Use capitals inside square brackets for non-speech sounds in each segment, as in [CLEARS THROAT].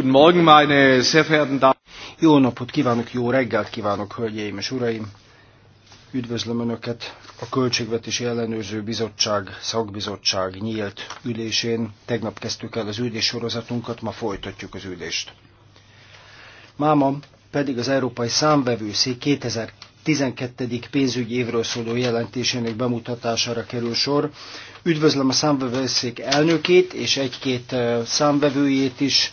Guten Morgen, meine sehr verehrten Damen. Jó napot kívánok, jó reggelt kívánok, hölgyeim és uraim! Üdvözlöm Önöket a Költségvetési Ellenőrző Bizottság, Szakbizottság nyílt ülésén. Tegnap kezdtük el az sorozatunkat, ma folytatjuk az ülést. Máma pedig az Európai Számvevőszék 2012. pénzügyi évről szóló jelentésének bemutatására kerül sor. Üdvözlöm a számvevőszék elnökét és egy-két számvevőjét is,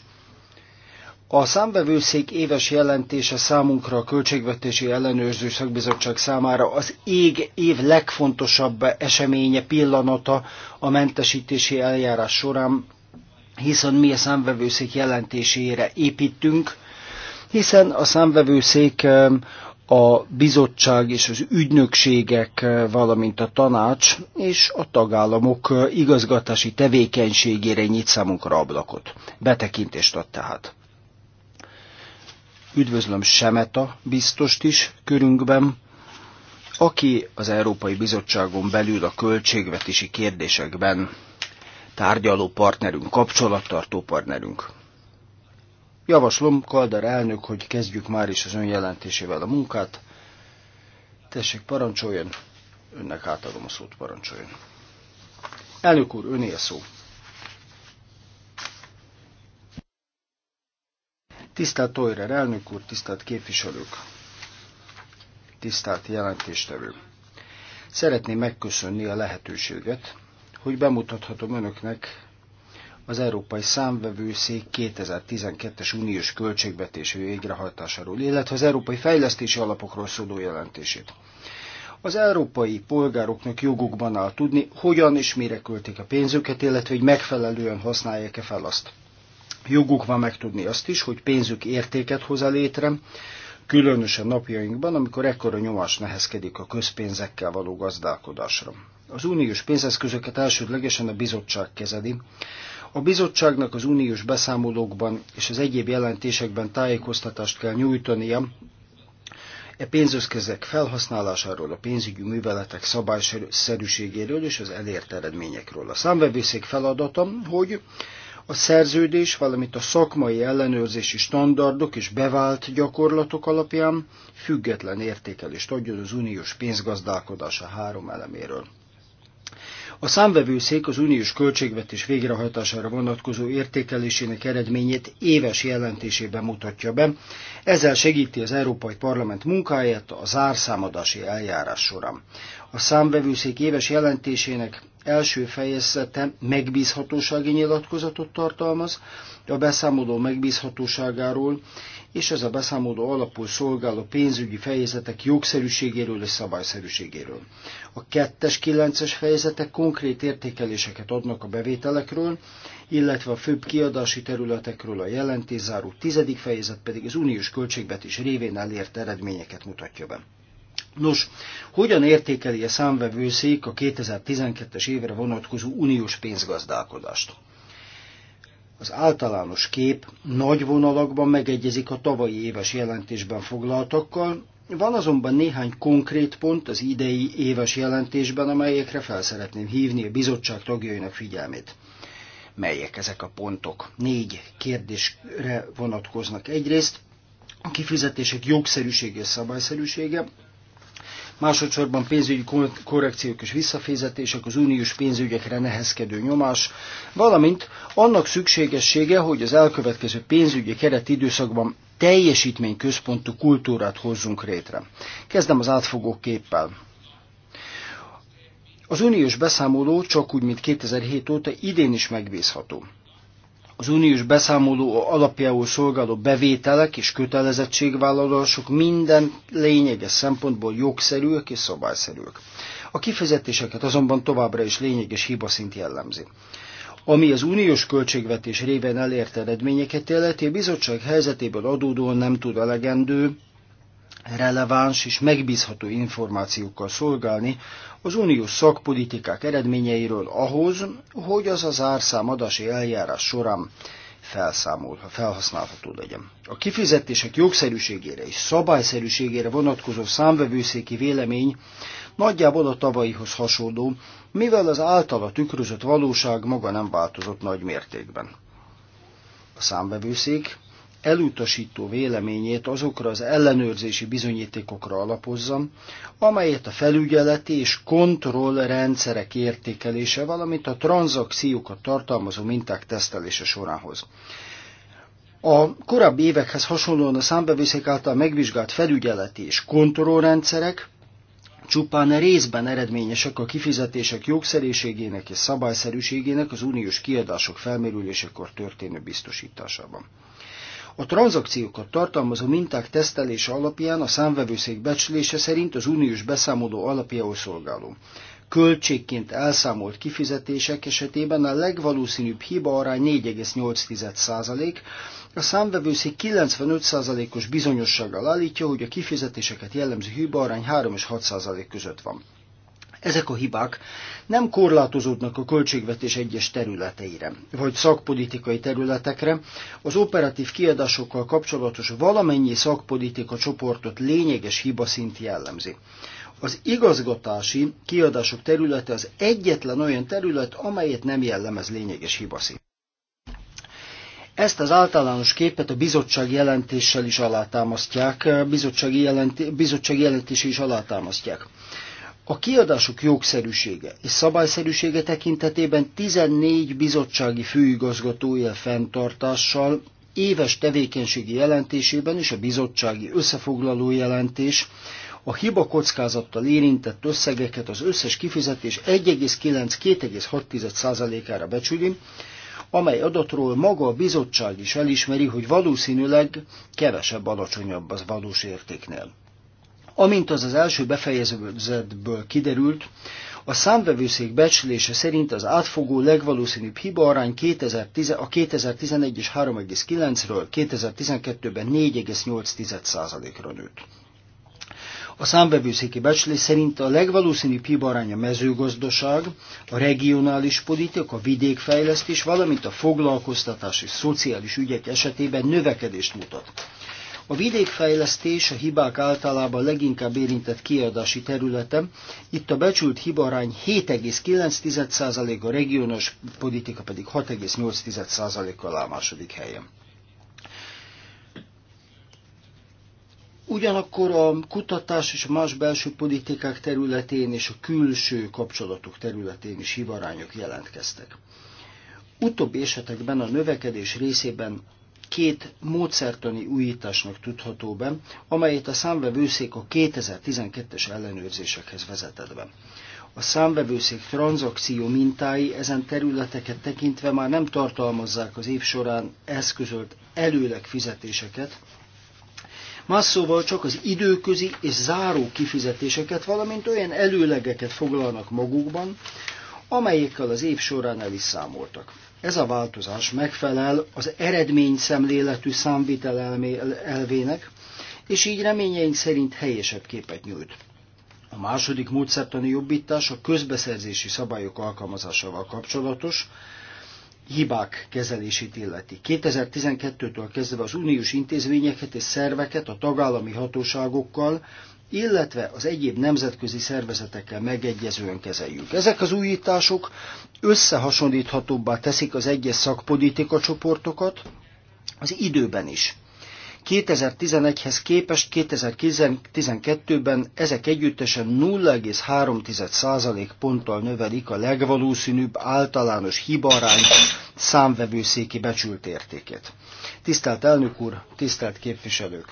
a számbevőszék éves jelentése számunkra a Költségvetési Ellenőrző Szakbizottság számára az ég év legfontosabb eseménye, pillanata a mentesítési eljárás során, hiszen mi a számvevőszék jelentésére építünk, hiszen a számvevőszék eh, a bizottság és az ügynökségek, eh, valamint a tanács és a tagállamok eh, igazgatási tevékenységére nyit számunkra ablakot. Betekintést ad tehát. Üdvözlöm Semeta biztost is körünkben, aki az Európai Bizottságon belül a költségvetési kérdésekben tárgyaló partnerünk, kapcsolattartó partnerünk. Javaslom, Kaldar elnök, hogy kezdjük már is az ön jelentésével a munkát. Tessék, parancsoljon, önnek átadom a szót, parancsoljon. Elnök úr, öné a szó. Tisztelt Tojrer elnök úr, tisztelt képviselők, tisztelt jelentéstevő. Szeretném megköszönni a lehetőséget, hogy bemutathatom önöknek az Európai Számvevőszék 2012-es uniós költségvetésű végrehajtásáról, illetve az Európai Fejlesztési Alapokról szóló jelentését. Az európai polgároknak jogukban áll tudni, hogyan és mire költik a pénzüket, illetve hogy megfelelően használják-e fel azt. Joguk van megtudni azt is, hogy pénzük értéket hoz a létre, különösen napjainkban, amikor ekkora nyomás nehezkedik a közpénzekkel való gazdálkodásra. Az uniós pénzeszközöket elsődlegesen a bizottság kezeli. A bizottságnak az uniós beszámolókban és az egyéb jelentésekben tájékoztatást kell nyújtania e pénzösszegek felhasználásáról, a pénzügyi műveletek szabályszerűségéről és az elért eredményekről. A számvevőszék feladata, hogy a szerződés, valamint a szakmai ellenőrzési standardok és bevált gyakorlatok alapján független értékelést adjon az uniós pénzgazdálkodása három eleméről. A számvevőszék az uniós költségvetés végrehajtására vonatkozó értékelésének eredményét éves jelentésében mutatja be, ezzel segíti az Európai Parlament munkáját a zárszámadási eljárás során. A számvevőszék éves jelentésének első fejezete megbízhatósági nyilatkozatot tartalmaz, a beszámoló megbízhatóságáról, és ez a beszámoló alapul szolgáló pénzügyi fejezetek jogszerűségéről és szabályszerűségéről. A kettes, kilences fejezetek konkrét értékeléseket adnak a bevételekről, illetve a főbb kiadási területekről a jelentészáró tizedik fejezet pedig az uniós költségvetés révén elért eredményeket mutatja be. Nos, hogyan értékeli a számvevőszék a 2012-es évre vonatkozó uniós pénzgazdálkodást? Az általános kép nagy vonalakban megegyezik a tavalyi éves jelentésben foglaltakkal, van azonban néhány konkrét pont az idei éves jelentésben, amelyekre fel szeretném hívni a bizottság tagjainak figyelmét. Melyek ezek a pontok? Négy kérdésre vonatkoznak. Egyrészt a kifizetések jogszerűsége és szabályszerűsége, másodszorban pénzügyi korrekciók és visszafizetések, az uniós pénzügyekre nehezkedő nyomás, valamint annak szükségessége, hogy az elkövetkező pénzügyi keret teljesítmény teljesítményközpontú kultúrát hozzunk létre. Kezdem az átfogó képpel. Az uniós beszámoló csak úgy, mint 2007 óta idén is megbízható. Az uniós beszámoló alapjául szolgáló bevételek és kötelezettségvállalások minden lényeges szempontból jogszerűek és szabályszerűek. A kifizetéseket azonban továbbra is lényeges hibaszint jellemzi. Ami az uniós költségvetés révén elért eredményeket illeti, a bizottság helyzetéből adódóan nem tud elegendő releváns és megbízható információkkal szolgálni az uniós szakpolitikák eredményeiről ahhoz, hogy az az árszámadási eljárás során felszámol, felhasználható legyen. A kifizetések jogszerűségére és szabályszerűségére vonatkozó számvevőszéki vélemény nagyjából a tavalyihoz hasonló, mivel az általa tükrözött valóság maga nem változott nagy mértékben. A számvevőszék elutasító véleményét azokra az ellenőrzési bizonyítékokra alapozzam, amelyet a felügyeleti és kontrollrendszerek értékelése, valamint a tranzakciókat tartalmazó minták tesztelése során hoz. A korábbi évekhez hasonlóan a számbevészek által megvizsgált felügyeleti és kontrollrendszerek csupán részben eredményesek a kifizetések jogszerűségének és szabályszerűségének az uniós kiadások felmérülésekor történő biztosításában. A tranzakciókat tartalmazó minták tesztelése alapján a számvevőszék becslése szerint az uniós beszámoló alapjául szolgáló. Költségként elszámolt kifizetések esetében a legvalószínűbb hiba arány 4,8%, a számvevőszék 95%-os bizonyossággal állítja, hogy a kifizetéseket jellemző hiba arány 3 és 6% között van. Ezek a hibák nem korlátozódnak a költségvetés egyes területeire, vagy szakpolitikai területekre, az operatív kiadásokkal kapcsolatos valamennyi szakpolitika csoportot lényeges hibaszint jellemzi. Az igazgatási kiadások területe az egyetlen olyan terület, amelyet nem jellemez lényeges hibaszint. Ezt az általános képet a bizottság jelentéssel is alátámasztják, bizottsági, jelenti, bizottsági jelentés is alátámasztják. A kiadások jogszerűsége és szabályszerűsége tekintetében 14 bizottsági főigazgatója fenntartással éves tevékenységi jelentésében és a bizottsági összefoglaló jelentés a hiba kockázattal érintett összegeket az összes kifizetés 1,9-2,6%-ára becsüli, amely adatról maga a bizottság is elismeri, hogy valószínűleg kevesebb alacsonyabb az valós értéknél. Amint az az első befejezőzetből kiderült, a számvevőszék becslése szerint az átfogó legvalószínűbb arány 2010, a 2011 és 3,9-ről 2012-ben 4,8%-ra nőtt. A számvevőszéki becslés szerint a legvalószínűbb arány a mezőgazdaság, a regionális politika, a vidékfejlesztés, valamint a foglalkoztatás és szociális ügyek esetében növekedést mutat. A vidékfejlesztés a hibák általában leginkább érintett kiadási területem. Itt a becsült hibarány 7,9%, a regionális politika pedig 6,8%-kal áll második helyen. Ugyanakkor a kutatás és más belső politikák területén és a külső kapcsolatok területén is hibarányok jelentkeztek. Utóbbi esetekben a növekedés részében két módszertani újításnak tudható be, amelyet a számvevőszék a 2012-es ellenőrzésekhez vezetett be. A számvevőszék tranzakció mintái ezen területeket tekintve már nem tartalmazzák az év során eszközölt előleg fizetéseket, Más szóval csak az időközi és záró kifizetéseket, valamint olyan előlegeket foglalnak magukban, amelyekkel az év során el is számoltak. Ez a változás megfelel az eredmény szemléletű számvitel elvének, és így reményeink szerint helyesebb képet nyújt. A második módszertani jobbítás a közbeszerzési szabályok alkalmazásával kapcsolatos, hibák kezelését illeti. 2012-től kezdve az uniós intézményeket és szerveket a tagállami hatóságokkal illetve az egyéb nemzetközi szervezetekkel megegyezően kezeljük. Ezek az újítások összehasonlíthatóbbá teszik az egyes szakpolitika csoportokat az időben is. 2011-hez képest 2012-ben ezek együttesen 0,3% ponttal növelik a legvalószínűbb általános hibarány számvevőszéki becsült értékét. Tisztelt elnök úr, tisztelt képviselők!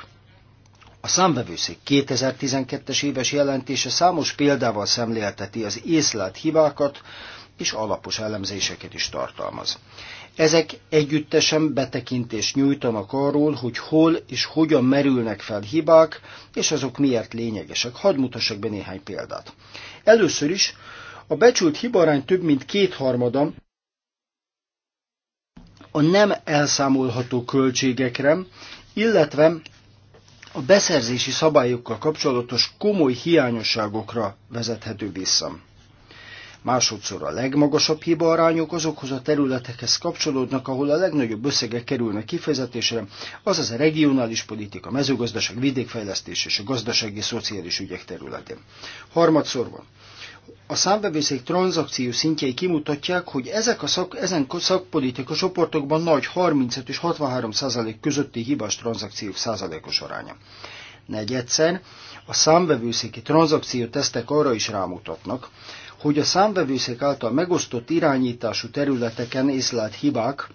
A számbevőszék 2012-es éves jelentése számos példával szemlélteti az észlelt hibákat, és alapos elemzéseket is tartalmaz. Ezek együttesen betekintést nyújtanak arról, hogy hol és hogyan merülnek fel hibák, és azok miért lényegesek. Hadd mutassak be néhány példát. Először is a becsült hibarány több mint kétharmada a nem elszámolható költségekre, illetve a beszerzési szabályokkal kapcsolatos komoly hiányosságokra vezethető vissza. Másodszor a legmagasabb hiba arányok azokhoz a területekhez kapcsolódnak, ahol a legnagyobb összegek kerülnek kifejezetésre, azaz a regionális politika, mezőgazdaság, vidékfejlesztés és a gazdasági szociális ügyek területén. Harmadszor van a számbevészék tranzakció szintjei kimutatják, hogy ezek a szak, ezen szakpolitika csoportokban nagy 35 és 63 százalék közötti hibás tranzakciók százalékos aránya. Negyedszer, a számbevőszéki tranzakció tesztek arra is rámutatnak, hogy a számbevőszék által megosztott irányítású területeken észlelt hibák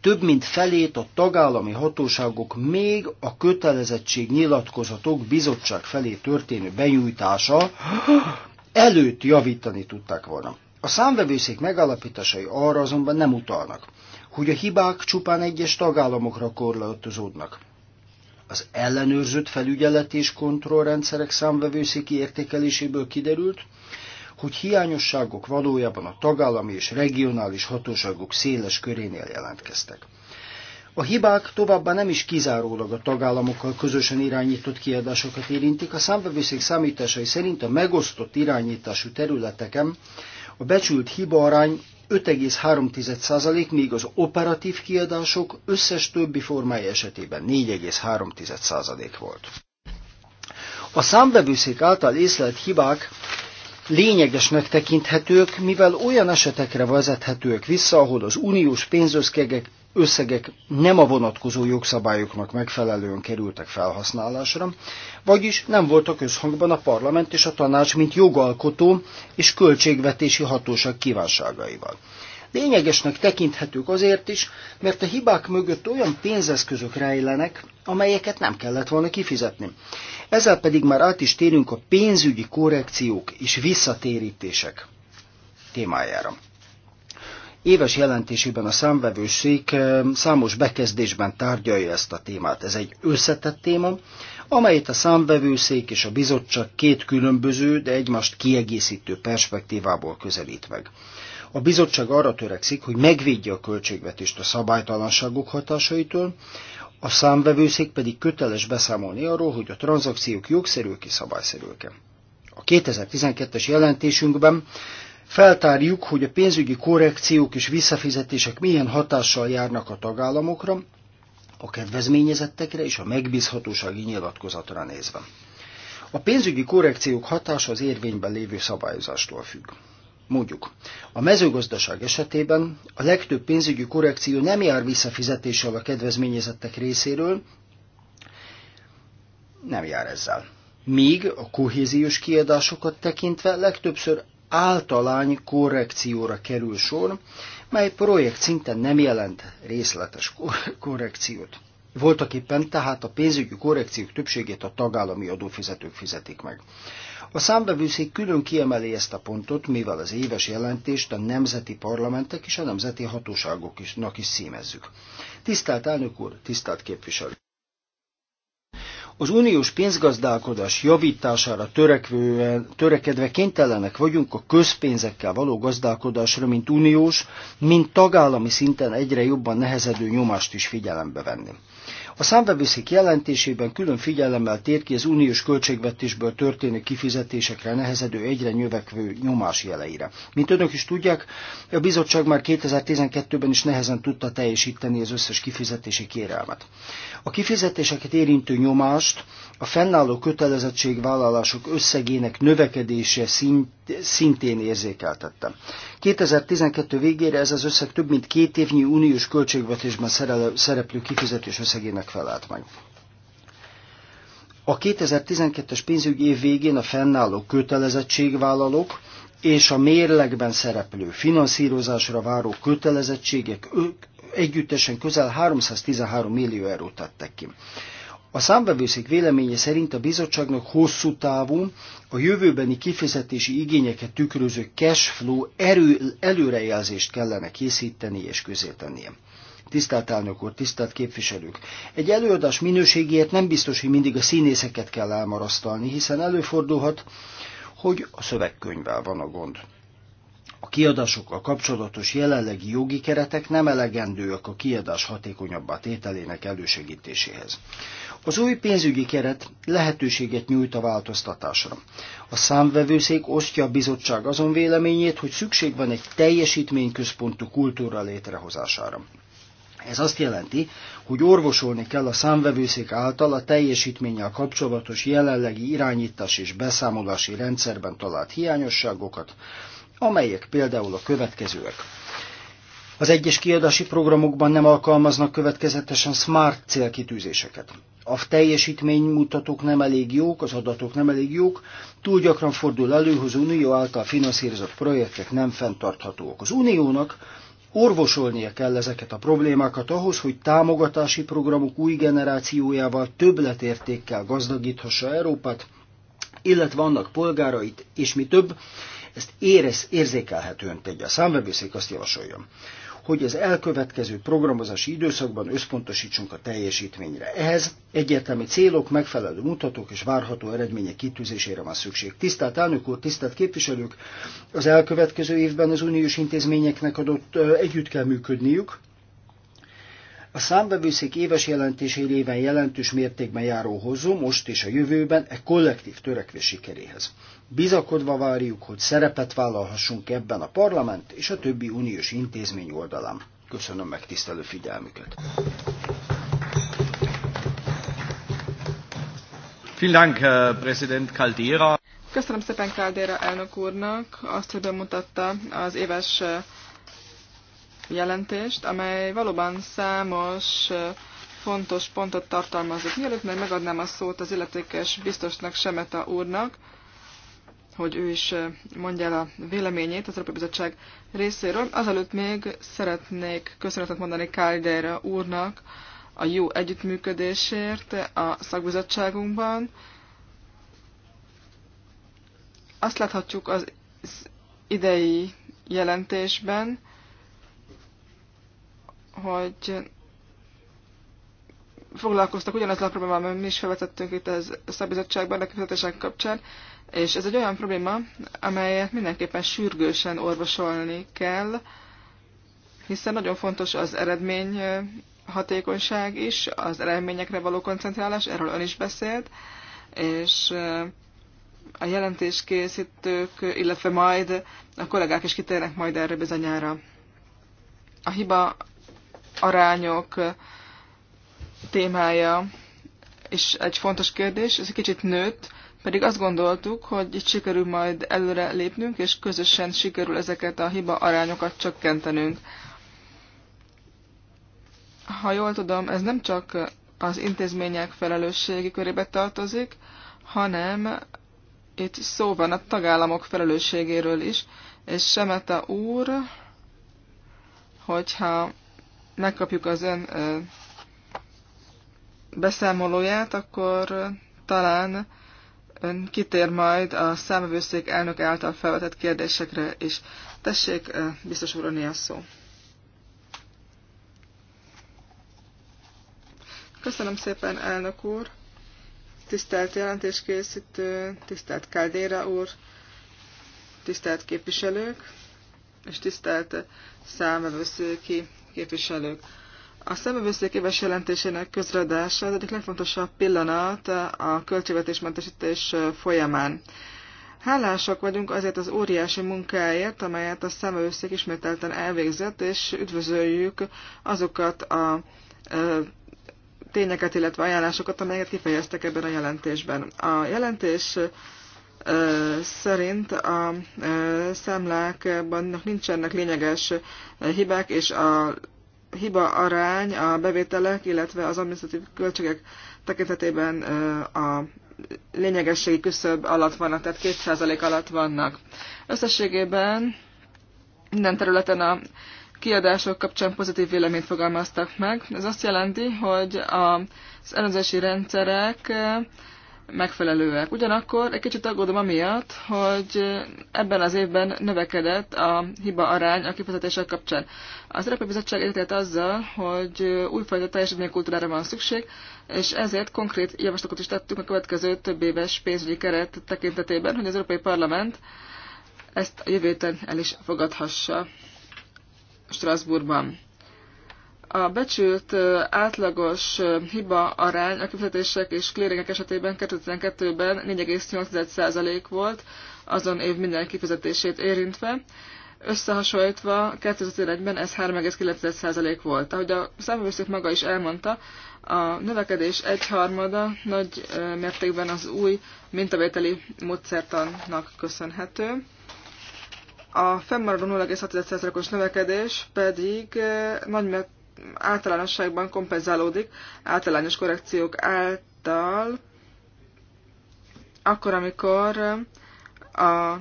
több mint felét a tagállami hatóságok még a kötelezettség nyilatkozatok bizottság felé történő benyújtása előtt javítani tudták volna. A számvevőszék megállapításai arra azonban nem utalnak, hogy a hibák csupán egyes tagállamokra korlátozódnak. Az ellenőrzött felügyelet és kontrollrendszerek számvevőszéki értékeléséből kiderült, hogy hiányosságok valójában a tagállami és regionális hatóságok széles körénél jelentkeztek. A hibák továbbá nem is kizárólag a tagállamokkal közösen irányított kiadásokat érintik. A számbevőszék számításai szerint a megosztott irányítású területeken a becsült hibaarány 5,3%, míg az operatív kiadások összes többi formája esetében 4,3% volt. A számbevőszék által észlelt hibák lényegesnek tekinthetők, mivel olyan esetekre vezethetők vissza, ahol az uniós pénzösszegek, összegek nem a vonatkozó jogszabályoknak megfelelően kerültek felhasználásra, vagyis nem voltak összhangban a parlament és a tanács, mint jogalkotó és költségvetési hatóság kívánságaival. Lényegesnek tekinthetők azért is, mert a hibák mögött olyan pénzeszközök rejlenek, amelyeket nem kellett volna kifizetni. Ezzel pedig már át is térünk a pénzügyi korrekciók és visszatérítések témájára. Éves jelentésében a számvevőszék eh, számos bekezdésben tárgyalja ezt a témát. Ez egy összetett téma, amelyet a számvevőszék és a bizottság két különböző, de egymást kiegészítő perspektívából közelít meg. A bizottság arra törekszik, hogy megvédje a költségvetést a szabálytalanságok hatásaitól, a számvevőszék pedig köteles beszámolni arról, hogy a tranzakciók jogszerűek és szabályszerűek. A 2012-es jelentésünkben Feltárjuk, hogy a pénzügyi korrekciók és visszafizetések milyen hatással járnak a tagállamokra, a kedvezményezettekre és a megbízhatósági nyilatkozatra nézve. A pénzügyi korrekciók hatása az érvényben lévő szabályozástól függ. Mondjuk, a mezőgazdaság esetében a legtöbb pénzügyi korrekció nem jár visszafizetéssel a kedvezményezettek részéről, nem jár ezzel. Míg a kohéziós kiadásokat tekintve legtöbbször általány korrekcióra kerül sor, mely projekt szinten nem jelent részletes korrekciót. Voltak éppen tehát a pénzügyi korrekciók többségét a tagállami adófizetők fizetik meg. A számbevőszék külön kiemeli ezt a pontot, mivel az éves jelentést a nemzeti parlamentek és a nemzeti hatóságoknak is címezzük. Tisztelt elnök úr, tisztelt képviselő! Az uniós pénzgazdálkodás javítására törekvően, törekedve kénytelenek vagyunk a közpénzekkel való gazdálkodásra, mint uniós, mint tagállami szinten egyre jobban nehezedő nyomást is figyelembe venni. A számbevőszék jelentésében külön figyelemmel tér ki az uniós költségvetésből történő kifizetésekre nehezedő egyre növekvő nyomás jeleire. Mint önök is tudják, a bizottság már 2012-ben is nehezen tudta teljesíteni az összes kifizetési kérelmet. A kifizetéseket érintő nyomást a fennálló kötelezettségvállalások összegének növekedése szint, szintén érzékeltettem. 2012 végére ez az összeg több mint két évnyi uniós költségvetésben szereplő kifizetés összegének felállt meg. A 2012-es pénzügyi év végén a fennálló kötelezettségvállalók és a mérlegben szereplő finanszírozásra váró kötelezettségek együttesen közel 313 millió eurót tettek ki. A számbevőszék véleménye szerint a bizottságnak hosszú távú, a jövőbeni kifizetési igényeket tükröző cash flow erő, előrejelzést kellene készíteni és közéltenie. Tisztelt elnök úr, tisztelt képviselők! Egy előadás minőségéért nem biztos, hogy mindig a színészeket kell elmarasztalni, hiszen előfordulhat, hogy a szövegkönyvvel van a gond. A kiadásokkal kapcsolatos jelenlegi jogi keretek nem elegendőek a kiadás hatékonyabbá tételének elősegítéséhez. Az új pénzügyi keret lehetőséget nyújt a változtatásra. A számvevőszék osztja a bizottság azon véleményét, hogy szükség van egy teljesítményközpontú kultúra létrehozására. Ez azt jelenti, hogy orvosolni kell a számvevőszék által a teljesítménnyel kapcsolatos jelenlegi irányítás és beszámolási rendszerben talált hiányosságokat, amelyek például a következőek. Az egyes kiadási programokban nem alkalmaznak következetesen smart célkitűzéseket. A teljesítménymutatók nem elég jók, az adatok nem elég jók, túl gyakran fordul elő, hogy az Unió által finanszírozott projektek nem fenntarthatóak. Az Uniónak orvosolnia kell ezeket a problémákat ahhoz, hogy támogatási programok új generációjával többletértékkel gazdagíthassa Európát, illetve annak polgárait, és mi több, ezt érez, érzékelhetően tegye. A számvevőszék azt javasolja, hogy az elkövetkező programozási időszakban összpontosítsunk a teljesítményre. Ehhez egyértelmű célok, megfelelő mutatók és várható eredmények kitűzésére van szükség. Tisztelt elnök úr, tisztelt képviselők, az elkövetkező évben az uniós intézményeknek adott együtt kell működniük, a számbevőszék éves jelentésé éven jelentős mértékben járó hozzó most és a jövőben egy kollektív törekvés sikeréhez. Bizakodva várjuk, hogy szerepet vállalhassunk ebben a parlament és a többi uniós intézmény oldalán. Köszönöm megtisztelő figyelmüket. Köszönöm szépen Caldera elnök úrnak azt, hogy bemutatta az éves jelentést, amely valóban számos fontos pontot tartalmazott. Mielőtt meg megadnám a szót az illetékes biztosnak Semeta úrnak, hogy ő is mondja el a véleményét az Európai Bizottság részéről. Azelőtt még szeretnék köszönetet mondani Káldeira úrnak a jó együttműködésért a szakbizottságunkban. Azt láthatjuk az idei jelentésben, hogy foglalkoztak ugyanazzal a problémával, amit mi is felvetettünk itt az szabizottságban a kifizetések kapcsán, és ez egy olyan probléma, amelyet mindenképpen sürgősen orvosolni kell, hiszen nagyon fontos az eredmény hatékonyság is, az eredményekre való koncentrálás, erről ön is beszélt, és a jelentéskészítők, illetve majd a kollégák is kitérnek majd erre bizonyára. A hiba arányok témája is egy fontos kérdés, ez egy kicsit nőtt pedig azt gondoltuk, hogy itt sikerül majd előre lépnünk, és közösen sikerül ezeket a hiba arányokat csökkentenünk. Ha jól tudom, ez nem csak az intézmények felelősségi körébe tartozik, hanem itt szó van a tagállamok felelősségéről is, és Semeta úr, hogyha megkapjuk az ön beszámolóját, akkor talán Ön kitér majd a számövőszék elnök által felvetett kérdésekre és Tessék, biztos úr, a szó. Köszönöm szépen, elnök úr, tisztelt jelentéskészítő, tisztelt Káldéra úr, tisztelt képviselők, és tisztelt számvevőszéki képviselők. A szemövőszékébes jelentésének közreadása az egyik legfontosabb pillanat a költségvetésmentesítés folyamán. Hálásak vagyunk azért az óriási munkáért, amelyet a szemövőszék ismételten elvégzett, és üdvözöljük azokat a tényeket, illetve ajánlásokat, amelyeket kifejeztek ebben a jelentésben. A jelentés szerint a számlákban nincsenek lényeges hibák, és a hiba arány a bevételek, illetve az administratív költségek tekintetében a lényegességi küszöb alatt vannak, tehát 2% alatt vannak. Összességében minden területen a kiadások kapcsán pozitív véleményt fogalmaztak meg. Ez azt jelenti, hogy az előzési rendszerek megfelelőek. Ugyanakkor egy kicsit aggódom amiatt, hogy ebben az évben növekedett a hiba arány a kifizetések kapcsán. Az Európai Bizottság egyetért azzal, hogy újfajta teljesítménykultúrára van szükség, és ezért konkrét javaslatokat is tettünk a következő több éves pénzügyi keret tekintetében, hogy az Európai Parlament ezt a jövőten el is fogadhassa Strasbourgban. A becsült átlagos hiba arány a kifizetések és clearingek esetében 2012-ben 4,8% volt, azon év minden kifizetését érintve. Összehasonlítva 2011-ben ez 3,9% volt. Ahogy a számvevőszék maga is elmondta, a növekedés egyharmada nagy mértékben az új mintavételi módszertannak köszönhető. A fennmaradó 0,6%-os növekedés pedig nagy általánosságban kompenzálódik általános korrekciók által, akkor, amikor a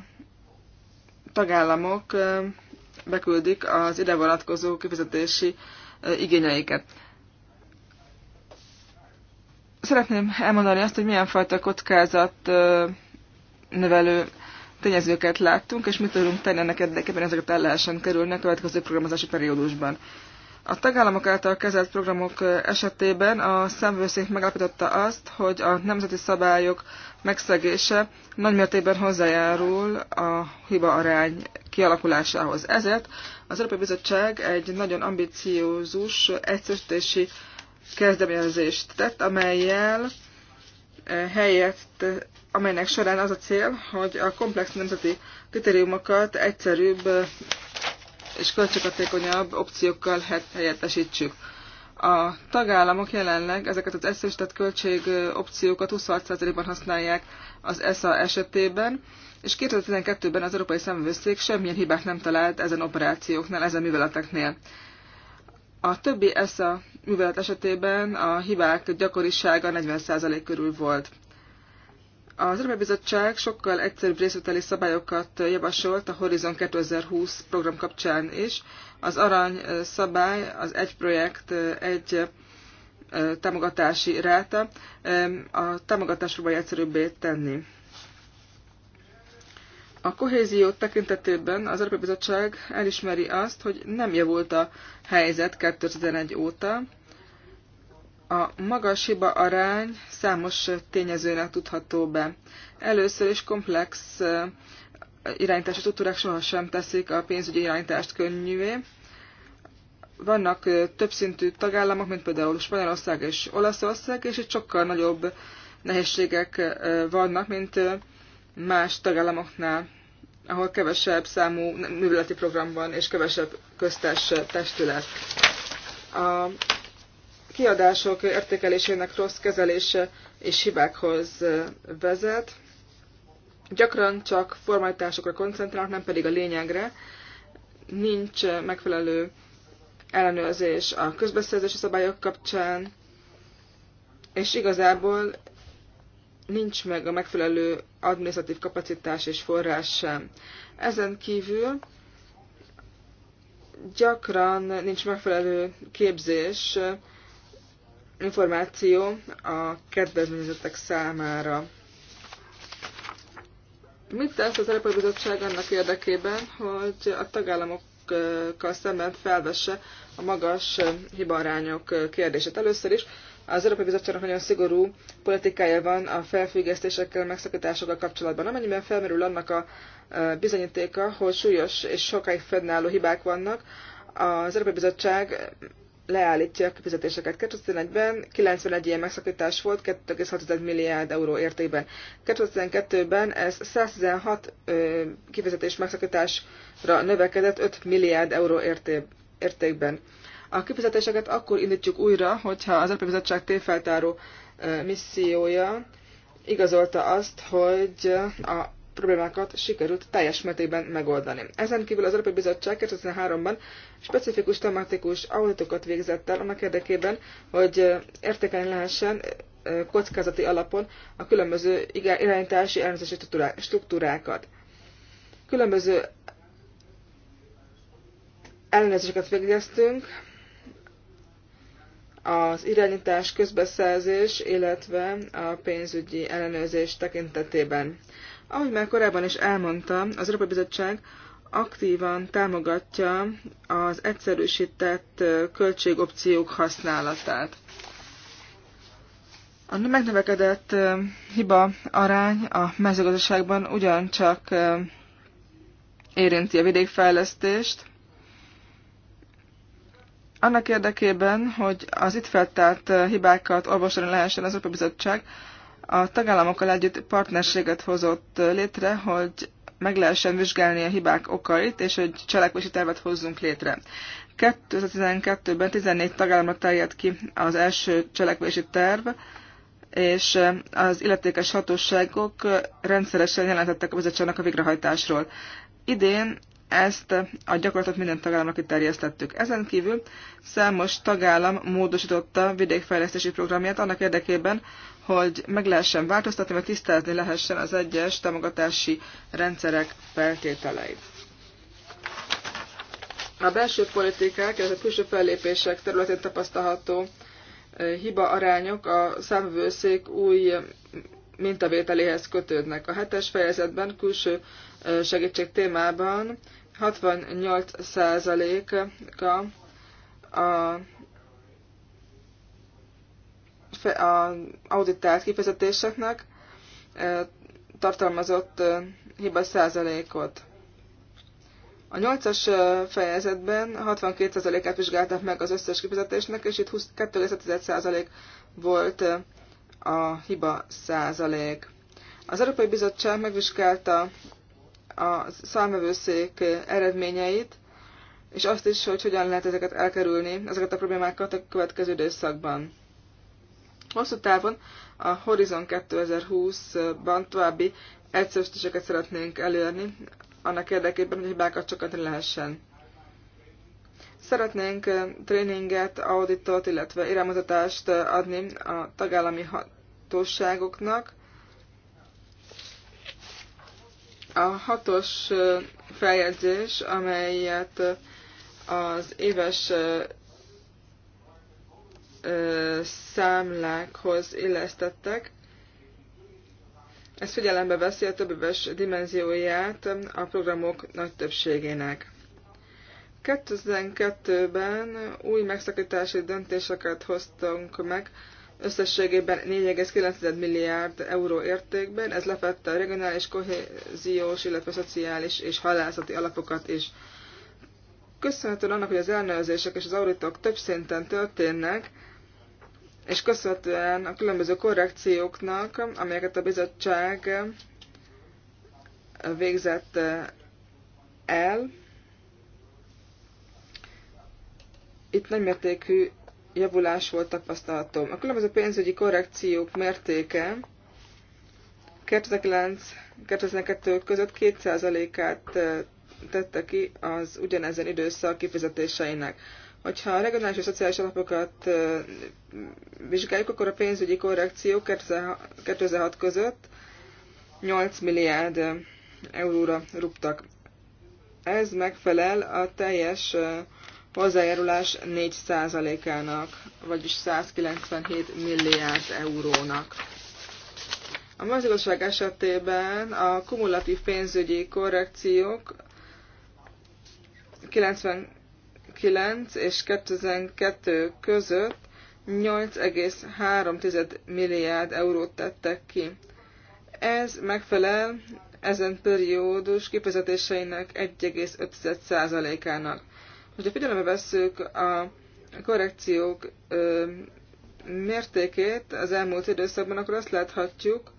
tagállamok beküldik az ide vonatkozó kifizetési igényeiket. Szeretném elmondani azt, hogy milyen fajta kockázat növelő tényezőket láttunk, és mit tudunk tenni ennek érdekében, ezeket el lehessen kerülni a következő programozási periódusban. A tagállamok által kezelt programok esetében a szemvőszék megállapította azt, hogy a nemzeti szabályok megszegése nagymértékben hozzájárul a hiba arány kialakulásához. Ezért az Európai Bizottság egy nagyon ambiciózus egyszerűsítési kezdeményezést tett, amelyel helyett, amelynek során az a cél, hogy a komplex nemzeti kritériumokat egyszerűbb és költséghatékonyabb opciókkal helyettesítsük. A tagállamok jelenleg ezeket az eszéstett költség opciókat 26%-ban használják az ESA esetében, és 2012-ben az Európai Szemvőszék semmilyen hibát nem talált ezen operációknál, ezen műveleteknél. A többi ESA művelet esetében a hibák gyakorisága 40% körül volt. Az Európai Bizottság sokkal egyszerűbb részvételi szabályokat javasolt a Horizon 2020 program kapcsán is. Az arany szabály az egy projekt, egy támogatási ráta a támogatásról próbálja egyszerűbbé tenni. A kohézió tekintetében az Európai Bizottság elismeri azt, hogy nem javult a helyzet 2011 óta, a magas hiba arány számos tényezőnek tudható be. Először is komplex irányítási struktúrák sohasem teszik a pénzügyi irányítást könnyűvé. Vannak többszintű tagállamok, mint például Spanyolország és Olaszország, és itt sokkal nagyobb nehézségek vannak, mint más tagállamoknál, ahol kevesebb számú műveleti program van, és kevesebb köztes testület. A kiadások értékelésének rossz kezelése és hibákhoz vezet. Gyakran csak formalitásokra koncentrálnak, nem pedig a lényegre. Nincs megfelelő ellenőrzés a közbeszerzési szabályok kapcsán, és igazából nincs meg a megfelelő administratív kapacitás és forrás sem. Ezen kívül gyakran nincs megfelelő képzés információ a kedvezményezettek számára. Mit tesz az Európai Bizottság annak érdekében, hogy a tagállamokkal szemben felvesse a magas hibarányok kérdését? Először is az Európai Bizottságnak nagyon szigorú politikája van a felfüggesztésekkel, megszakításokkal kapcsolatban. Amennyiben felmerül annak a bizonyítéka, hogy súlyos és sokáig fennálló hibák vannak, az Európai Bizottság leállítja a kifizetéseket. 2011-ben 91 ilyen megszakítás volt, 2,6 milliárd euró értékben. 2012-ben ez 116 kifizetés megszakításra növekedett 5 milliárd euró értékben. A kifizetéseket akkor indítjuk újra, hogyha az Európai Bizottság tévfeltáró missziója igazolta azt, hogy a problémákat sikerült teljes mértékben megoldani. Ezen kívül az Európai Bizottság 2013-ban specifikus tematikus auditokat végzett el annak érdekében, hogy értékelni lehessen kockázati alapon a különböző irányítási ellenőrzési struktúrákat. Különböző ellenőrzéseket végeztünk, az irányítás, közbeszerzés, illetve a pénzügyi ellenőrzés tekintetében. Ahogy már korábban is elmondtam, az Európai Bizottság aktívan támogatja az egyszerűsített költségopciók használatát. A megnövekedett hiba arány a mezőgazdaságban ugyancsak érinti a vidékfejlesztést, annak érdekében, hogy az itt feltárt hibákat orvosolni lehessen az Európai Bizottság, a tagállamokkal együtt partnerséget hozott létre, hogy meg lehessen vizsgálni a hibák okait, és hogy cselekvési tervet hozzunk létre. 2012-ben 14 tagállamra terjedt ki az első cselekvési terv, és az illetékes hatóságok rendszeresen jelentettek a bizottságnak a végrehajtásról. Idén ezt a gyakorlatot minden tagállamnak kiterjesztettük. Ezen kívül számos tagállam módosította vidékfejlesztési programját annak érdekében, hogy meg lehessen változtatni, vagy tisztázni lehessen az egyes támogatási rendszerek feltételeit. A belső politikák, illetve külső fellépések területén tapasztalható eh, hiba arányok a számvőszék új eh, mintavételéhez kötődnek. A hetes fejezetben külső segítség témában 68%-a a a auditált kifizetéseknek tartalmazott hiba százalékot. A nyolcas fejezetben 62%-át vizsgálták meg az összes kifizetésnek, és itt 2,7% volt a hiba százalék. Az Európai Bizottság megvizsgálta a számvevőszék eredményeit, és azt is, hogy hogyan lehet ezeket elkerülni, ezeket a problémákat a következő időszakban. Hosszú távon a Horizon 2020-ban további egyszerűsítéseket szeretnénk elérni, annak érdekében, hogy hibákat csökkenteni lehessen. Szeretnénk eh, tréninget, auditot, illetve iránymutatást eh, adni a tagállami hatóságoknak, A hatos feljegyzés, amelyet az éves számlákhoz illesztettek, ez figyelembe veszi a többéves dimenzióját a programok nagy többségének. 2002-ben új megszakítási döntéseket hoztunk meg összességében 4,9 milliárd euró értékben. Ez lefette a regionális, kohéziós, illetve szociális és halászati alapokat is. Köszönhetően annak, hogy az elnevezések és az auditok több szinten történnek, és köszönhetően a különböző korrekcióknak, amelyeket a bizottság eh, végzett eh, el, itt nagymértékű javulás volt tapasztalható. A különböző pénzügyi korrekciók mértéke 2009-2002 között 2%-át eh, tette ki az ugyanezen időszak kifizetéseinek. Hogyha a regionális és szociális alapokat eh, vizsgáljuk, akkor a pénzügyi korrekció 2006 között 8 milliárd euróra rúgtak. Ez megfelel a teljes hozzájárulás 4%-ának, vagyis 197 milliárd eurónak. A mezőgazdaság esetében a kumulatív pénzügyi korrekciók 99 és 2002 között 8,3 milliárd eurót tettek ki. Ez megfelel ezen periódus kifizetéseinek 1,5%-ának. Hogyha figyelembe vesszük a korrekciók mértékét az elmúlt időszakban, akkor azt láthatjuk,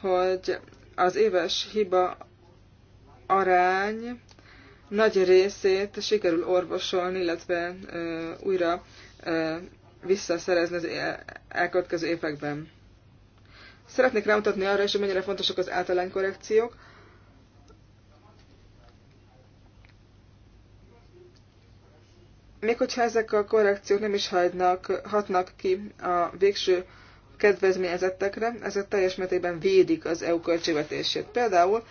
hogy az éves hiba arány nagy részét sikerül orvosolni, illetve ö, újra ö, visszaszerezni az elkövetkező években. Szeretnék rámutatni arra is, hogy mennyire fontosak az általánykorrekciók. korrekciók Még hogyha ezek a korrekciók nem is hagynak, hatnak ki a végső kedvezményezettekre, ezek teljes mértékben védik az EU költségvetését. Például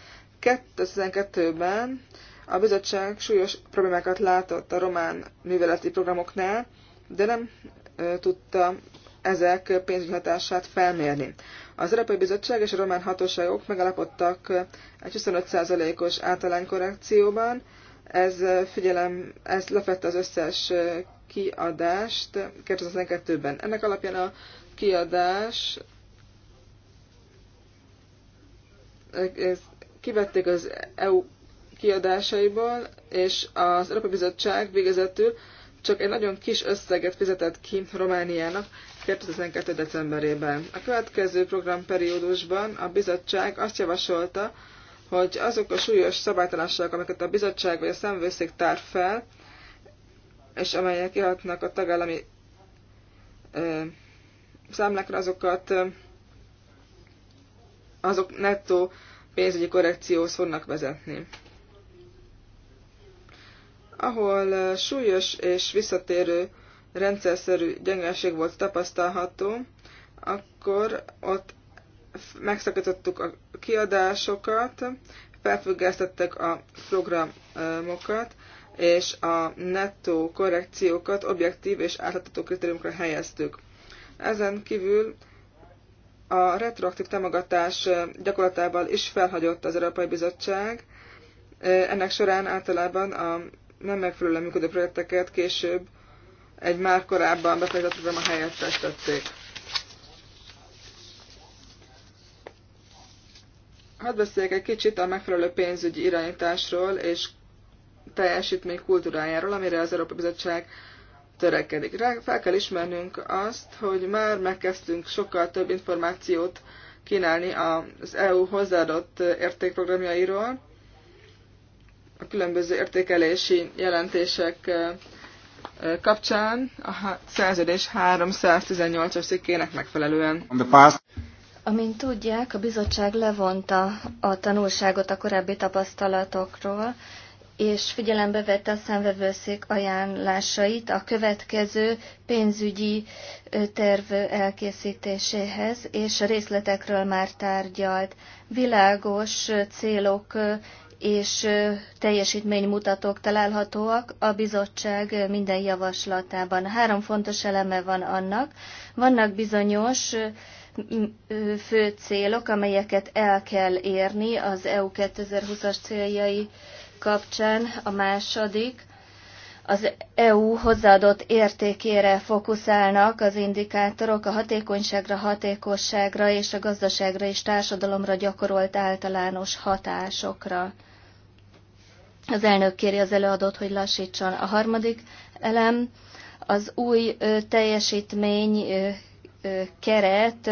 2012-ben a bizottság súlyos problémákat látott a román műveleti programoknál, de nem tudta ezek pénzügyi hatását felmérni. Az Európai Bizottság és a román hatóságok megalapodtak egy 25%-os általánykorrekcióban, korrekcióban, ez figyelem, ez lefette az összes kiadást 2012-ben. Ennek alapján a kiadás kivették az EU kiadásaiból, és az Európai Bizottság végezetül csak egy nagyon kis összeget fizetett ki Romániának 2012. decemberében. A következő programperiódusban a bizottság azt javasolta, hogy azok a súlyos szabálytalanságok, amiket a bizottság vagy a szemvőszék tár fel, és amelyek jelentnek a tagállami ö, számlákra, azokat ö, azok nettó pénzügyi korrekcióhoz fognak vezetni. Ahol súlyos és visszatérő rendszerszerű gyengeség volt tapasztalható, akkor ott megszakítottuk a kiadásokat, felfüggesztettek a programokat, és a nettó korrekciókat objektív és átlátható kritériumokra helyeztük. Ezen kívül a retroaktív támogatás gyakorlatával is felhagyott az Európai Bizottság. Ennek során általában a nem megfelelően működő projekteket később egy már korábban befejezett a helyettestették. Hadd beszéljek egy kicsit a megfelelő pénzügyi irányításról és teljesítmény kultúrájáról, amire az Európai Bizottság törekedik. Rá fel kell ismernünk azt, hogy már megkezdtünk sokkal több információt kínálni az EU hozzáadott értékprogramjairól, a különböző értékelési jelentések kapcsán a szerződés 318-as szikkének megfelelően. Amint tudják, a bizottság levonta a tanulságot a korábbi tapasztalatokról, és figyelembe vette a szemvevőszék ajánlásait a következő pénzügyi terv elkészítéséhez, és a részletekről már tárgyalt. Világos célok és teljesítménymutatók találhatóak a bizottság minden javaslatában. Három fontos eleme van annak. Vannak bizonyos fő célok, amelyeket el kell érni az EU 2020-as céljai kapcsán. A második, az EU hozzáadott értékére fokuszálnak az indikátorok a hatékonyságra, hatékosságra és a gazdaságra és társadalomra gyakorolt általános hatásokra. Az elnök kéri az előadót, hogy lassítson. A harmadik elem az új teljesítmény keret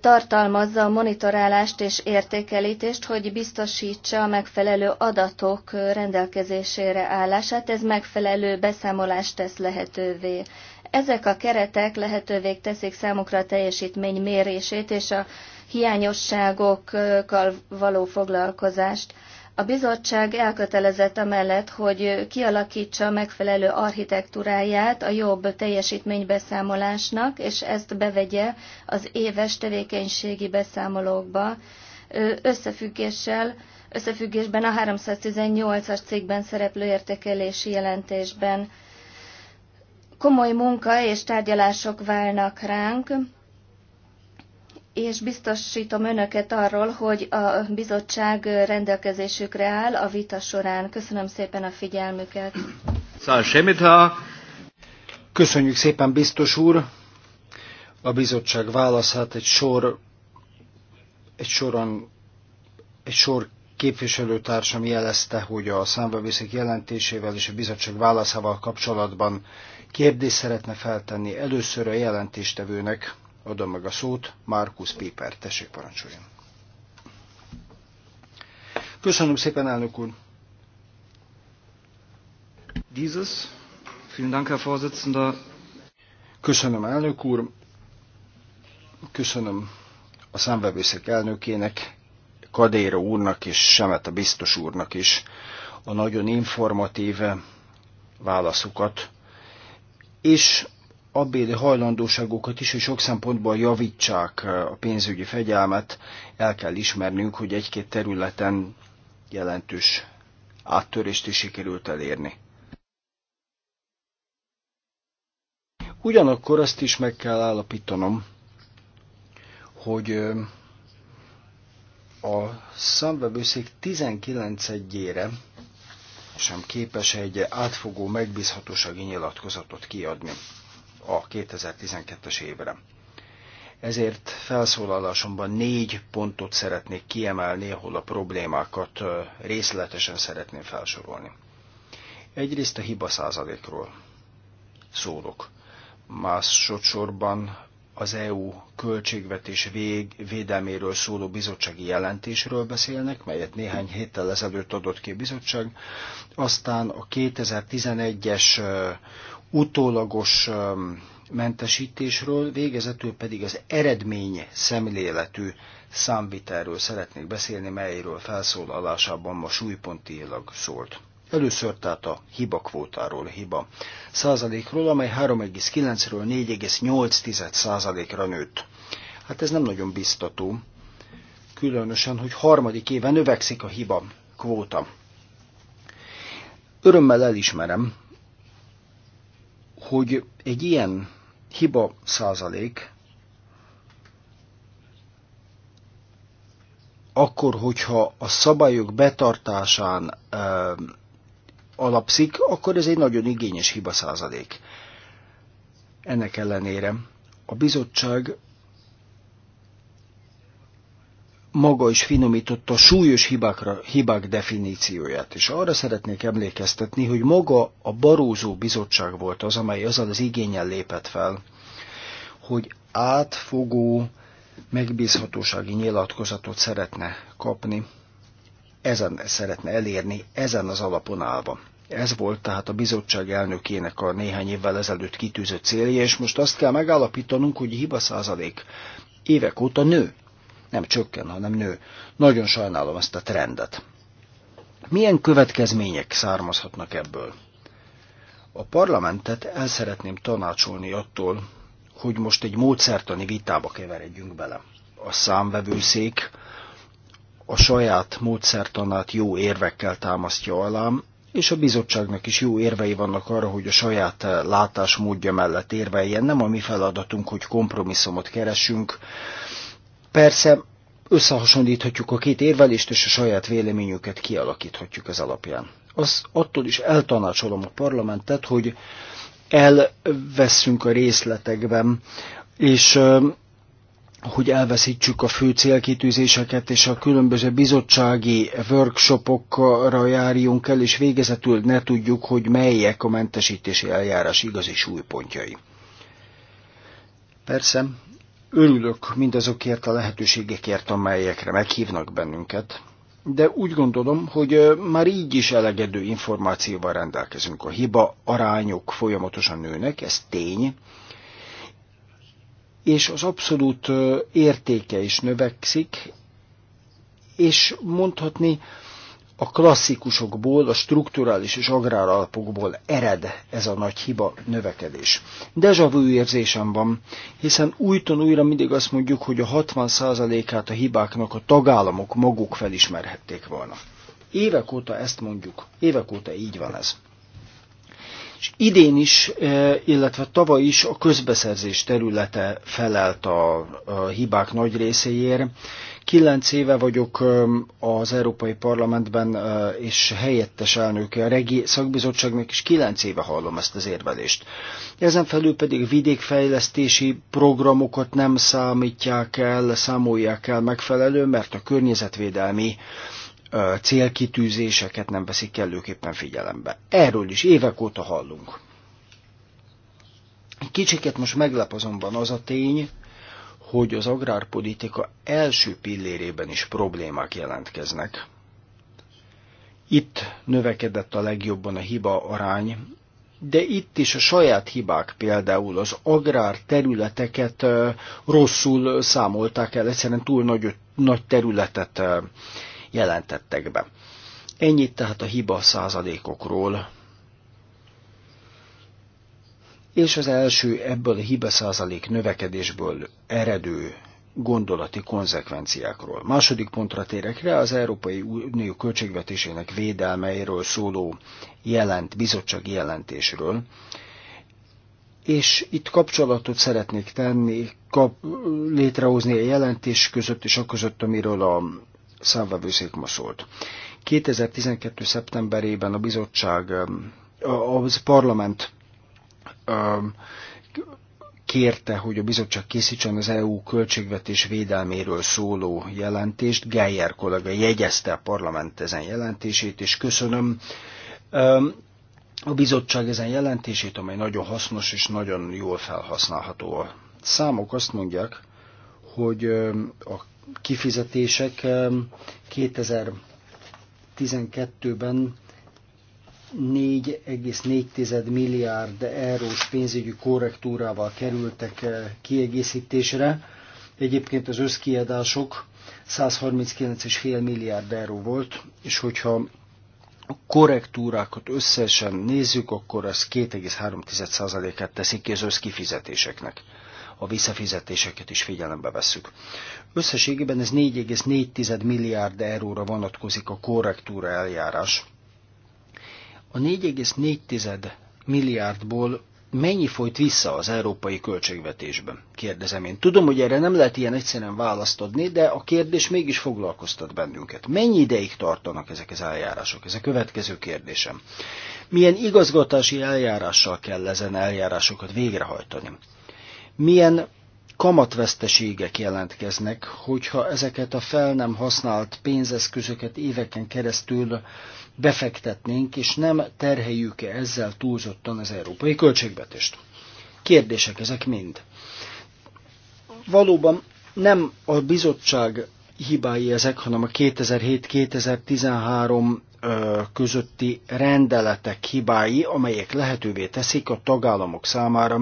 tartalmazza a monitorálást és értékelítést, hogy biztosítsa a megfelelő adatok rendelkezésére állását, ez megfelelő beszámolást tesz lehetővé. Ezek a keretek lehetővé teszik számukra a teljesítmény mérését és a hiányosságokkal való foglalkozást. A bizottság elkötelezett amellett, hogy kialakítsa megfelelő architektúráját a jobb teljesítménybeszámolásnak, és ezt bevegye az éves tevékenységi beszámolókba összefüggéssel, összefüggésben a 318-as cikkben szereplő értékelési jelentésben. Komoly munka és tárgyalások válnak ránk, és biztosítom önöket arról, hogy a bizottság rendelkezésükre áll a vita során. Köszönöm szépen a figyelmüket. Köszönjük szépen, biztos úr! A bizottság válaszát egy sor, egy soron, egy sor képviselőtársam jelezte, hogy a számbevészek jelentésével és a bizottság válaszával kapcsolatban kérdést szeretne feltenni először a jelentéstevőnek adom meg a szót, Markus Péper, tessék parancsoljon. Köszönöm szépen, elnök úr. Dieses, vielen Dank, Herr Vorsitzender. Köszönöm, elnök úr. Köszönöm a számvevőszék elnökének, Kadéra úrnak és Semet a biztos úrnak is a nagyon informatív válaszukat, és abbéli hajlandóságokat is, hogy sok szempontból javítsák eh, a pénzügyi fegyelmet, el kell ismernünk, hogy egy-két területen jelentős áttörést is sikerült elérni. Ugyanakkor azt is meg kell állapítanom, hogy eh, a számvevőszék 19 ére sem képes egy átfogó megbízhatósági nyilatkozatot kiadni a 2012-es évre. Ezért felszólalásomban négy pontot szeretnék kiemelni, ahol a problémákat részletesen szeretném felsorolni. Egyrészt a hiba százalékról szólok. Másodszorban az EU költségvetés vég, védelméről szóló bizottsági jelentésről beszélnek, melyet néhány héttel ezelőtt adott ki a bizottság. Aztán a 2011-es utólagos mentesítésről, végezetül pedig az eredmény szemléletű számvitelről szeretnék beszélni, melyről felszólalásában ma súlypontilag szólt. Először tehát a hiba kvótáról, hiba százalékról, amely 3,9-ről 4,8 százalékra nőtt. Hát ez nem nagyon biztató, különösen, hogy harmadik éve növekszik a hiba kvóta. Örömmel elismerem, hogy egy ilyen hiba százalék akkor, hogyha a szabályok betartásán ö, alapszik, akkor ez egy nagyon igényes hiba százalék. Ennek ellenére a bizottság maga is finomította a súlyos hibákra, hibák definícióját, és arra szeretnék emlékeztetni, hogy maga a Barózó Bizottság volt az, amely azzal az igényel lépett fel, hogy átfogó megbízhatósági nyilatkozatot szeretne kapni, ezen szeretne elérni, ezen az alapon állva. Ez volt tehát a bizottság elnökének a néhány évvel ezelőtt kitűzött célja, és most azt kell megállapítanunk, hogy hiba százalék évek óta nő nem csökken, hanem nő. Nagyon sajnálom ezt a trendet. Milyen következmények származhatnak ebből? A parlamentet el szeretném tanácsolni attól, hogy most egy módszertani vitába keveredjünk bele. A számvevőszék a saját módszertanát jó érvekkel támasztja alá, és a bizottságnak is jó érvei vannak arra, hogy a saját eh, látásmódja mellett érveljen. Nem a mi feladatunk, hogy kompromisszumot keresünk, Persze összehasonlíthatjuk a két érvelést, és a saját véleményüket kialakíthatjuk ez alapján. Az attól is eltanácsolom a parlamentet, hogy elveszünk a részletekben, és hogy elveszítsük a fő célkitűzéseket, és a különböző bizottsági workshopokra járjunk el, és végezetül ne tudjuk, hogy melyek a mentesítési eljárás igazi súlypontjai. Persze, Örülök mindazokért a lehetőségekért, amelyekre meghívnak bennünket, de úgy gondolom, hogy már így is elegedő információval rendelkezünk. A hiba arányok folyamatosan nőnek, ez tény, és az abszolút értéke is növekszik, és mondhatni a klasszikusokból, a strukturális és agráralapokból ered ez a nagy hiba növekedés. Deja vu érzésem van, hiszen újton újra mindig azt mondjuk, hogy a 60%-át a hibáknak a tagállamok maguk felismerhették volna. Évek óta ezt mondjuk, évek óta így van ez. És idén is, e, illetve tavaly is a közbeszerzés területe felelt a, hibák nagy részéért. Kilenc éve vagyok e, az Európai Parlamentben, e, és helyettes elnöke a Regi Szakbizottságnak, és kilenc éve hallom ezt az érvelést. Ezen felül pedig vidékfejlesztési programokat nem számítják el, számolják el megfelelő, mert a környezetvédelmi célkitűzéseket nem veszik kellőképpen figyelembe. Erről is évek óta hallunk. Kicsiket most meglep azonban az a tény, hogy az agrárpolitika első pillérében is problémák jelentkeznek. Itt növekedett a legjobban a hiba arány, de itt is a saját hibák például az agrár területeket rosszul számolták el, egyszerűen túl nagy, nagy területet jelentettek be. Ennyit tehát a hiba százalékokról. És az első ebből a hiba százalék növekedésből eredő gondolati konzekvenciákról. Második pontra térek rá, az Európai Unió költségvetésének védelmeiről szóló jelent, bizottsági jelentésről. És itt kapcsolatot szeretnék tenni, kap, létrehozni a jelentés között és a között, amiről a számvevőszék ma szólt. 2012. szeptemberében a bizottság, um, az parlament um, kérte, hogy a bizottság készítsen az EU költségvetés védelméről szóló jelentést. Geyer kollega jegyezte a parlament ezen jelentését, és köszönöm um, a bizottság ezen jelentését, amely nagyon hasznos és nagyon jól felhasználható. A számok azt mondják, hogy a kifizetések 2012-ben 4,4 milliárd eurós pénzügyi korrektúrával kerültek eh, kiegészítésre. Egyébként az összkiadások 139,5 milliárd euró volt, és hogyha a korrektúrákat összesen nézzük, akkor ez 2,3%-át teszik ki az összkifizetéseknek a visszafizetéseket is figyelembe vesszük. Összességében ez 4,4 milliárd euróra vonatkozik a korrektúra eljárás. A 4,4 milliárdból mennyi folyt vissza az európai költségvetésben? Kérdezem én. Tudom, hogy erre nem lehet ilyen egyszerűen választ adni, de a kérdés mégis foglalkoztat bennünket. Mennyi ideig tartanak ezek az eljárások? Ez a következő kérdésem. Milyen igazgatási eljárással kell ezen eljárásokat végrehajtani? milyen kamatveszteségek jelentkeznek, hogyha ezeket a fel nem használt pénzeszközöket éveken keresztül befektetnénk, és nem terheljük-e ezzel túlzottan az európai költségvetést. Kérdések ezek mind. Valóban nem a bizottság hibái ezek, hanem a 2007-2013 közötti rendeletek hibái, amelyek lehetővé teszik a tagállamok számára,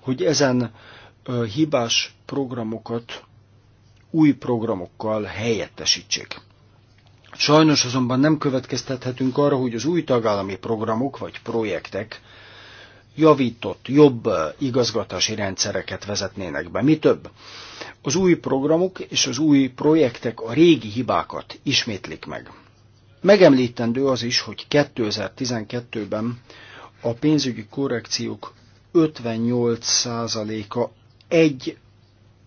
hogy ezen hibás programokat új programokkal helyettesítsék. Sajnos azonban nem következtethetünk arra, hogy az új tagállami programok vagy projektek javított, jobb igazgatási rendszereket vezetnének be. Mi több, az új programok és az új projektek a régi hibákat ismétlik meg. Megemlítendő az is, hogy 2012-ben a pénzügyi korrekciók 58%-a egy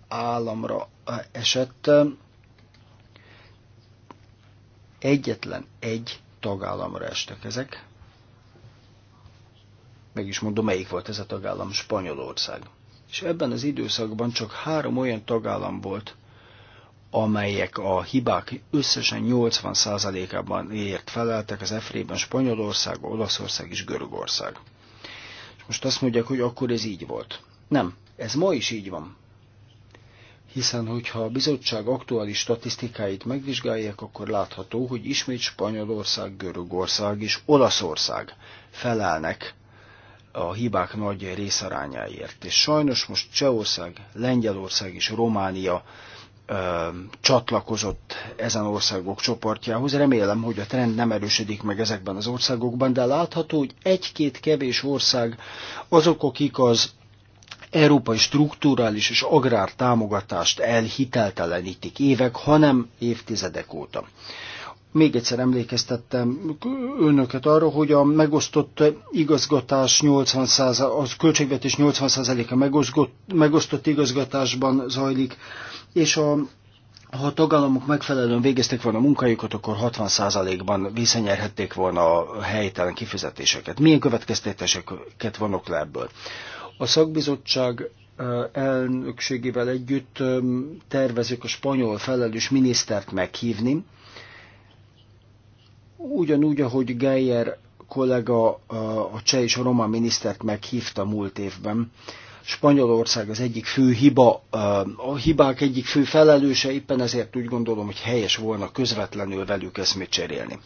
államra eh, esett, egyetlen egy tagállamra estek ezek. Meg is mondom, melyik volt ez a tagállam, Spanyolország. És ebben az időszakban csak három olyan tagállam volt, amelyek a hibák összesen 80%-ában ért feleltek az EFRE-ben Spanyolország, Olaszország és Görögország. És most azt mondják, hogy akkor ez így volt. Nem, ez ma is így van. Hiszen, hogyha a bizottság aktuális statisztikáit megvizsgálják, akkor látható, hogy ismét Spanyolország, Görögország és Olaszország felelnek a hibák nagy részarányáért. És sajnos most Csehország, Lengyelország és Románia csatlakozott ezen országok csoportjához. Remélem, hogy a trend nem erősödik meg ezekben az országokban, de látható, hogy egy-két kevés ország azok, akik az európai strukturális és agrár támogatást elhiteltelenítik évek, hanem évtizedek óta még egyszer emlékeztettem önöket arra, hogy a megosztott igazgatás 80 a költségvetés 80%-a megosztott, megosztott igazgatásban zajlik, és a, ha a tagállamok megfelelően végezték volna a munkájukat, akkor 60%-ban visszanyerhették volna a helytelen kifizetéseket. Milyen következtetéseket vannak le ebből? A szakbizottság elnökségével együtt tervezik a spanyol felelős minisztert meghívni, Ugyanúgy, ahogy Geyer kollega a cseh és a román minisztert meghívta múlt évben, Spanyolország az egyik fő hiba, a hibák egyik fő felelőse, éppen ezért úgy gondolom, hogy helyes volna közvetlenül velük eszmét cserélni.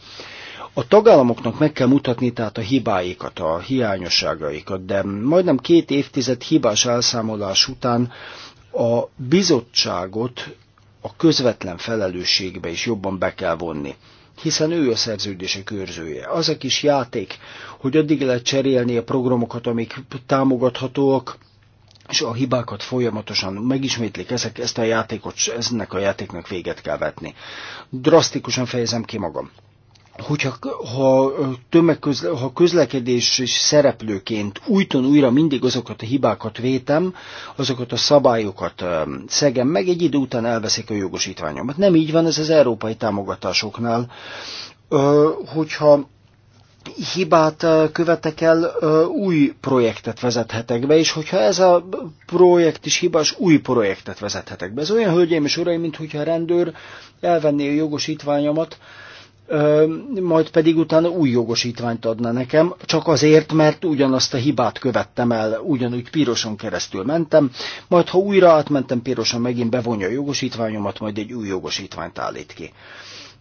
A tagállamoknak meg kell mutatni tehát a hibáikat, a hiányosságaikat, de majdnem két évtized hibás elszámolás után a bizottságot a közvetlen felelősségbe is jobban be kell vonni hiszen ő a szerződések őrzője. Az a kis játék, hogy addig lehet cserélni a programokat, amik támogathatóak, és a hibákat folyamatosan megismétlik, ezek, ezt a játékot, ennek a játéknak véget kell vetni. Drasztikusan fejezem ki magam hogyha ha, tömegközle, ha közlekedés és szereplőként újton újra mindig azokat a hibákat vétem, azokat a szabályokat szegem meg, egy idő után elveszik a jogosítványomat. Nem így van ez az európai támogatásoknál. Hogyha hibát követek el, új projektet vezethetek be, és hogyha ez a projekt is hibás, új projektet vezethetek be. Ez olyan, hölgyeim és uraim, mintha a rendőr elvenné a jogosítványomat, majd pedig utána új jogosítványt adna nekem, csak azért, mert ugyanazt a hibát követtem el, ugyanúgy piroson keresztül mentem, majd ha újra átmentem piroson, megint bevonja a jogosítványomat, majd egy új jogosítványt állít ki.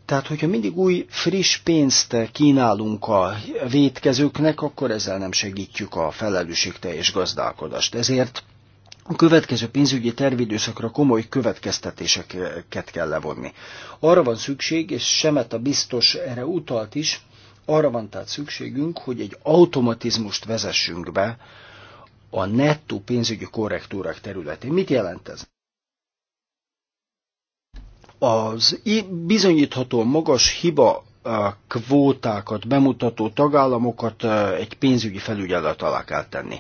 Tehát, hogyha mindig új, friss pénzt kínálunk a vétkezőknek, akkor ezzel nem segítjük a felelősségteljes gazdálkodást. Ezért a következő pénzügyi tervidőszakra komoly következtetéseket kell levonni. Arra van szükség, és Semet a biztos erre utalt is, arra van tehát szükségünk, hogy egy automatizmust vezessünk be a nettó pénzügyi korrektúrák területén. Mit jelent ez? Az bizonyítható magas hiba a kvótákat bemutató tagállamokat egy pénzügyi felügyelet alá kell tenni.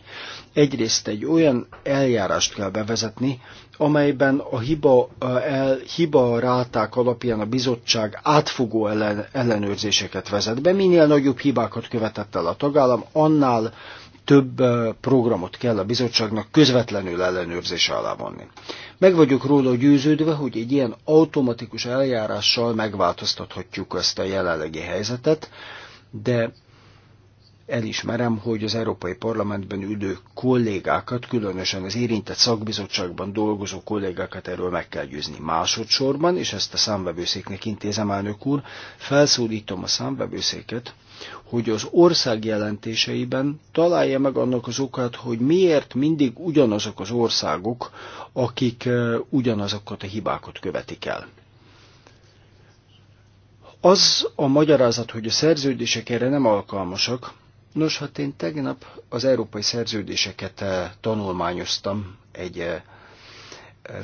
Egyrészt egy olyan eljárást kell bevezetni, amelyben a hiba, el, hiba ráták alapján a bizottság átfogó ellen, ellenőrzéseket vezet be. Minél nagyobb hibákat követett el a tagállam, annál több programot kell a bizottságnak közvetlenül ellenőrzés alá vonni. Meg vagyok róla győződve, hogy egy ilyen automatikus eljárással megváltoztathatjuk ezt a jelenlegi helyzetet, de elismerem, hogy az Európai Parlamentben ülő kollégákat, különösen az érintett szakbizottságban dolgozó kollégákat erről meg kell győzni másodszorban, és ezt a számvevőszéknek intézem, elnök úr, felszólítom a számvevőszéket, hogy az ország jelentéseiben találja meg annak az okát, hogy miért mindig ugyanazok az országok, akik ugyanazokat a hibákat követik el. Az a magyarázat, hogy a szerződések erre nem alkalmasak. Nos, hát én tegnap az európai szerződéseket tanulmányoztam egy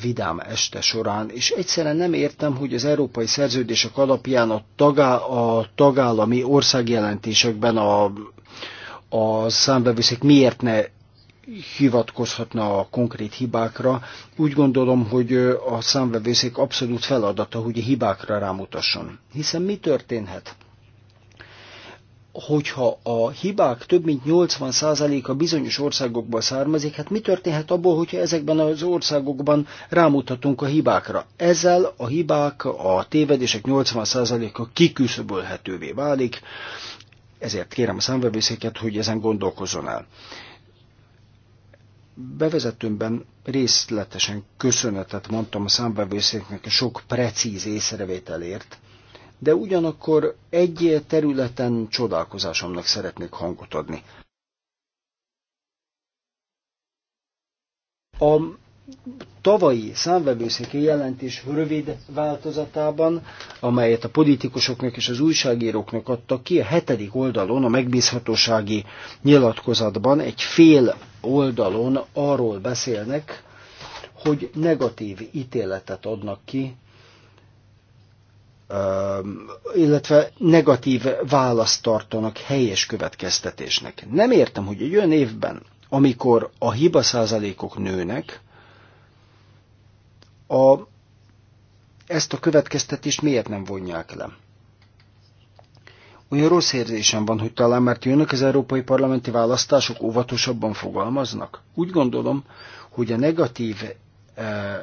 vidám este során, és egyszerűen nem értem, hogy az európai szerződések alapján a, tagá, a tagállami országjelentésekben a, a számbevőszék miért ne hivatkozhatna a konkrét hibákra. Úgy gondolom, hogy a számbevőszék abszolút feladata, hogy a hibákra rámutasson. Hiszen mi történhet? hogyha a hibák több mint 80%-a bizonyos országokból származik, hát mi történhet abból, hogyha ezekben az országokban rámutatunk a hibákra? Ezzel a hibák, a tévedések 80%-a kiküszöbölhetővé válik, ezért kérem a számvevőszéket, hogy ezen gondolkozzon el. Bevezetőmben részletesen köszönetet mondtam a számvevőszéknek a sok precíz észrevételért, de ugyanakkor egy területen csodálkozásomnak szeretnék hangot adni. A tavalyi számvevőszéki jelentés rövid változatában, amelyet a politikusoknak és az újságíróknak adtak ki, a hetedik oldalon, a megbízhatósági nyilatkozatban egy fél oldalon arról beszélnek, hogy negatív ítéletet adnak ki illetve negatív választ tartanak helyes következtetésnek. Nem értem, hogy egy olyan évben, amikor a hiba százalékok nőnek, a, ezt a következtetést miért nem vonják le? Olyan rossz érzésem van, hogy talán mert jönnek az európai parlamenti választások, óvatosabban fogalmaznak. Úgy gondolom, hogy a negatív eh,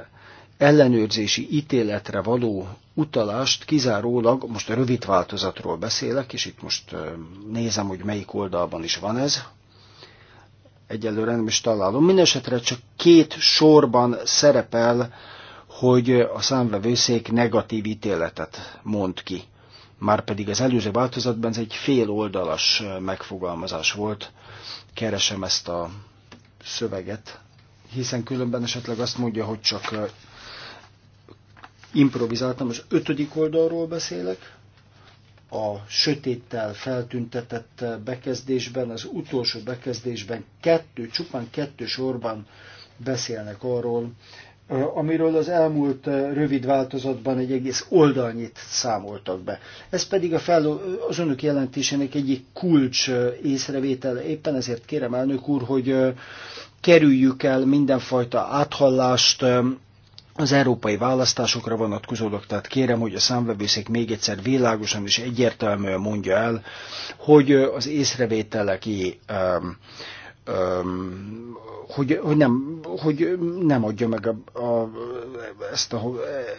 ellenőrzési ítéletre való utalást kizárólag, most a rövid változatról beszélek, és itt most nézem, hogy melyik oldalban is van ez, egyelőre nem is találom. Mindenesetre csak két sorban szerepel, hogy a számvevőszék negatív ítéletet mond ki. Márpedig az előző változatban ez egy fél oldalas megfogalmazás volt. Keresem ezt a szöveget, hiszen különben esetleg azt mondja, hogy csak improvizáltam, az ötödik oldalról beszélek, a sötéttel feltüntetett bekezdésben, az utolsó bekezdésben kettő, csupán kettő sorban beszélnek arról, eh, amiről az elmúlt eh, rövid változatban egy egész oldalnyit számoltak be. Ez pedig a fel, eh, az önök jelentésének egyik kulcs észrevétele. Éppen ezért kérem elnök úr, hogy kerüljük el mindenfajta áthallást, az európai választásokra vonatkozólag, tehát kérem, hogy a számvevőszék még egyszer világosan és egyértelműen mondja el, hogy az észrevételeki um, um, hogy, hogy, nem, hogy nem adja meg a, a, ezt a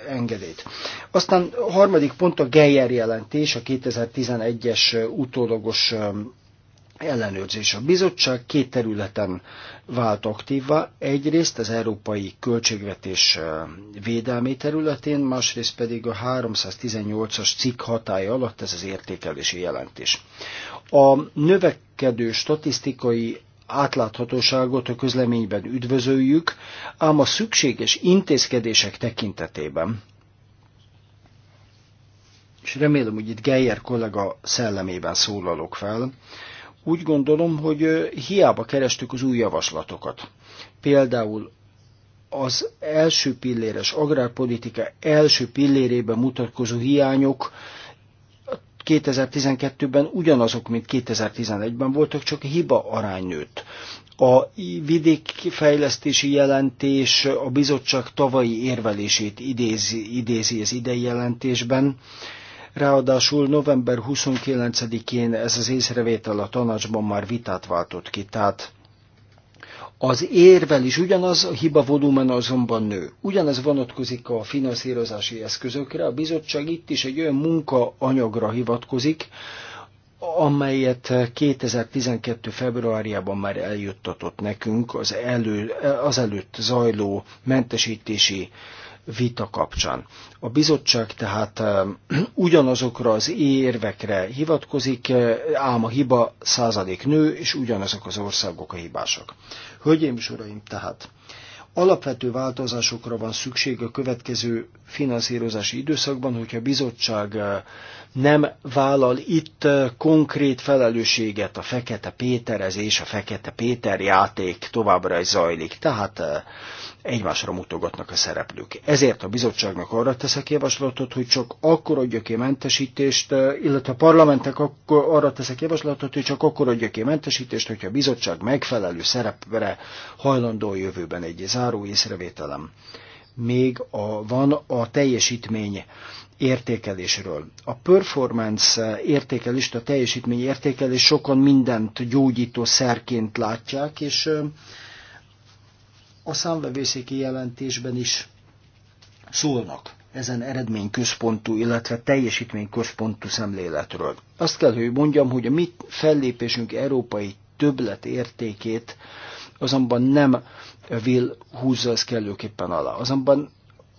engedélyt. Aztán a harmadik pont a Geyer jelentés, a 2011-es utólagos ellenőrzés. A bizottság két területen vált aktívva, egyrészt az európai költségvetés védelmi területén, másrészt pedig a 318-as cikk hatája alatt ez az értékelési jelentés. A növekedő statisztikai átláthatóságot a közleményben üdvözöljük, ám a szükséges intézkedések tekintetében és remélem, hogy itt Geyer kollega szellemében szólalok fel, úgy gondolom, hogy hiába kerestük az új javaslatokat. Például az első pilléres agrárpolitika első pillérében mutatkozó hiányok 2012-ben ugyanazok, mint 2011-ben voltak, csak hiba arány nőtt. A vidékfejlesztési jelentés a bizottság tavalyi érvelését idézi, idézi az idei jelentésben, Ráadásul november 29-én ez az észrevétel a tanácsban már vitát váltott ki, tehát az érvel is ugyanaz, a hiba volumen azonban nő. Ugyanez vonatkozik a finanszírozási eszközökre, a bizottság itt is egy olyan munkaanyagra hivatkozik, amelyet 2012. februárjában már eljuttatott nekünk az, elő, az előtt zajló mentesítési vita kapcsán. A bizottság tehát [CLEARS THROAT] ugyanazokra az érvekre hivatkozik, eh, ám a hiba századék nő, és ugyanazok az országok a hibásak. Hölgyeim és uraim, tehát alapvető változásokra van szükség a következő finanszírozási időszakban, hogyha a bizottság eh, nem vállal itt eh, konkrét felelősséget, a Fekete Péterezés, a Fekete Péter játék továbbra is zajlik. Tehát egymásra mutogatnak a szereplők. Ezért a bizottságnak arra teszek javaslatot, hogy csak akkor adja ki mentesítést, eh, illetve a parlamentek akkor, arra teszek javaslatot, hogy csak akkor adja ki mentesítést, hogyha a bizottság megfelelő szerepre hajlandó a jövőben egy záró észrevételem. Még a, van a teljesítmény értékelésről. A performance értékelést, a teljesítmény értékelés sokan mindent gyógyító szerként látják, és eh, a számvevőszéki jelentésben is szólnak ezen eredményközpontú, illetve teljesítményközpontú szemléletről. Azt kell, hogy mondjam, hogy a mi fellépésünk európai többlet értékét azonban nem vil húzza ez kellőképpen alá. Azonban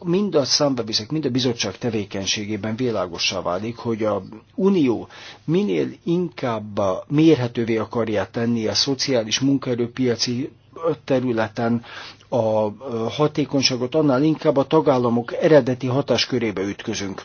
mind a számbeviszek, mind a bizottság tevékenységében világossá válik, hogy a Unió minél inkább mérhetővé akarja tenni a szociális munkaerőpiaci területen a hatékonyságot, annál inkább a tagállamok eredeti hatáskörébe ütközünk.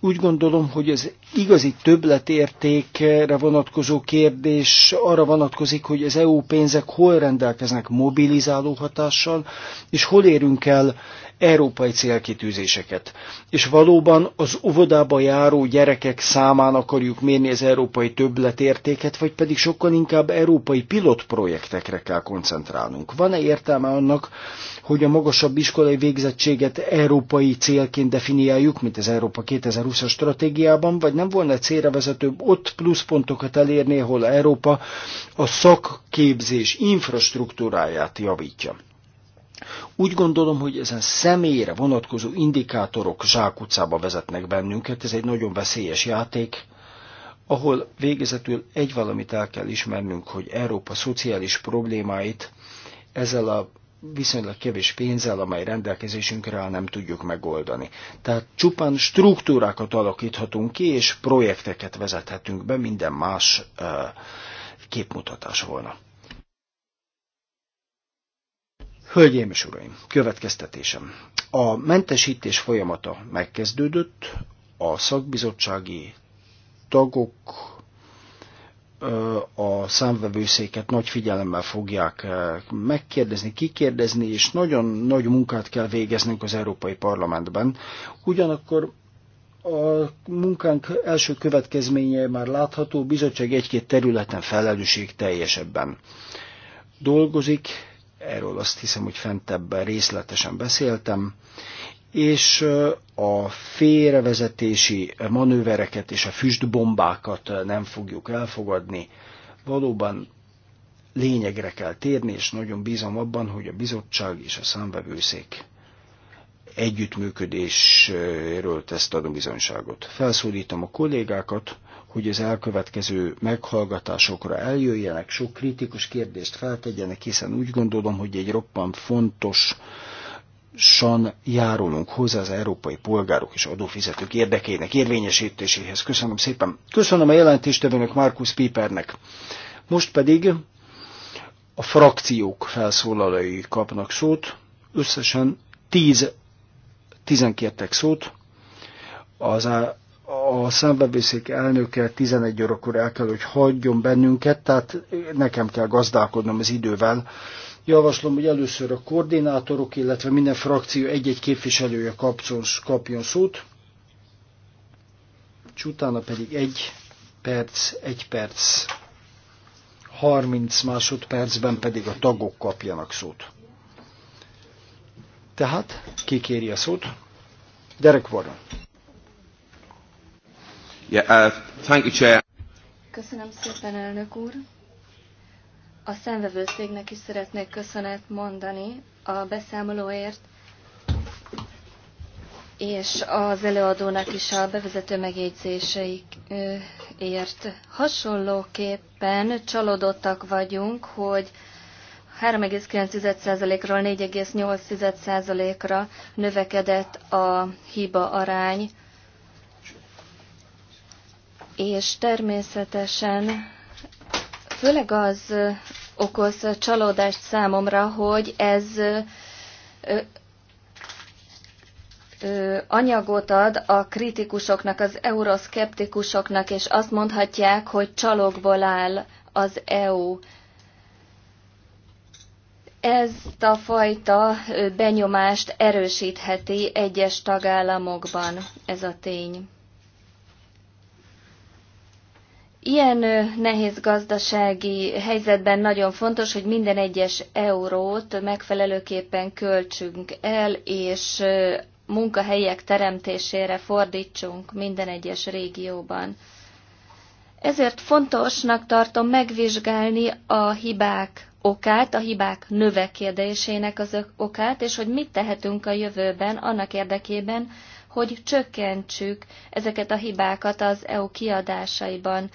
Úgy gondolom, hogy az igazi többletértékre vonatkozó kérdés arra vonatkozik, hogy az EU pénzek hol rendelkeznek mobilizáló hatással, és hol érünk el európai célkitűzéseket. És valóban az óvodába járó gyerekek számán akarjuk mérni az európai többletértéket, vagy pedig sokkal inkább európai pilotprojektekre kell koncentrálnunk. Van-e értelme annak, hogy a magasabb iskolai végzettséget európai célként definiáljuk, mint az Európa 2020-as stratégiában, vagy nem volna célra vezetőbb ott pluszpontokat elérni, ahol Európa a szakképzés infrastruktúráját javítja. Úgy gondolom, hogy ezen személyre vonatkozó indikátorok zsákutcába vezetnek bennünket, ez egy nagyon veszélyes játék, ahol végezetül egy valamit el kell ismernünk, hogy Európa szociális problémáit ezzel a viszonylag kevés pénzzel, amely rendelkezésünkre áll, nem tudjuk megoldani. Tehát csupán struktúrákat alakíthatunk ki, és projekteket vezethetünk be, minden más uh, képmutatás volna. Hölgyeim és uraim, következtetésem. A mentesítés folyamata megkezdődött, a szakbizottsági tagok a számvevőszéket nagy figyelemmel fogják megkérdezni, kikérdezni, és nagyon nagy munkát kell végeznünk az Európai Parlamentben. Ugyanakkor a munkánk első következménye már látható, bizottság egy-két területen felelősség teljesebben dolgozik, erről azt hiszem, hogy fentebb részletesen beszéltem, és a félrevezetési manővereket és a füstbombákat nem fogjuk elfogadni. Valóban lényegre kell térni, és nagyon bízom abban, hogy a bizottság és a számvevőszék együttműködésről tesz bizonyságot. Felszólítom a kollégákat, hogy az elkövetkező meghallgatásokra eljöjjenek, sok kritikus kérdést feltegyenek, hiszen úgy gondolom, hogy egy roppant fontos san járulunk hozzá az európai polgárok és adófizetők érdekének érvényesítéséhez. Köszönöm szépen. Köszönöm a jelentéstevőnek, Markus Pipernek. Most pedig a frakciók felszólalói kapnak szót. Összesen 10 12 kértek szót. Az a számbevőszék elnöke 11 órakor el kell, hogy hagyjon bennünket, tehát nekem kell gazdálkodnom az idővel. Javaslom, hogy először a koordinátorok, illetve minden frakció egy-egy képviselője kapcsol kapjon szót, és utána pedig egy perc, egy perc, 30 másodpercben pedig a tagok kapjanak szót. Tehát, ki kéri a szót? Derek Warren. Uh, Köszönöm szépen, elnök úr. A szemvevőszégnek is szeretnék köszönet mondani a beszámolóért, és az előadónak is a bevezető megjegyzéseikért. Hasonlóképpen csalódottak vagyunk, hogy 3,9%-ról 4,8%-ra növekedett a hiba arány és természetesen főleg az okoz csalódást számomra, hogy ez anyagot ad a kritikusoknak, az euroszkeptikusoknak, és azt mondhatják, hogy csalókból áll az EU. Ezt a fajta benyomást erősítheti egyes tagállamokban ez a tény. Ilyen nehéz gazdasági helyzetben nagyon fontos, hogy minden egyes eurót megfelelőképpen költsünk el, és munkahelyek teremtésére fordítsunk minden egyes régióban. Ezért fontosnak tartom megvizsgálni a hibák okát, a hibák növekedésének az okát, és hogy mit tehetünk a jövőben annak érdekében, hogy csökkentsük ezeket a hibákat az EU kiadásaiban.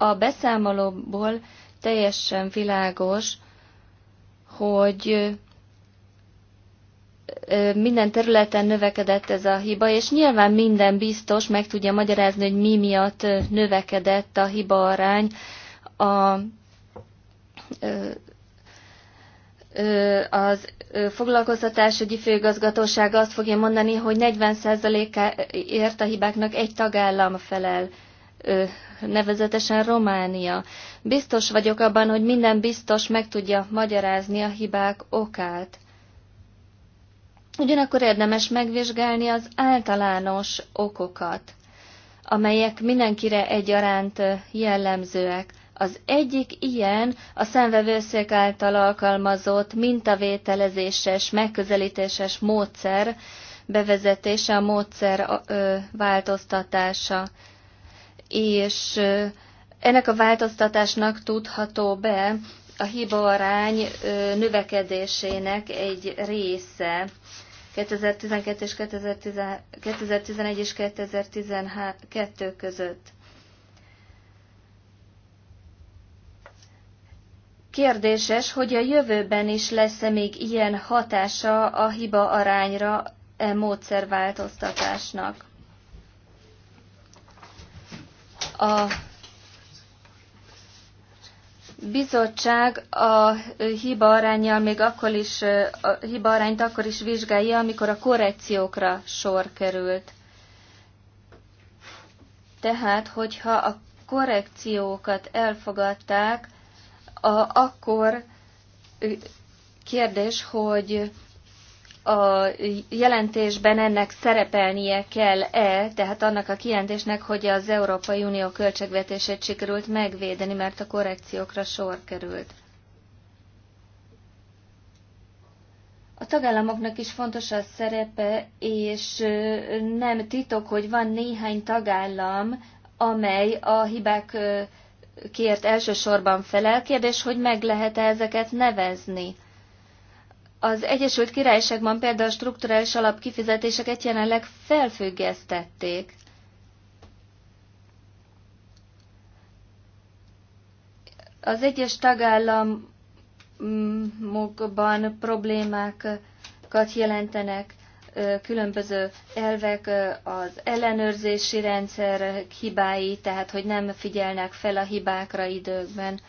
A beszámolóból teljesen világos, hogy minden területen növekedett ez a hiba, és nyilván minden biztos meg tudja magyarázni, hogy mi miatt növekedett a hiba arány a, az foglalkoztatásügyi főigazgatóság azt fogja mondani, hogy 40%-ért a hibáknak egy tagállam felel nevezetesen Románia. Biztos vagyok abban, hogy minden biztos meg tudja magyarázni a hibák okát. Ugyanakkor érdemes megvizsgálni az általános okokat, amelyek mindenkire egyaránt jellemzőek. Az egyik ilyen a szemvevőszék által alkalmazott mintavételezéses, megközelítéses módszer bevezetése, a módszer változtatása és ennek a változtatásnak tudható be a hiba arány növekedésének egy része 2012 és 2011 és 2012 között. Kérdéses, hogy a jövőben is lesz-e még ilyen hatása a hiba arányra e módszerváltoztatásnak. A bizottság a hiba arányjal még akkor is, a hiba arányt akkor is vizsgálja, amikor a korrekciókra sor került. Tehát, hogyha a korrekciókat elfogadták, a, akkor kérdés, hogy a jelentésben ennek szerepelnie kell-e, tehát annak a kijelentésnek, hogy az Európai Unió költségvetését sikerült megvédeni, mert a korrekciókra sor került. A tagállamoknak is fontos a szerepe, és nem titok, hogy van néhány tagállam, amely a hibák kért elsősorban felel. Kérdés, hogy meg lehet-e ezeket nevezni? Az Egyesült Királyságban például a strukturális alap kifizetéseket jelenleg felfüggesztették. Az egyes tagállamokban problémákat jelentenek különböző elvek, az ellenőrzési rendszer hibái, tehát hogy nem figyelnek fel a hibákra időkben.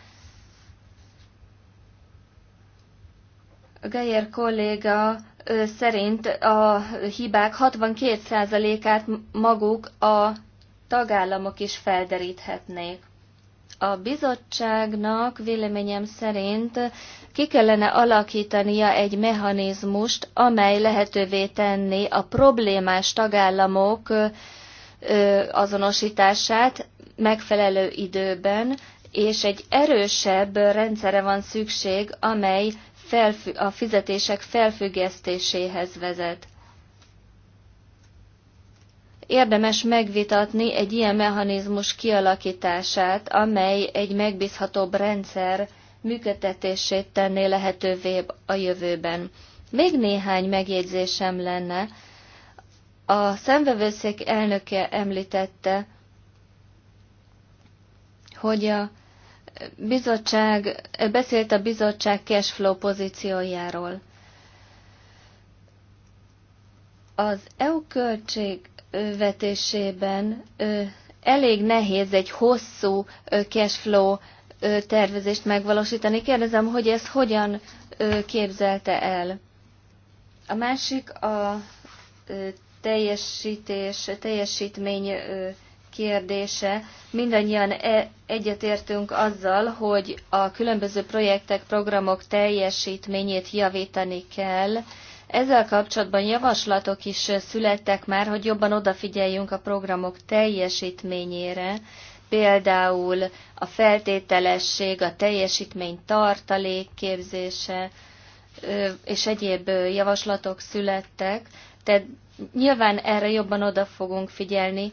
Geyer kolléga szerint a hibák 62%-át maguk a tagállamok is felderíthetnék. A bizottságnak véleményem szerint ki kellene alakítania egy mechanizmust, amely lehetővé tenni a problémás tagállamok azonosítását megfelelő időben, és egy erősebb rendszere van szükség, amely felfü a fizetések felfüggesztéséhez vezet. Érdemes megvitatni egy ilyen mechanizmus kialakítását, amely egy megbízhatóbb rendszer működtetését tenné lehetővé a jövőben. Még néhány megjegyzésem lenne. A szemvevőszék elnöke említette, hogy a bizottság, beszélt a bizottság flow pozíciójáról. Az EU költségvetésében elég nehéz egy hosszú flow tervezést megvalósítani. Kérdezem, hogy ezt hogyan képzelte el? A másik a teljesítés, teljesítmény kérdése. Mindannyian e egyetértünk azzal, hogy a különböző projektek, programok teljesítményét javítani kell. Ezzel kapcsolatban javaslatok is születtek már, hogy jobban odafigyeljünk a programok teljesítményére, például a feltételesség, a teljesítmény tartalék képzése és egyéb javaslatok születtek, tehát nyilván erre jobban oda fogunk figyelni,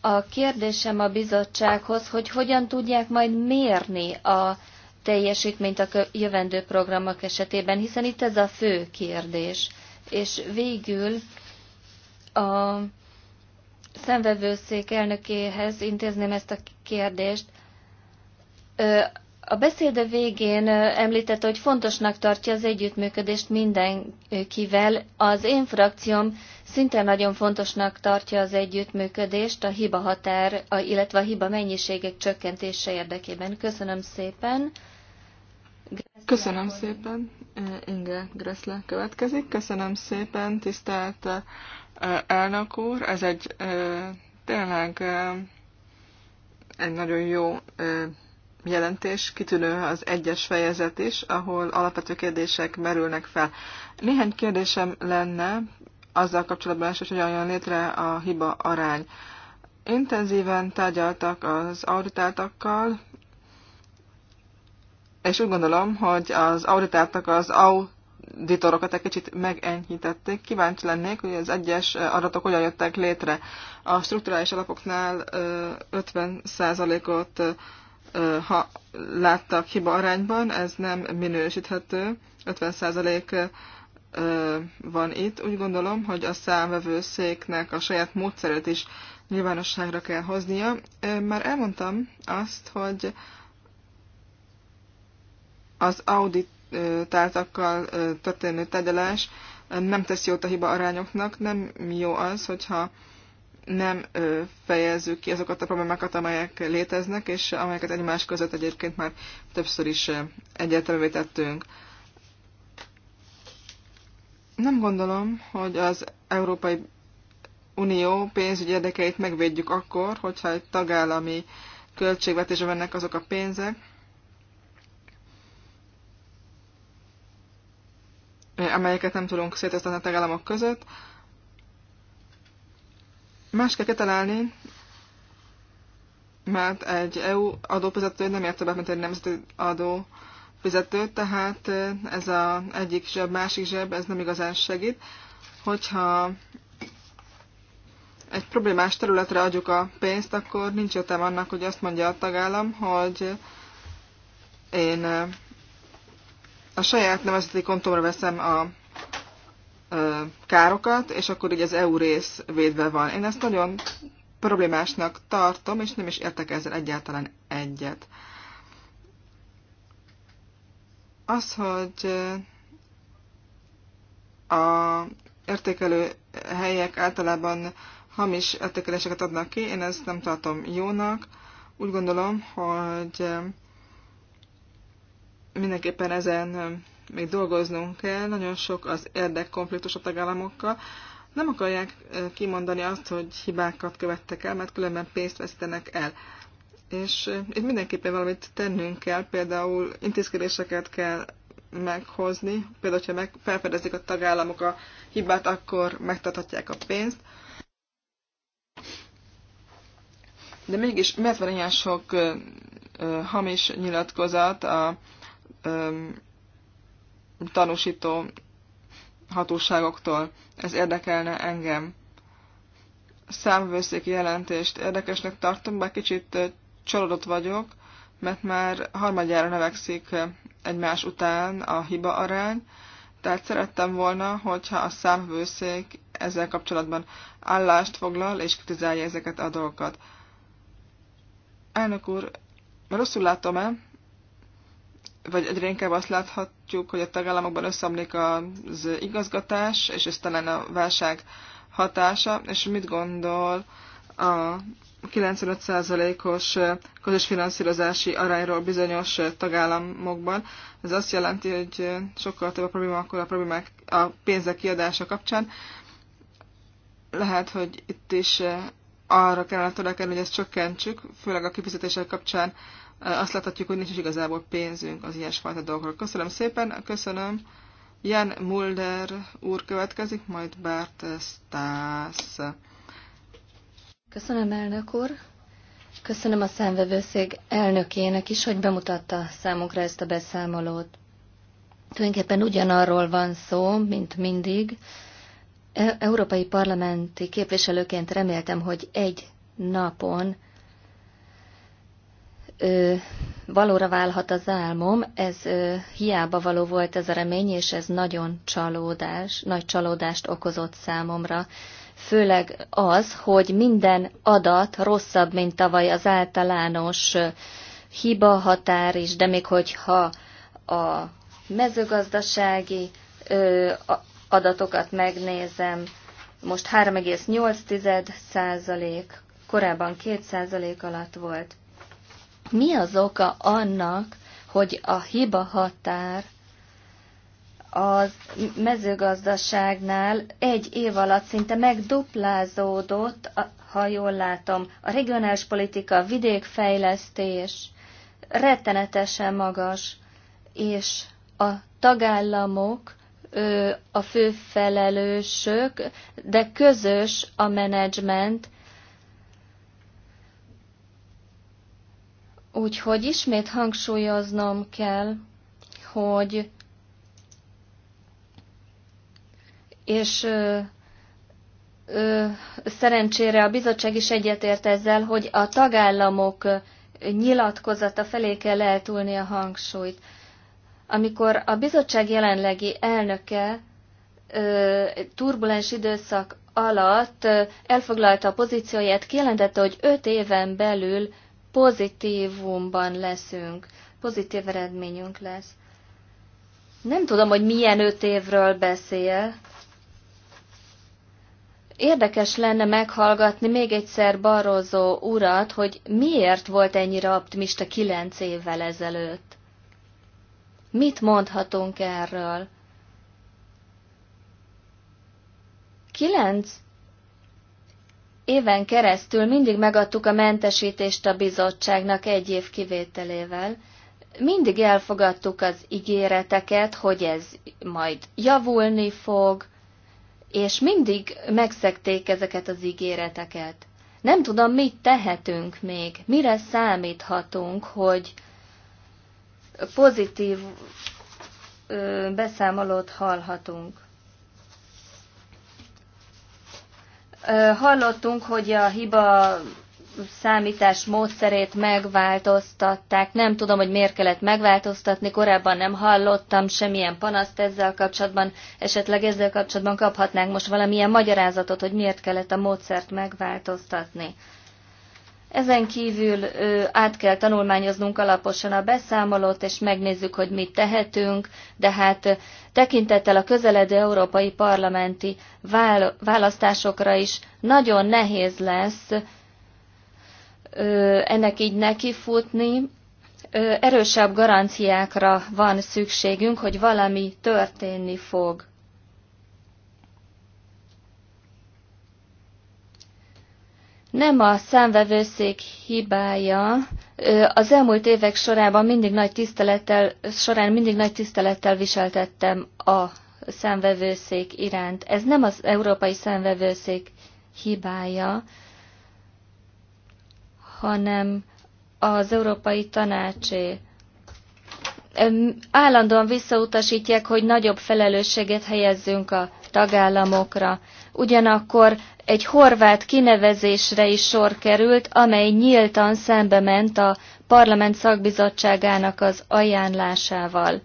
A kérdésem a bizottsághoz, hogy hogyan tudják majd mérni a teljesítményt a jövendő programok esetében, hiszen itt ez a fő kérdés. És végül a szemvevőszék elnökéhez intézném ezt a kérdést. A beszéde végén említette, hogy fontosnak tartja az együttműködést mindenkivel. Az én frakcióm szinte nagyon fontosnak tartja az együttműködést a hiba határ, illetve a hiba mennyiségek csökkentése érdekében. Köszönöm szépen. Köszönöm szépen. Inge Gressle következik. Köszönöm szépen, tisztelt elnök úr. Ez egy tényleg egy nagyon jó jelentés, kitűnő az egyes fejezet is, ahol alapvető kérdések merülnek fel. Néhány kérdésem lenne, azzal kapcsolatban is, hogy olyan létre a hiba arány. Intenzíven tárgyaltak az auditáltakkal, és úgy gondolom, hogy az auditáltak az auditorokat egy kicsit megenyhítették. Kíváncsi lennék, hogy az egyes adatok hogyan jöttek létre. A strukturális alapoknál 50%-ot ha láttak hiba arányban, ez nem minősíthető, 50% van itt. Úgy gondolom, hogy a számvevőszéknek a saját módszerét is nyilvánosságra kell hoznia. Már elmondtam azt, hogy az auditáltakkal történő tegyelás nem tesz jót a hiba arányoknak, nem jó az, hogyha nem fejezzük ki azokat a problémákat, amelyek léteznek, és amelyeket egymás között egyébként már többször is egyértelművé tettünk. Nem gondolom, hogy az Európai Unió pénzügyi érdekeit megvédjük akkor, hogyha egy tagállami költségvetésre mennek azok a pénzek, amelyeket nem tudunk szétosztani a tagállamok között. Más kell kitalálni, mert egy EU adófizető nem ér többet, mint egy nemzeti adó fizető, tehát ez a egyik zseb, másik zseb, ez nem igazán segít. Hogyha egy problémás területre adjuk a pénzt, akkor nincs értelme annak, hogy azt mondja a tagállam, hogy én a saját nemzeti kontomra veszem a károkat, és akkor így az EU rész védve van. Én ezt nagyon problémásnak tartom, és nem is értek ezzel egyáltalán egyet. Az, hogy a értékelő helyek általában hamis értékeléseket adnak ki, én ezt nem tartom jónak. Úgy gondolom, hogy mindenképpen ezen még dolgoznunk kell, nagyon sok az érdekkonfliktus a tagállamokkal. Nem akarják kimondani azt, hogy hibákat követtek el, mert különben pénzt vesztenek el. És itt mindenképpen valamit tennünk kell, például intézkedéseket kell meghozni, például, ha meg felfedezik a tagállamok a hibát, akkor megtarthatják a pénzt. De mégis miért van ilyen sok ö, ö, hamis nyilatkozat a ö, tanúsító hatóságoktól? Ez érdekelne engem. Számvőszéki jelentést érdekesnek tartom, bár kicsit csalódott vagyok, mert már harmadjára növekszik egymás után a hiba arány, tehát szerettem volna, hogyha a számvőszék ezzel kapcsolatban állást foglal és kritizálja ezeket a dolgokat. Elnök úr, rosszul látom-e, vagy egyre inkább azt láthatjuk, hogy a tagállamokban összeomlik az igazgatás, és ez talán a válság hatása, és mit gondol a 95%-os közös finanszírozási arányról bizonyos tagállamokban. Ez azt jelenti, hogy sokkal több a probléma akkor a, problémák, a pénzek kiadása kapcsán. Lehet, hogy itt is arra kellene törekedni, hogy ezt csökkentsük, főleg a kifizetések kapcsán azt láthatjuk, hogy nincs is igazából pénzünk az ilyesfajta dolgokra. Köszönöm szépen, köszönöm. Jan Mulder úr következik, majd Bert Stász. Köszönöm, elnök úr. Köszönöm a számvevőszék elnökének is, hogy bemutatta számunkra ezt a beszámolót. Tulajdonképpen ugyanarról van szó, mint mindig. E, Európai parlamenti képviselőként reméltem, hogy egy napon ö, valóra válhat az álmom. Ez ö, hiába való volt ez a remény, és ez nagyon csalódás, nagy csalódást okozott számomra főleg az, hogy minden adat rosszabb, mint tavaly az általános hiba határ is, de még hogyha a mezőgazdasági adatokat megnézem, most 3,8 százalék, korábban 2 százalék alatt volt. Mi az oka annak, hogy a hiba határ a mezőgazdaságnál egy év alatt szinte megduplázódott, ha jól látom, a regionális politika, vidékfejlesztés rettenetesen magas, és a tagállamok a fő felelősök, de közös a menedzsment, Úgyhogy ismét hangsúlyoznom kell, hogy és ö, szerencsére a bizottság is egyetért ezzel, hogy a tagállamok nyilatkozata felé kell eltúlni a hangsúlyt. Amikor a bizottság jelenlegi elnöke ö, turbulens időszak alatt ö, elfoglalta a pozícióját, kijelentette, hogy öt éven belül pozitívumban leszünk, pozitív eredményünk lesz. Nem tudom, hogy milyen öt évről beszél, Érdekes lenne meghallgatni még egyszer Barroso urat, hogy miért volt ennyire optimista kilenc évvel ezelőtt. Mit mondhatunk erről? Kilenc éven keresztül mindig megadtuk a mentesítést a bizottságnak egy év kivételével. Mindig elfogadtuk az ígéreteket, hogy ez majd javulni fog, és mindig megszekték ezeket az ígéreteket. Nem tudom, mit tehetünk még, mire számíthatunk, hogy pozitív ö, beszámolót hallhatunk. Ö, hallottunk, hogy a hiba számítás módszerét megváltoztatták. Nem tudom, hogy miért kellett megváltoztatni, korábban nem hallottam semmilyen panaszt ezzel kapcsolatban. Esetleg ezzel kapcsolatban kaphatnánk most valamilyen magyarázatot, hogy miért kellett a módszert megváltoztatni. Ezen kívül át kell tanulmányoznunk alaposan a beszámolót, és megnézzük, hogy mit tehetünk, de hát tekintettel a közeledő európai parlamenti választásokra is nagyon nehéz lesz ennek így nekifutni, erősebb garanciákra van szükségünk, hogy valami történni fog. Nem a számvevőszék hibája, az elmúlt évek sorában mindig nagy tisztelettel, során mindig nagy tisztelettel viseltettem a számvevőszék iránt. Ez nem az európai számvevőszék hibája, hanem az Európai Tanácsé. Állandóan visszautasítják, hogy nagyobb felelősséget helyezzünk a tagállamokra. Ugyanakkor egy horvát kinevezésre is sor került, amely nyíltan szembe ment a parlament szakbizottságának az ajánlásával.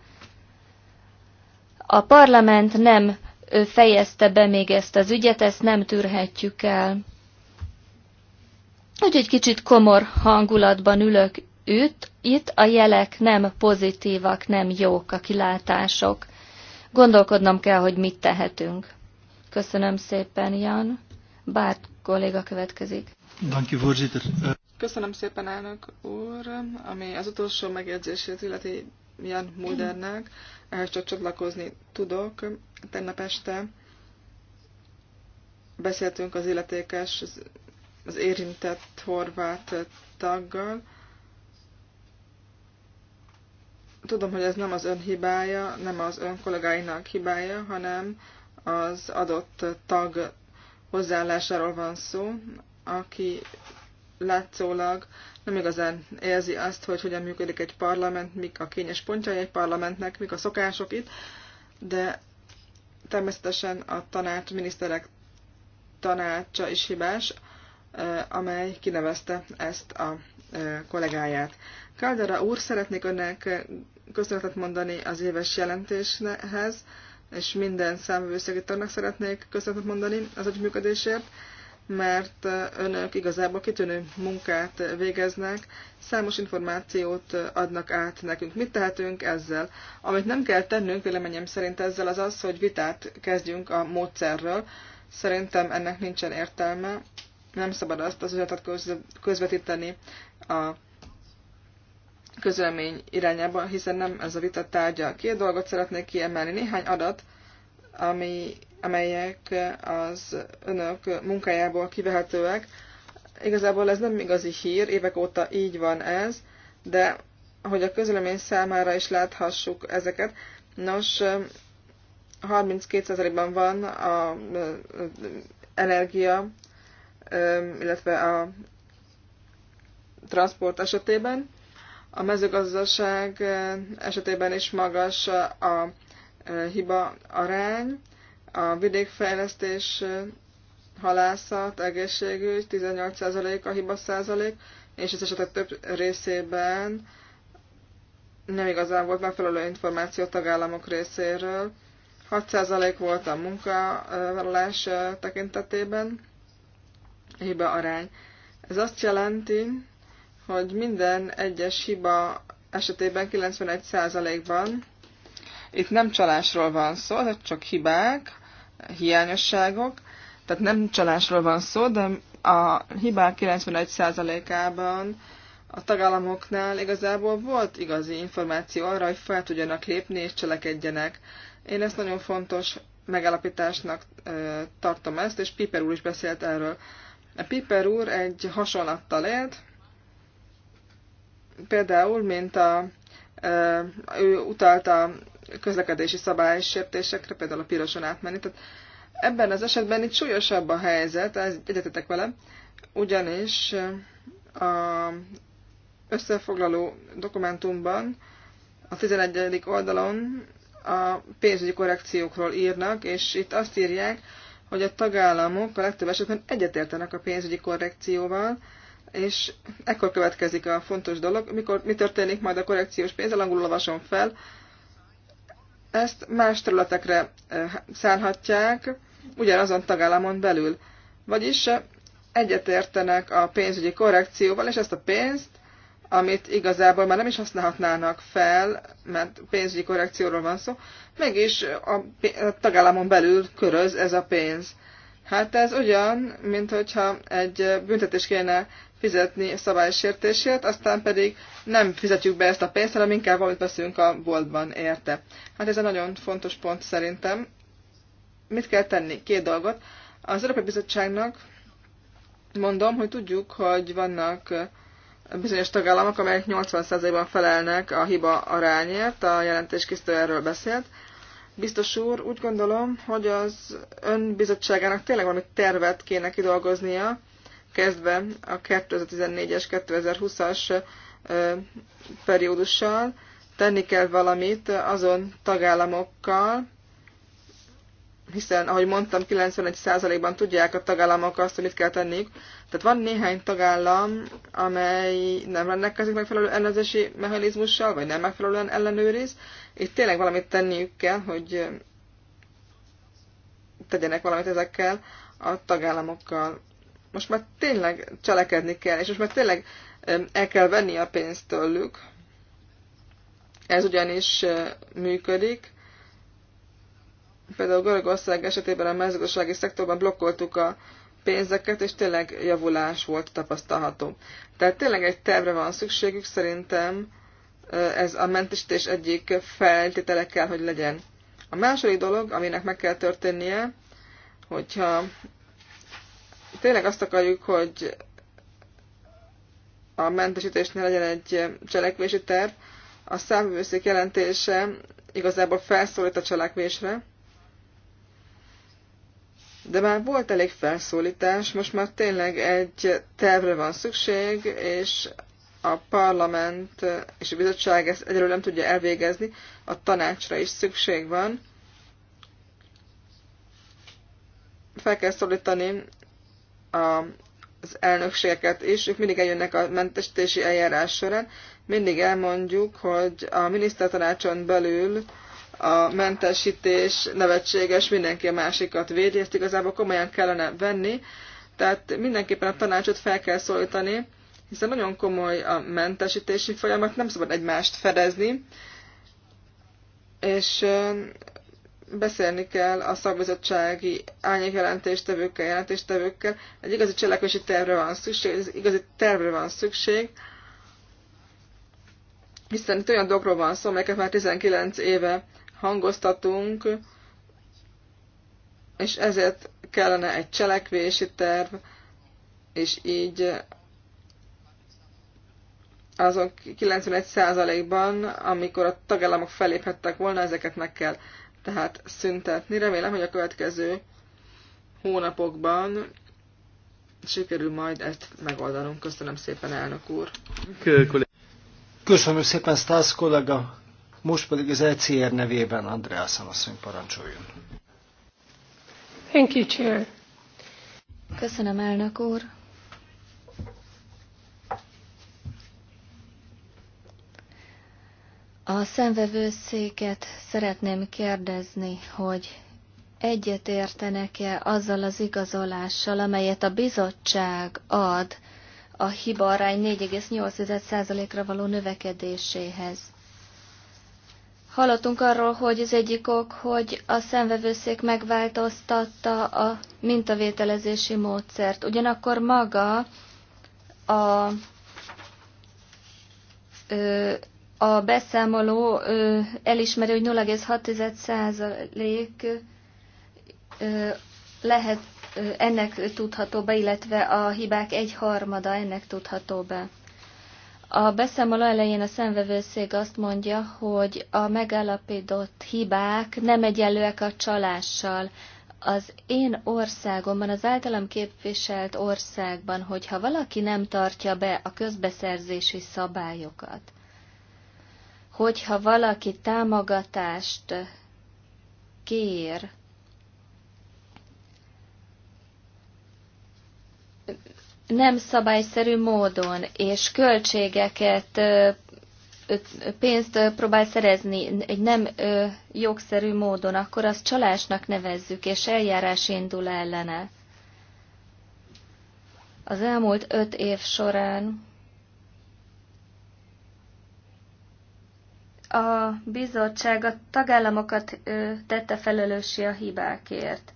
A parlament nem fejezte be még ezt az ügyet, ezt nem tűrhetjük el hogy egy kicsit komor hangulatban ülök üt, itt a jelek nem pozitívak, nem jók a kilátások. Gondolkodnom kell, hogy mit tehetünk. Köszönöm szépen, Jan. Bárt kolléga következik. Köszönöm szépen, elnök úr, ami az utolsó megjegyzését illeti Jan Muldernek, ehhez csak csatlakozni tudok. Tegnap este beszéltünk az illetékes az érintett horvát taggal. Tudom, hogy ez nem az ön hibája, nem az ön kollégáinak hibája, hanem az adott tag hozzáállásáról van szó, aki látszólag nem igazán érzi azt, hogy hogyan működik egy parlament, mik a kényes pontjai egy parlamentnek, mik a szokások itt, de természetesen a tanács, miniszterek tanácsa is hibás amely kinevezte ezt a kollégáját. Káldera úr, szeretnék önnek köszönetet mondani az éves jelentéshez, és minden számvevőszegi tagnak szeretnék köszönetet mondani az együttműködésért, mert önök igazából kitűnő munkát végeznek, számos információt adnak át nekünk. Mit tehetünk ezzel? Amit nem kell tennünk, véleményem szerint ezzel az az, hogy vitát kezdjünk a módszerről. Szerintem ennek nincsen értelme, nem szabad azt az üzenetet közvetíteni a közölmény irányába, hiszen nem ez a vita tárgya. Két dolgot szeretnék kiemelni. Néhány adat, ami, amelyek az önök munkájából kivehetőek. Igazából ez nem igazi hír, évek óta így van ez, de hogy a közölmény számára is láthassuk ezeket. Nos, 32%-ban van a energia illetve a transport esetében. A mezőgazdaság esetében is magas a hiba arány, a vidékfejlesztés, halászat, egészségügy 18% a hiba százalék, és az esetek több részében nem igazán volt megfelelő információ tagállamok részéről. 6% volt a munkavállalás tekintetében, hiba arány. Ez azt jelenti, hogy minden egyes hiba esetében 91%-ban itt nem csalásról van szó, tehát csak hibák, hiányosságok, tehát nem csalásról van szó, de a hibák 91%-ában a tagállamoknál igazából volt igazi információ arra, hogy fel tudjanak lépni és cselekedjenek. Én ezt nagyon fontos megállapításnak tartom ezt, és Piper úr is beszélt erről. A Piper úr egy hasonlattal élt, például, mint a, ő utalta a közlekedési szabálysértésekre, például a piroson átmenni. Tehát ebben az esetben itt súlyosabb a helyzet, ez egyetetek vele, ugyanis a összefoglaló dokumentumban a 11. oldalon a pénzügyi korrekciókról írnak, és itt azt írják, hogy a tagállamok a legtöbb esetben egyetértenek a pénzügyi korrekcióval, és ekkor következik a fontos dolog, mikor mi történik majd a korrekciós pénzzel, angolul olvasom fel, ezt más területekre szállhatják, ugyanazon tagállamon belül. Vagyis egyetértenek a pénzügyi korrekcióval, és ezt a pénzt amit igazából már nem is használhatnának fel, mert pénzügyi korrekcióról van szó, mégis a tagállamon belül köröz ez a pénz. Hát ez olyan, mint hogyha egy büntetés kéne fizetni a szabálysértésért, aztán pedig nem fizetjük be ezt a pénzt, hanem inkább valamit veszünk a boltban érte. Hát ez egy nagyon fontos pont szerintem. Mit kell tenni? Két dolgot. Az Európai Bizottságnak mondom, hogy tudjuk, hogy vannak bizonyos tagállamok, amelyek 80%-ban felelnek a hiba arányért, a jelentéskészítő erről beszélt. Biztos úr, úgy gondolom, hogy az önbizottságának tényleg valami tervet kéne kidolgoznia, kezdve a 2014-es, 2020-as periódussal. Tenni kell valamit azon tagállamokkal, hiszen, ahogy mondtam, 91%-ban tudják a tagállamok azt, hogy mit kell tenniük. Tehát van néhány tagállam, amely nem rendelkezik megfelelő ellenőrzési mechanizmussal, vagy nem megfelelően ellenőriz. Itt tényleg valamit tenniük kell, hogy tegyenek valamit ezekkel a tagállamokkal. Most már tényleg cselekedni kell, és most már tényleg el kell venni a pénzt tőlük. Ez ugyanis működik például Görögország esetében a mezőgazdasági szektorban blokkoltuk a pénzeket, és tényleg javulás volt tapasztalható. Tehát tényleg egy tervre van szükségük, szerintem ez a mentesítés egyik feltétele kell, hogy legyen. A második dolog, aminek meg kell történnie, hogyha tényleg azt akarjuk, hogy a mentesítésnél legyen egy cselekvési terv, a számvőszék jelentése igazából felszólít a cselekvésre, de már volt elég felszólítás, most már tényleg egy tervre van szükség, és a parlament és a bizottság ezt egyről nem tudja elvégezni, a tanácsra is szükség van. Fel kell szólítani a, az elnökségeket is, ők mindig eljönnek a mentesítési eljárás során, mindig elmondjuk, hogy a minisztertanácson belül a mentesítés nevetséges, mindenki a másikat védi, ezt igazából komolyan kellene venni, tehát mindenképpen a tanácsot fel kell szólítani, hiszen nagyon komoly a mentesítési folyamat, nem szabad egymást fedezni, és beszélni kell a szakbizottsági árnyékjelentéstevőkkel, jelentéstevőkkel. Egy igazi cselekvési tervre van szükség, egy igazi tervre van szükség, hiszen itt olyan dolgokról van szó, amelyeket már 19 éve hangoztatunk, és ezért kellene egy cselekvési terv, és így azon 91%-ban, amikor a tagállamok feléphettek volna, ezeket meg kell tehát szüntetni. Remélem, hogy a következő hónapokban sikerül majd ezt megoldanunk. Köszönöm szépen, elnök úr! Köszönöm szépen, Stász kollega! Most pedig az ECR nevében Andreasen asszony parancsoljon. Thank you, Chair. Köszönöm, elnök úr. A szenvevőszéket szeretném kérdezni, hogy egyet értenek-e azzal az igazolással, amelyet a bizottság ad a hiba arány 4,8%-ra való növekedéséhez. Hallottunk arról, hogy az egyik ok, hogy a szemvevőszék megváltoztatta a mintavételezési módszert. Ugyanakkor maga a, a beszámoló elismeri, hogy 0,6% lehet ennek tudható be, illetve a hibák egyharmada ennek tudható be. A beszámoló elején a szemvevőszég azt mondja, hogy a megállapított hibák nem egyenlőek a csalással. Az én országomban, az általam képviselt országban, hogyha valaki nem tartja be a közbeszerzési szabályokat, hogyha valaki támogatást kér nem szabályszerű módon és költségeket, pénzt próbál szerezni egy nem jogszerű módon, akkor azt csalásnak nevezzük, és eljárás indul ellene. Az elmúlt öt év során a bizottság a tagállamokat tette felelőssé a hibákért.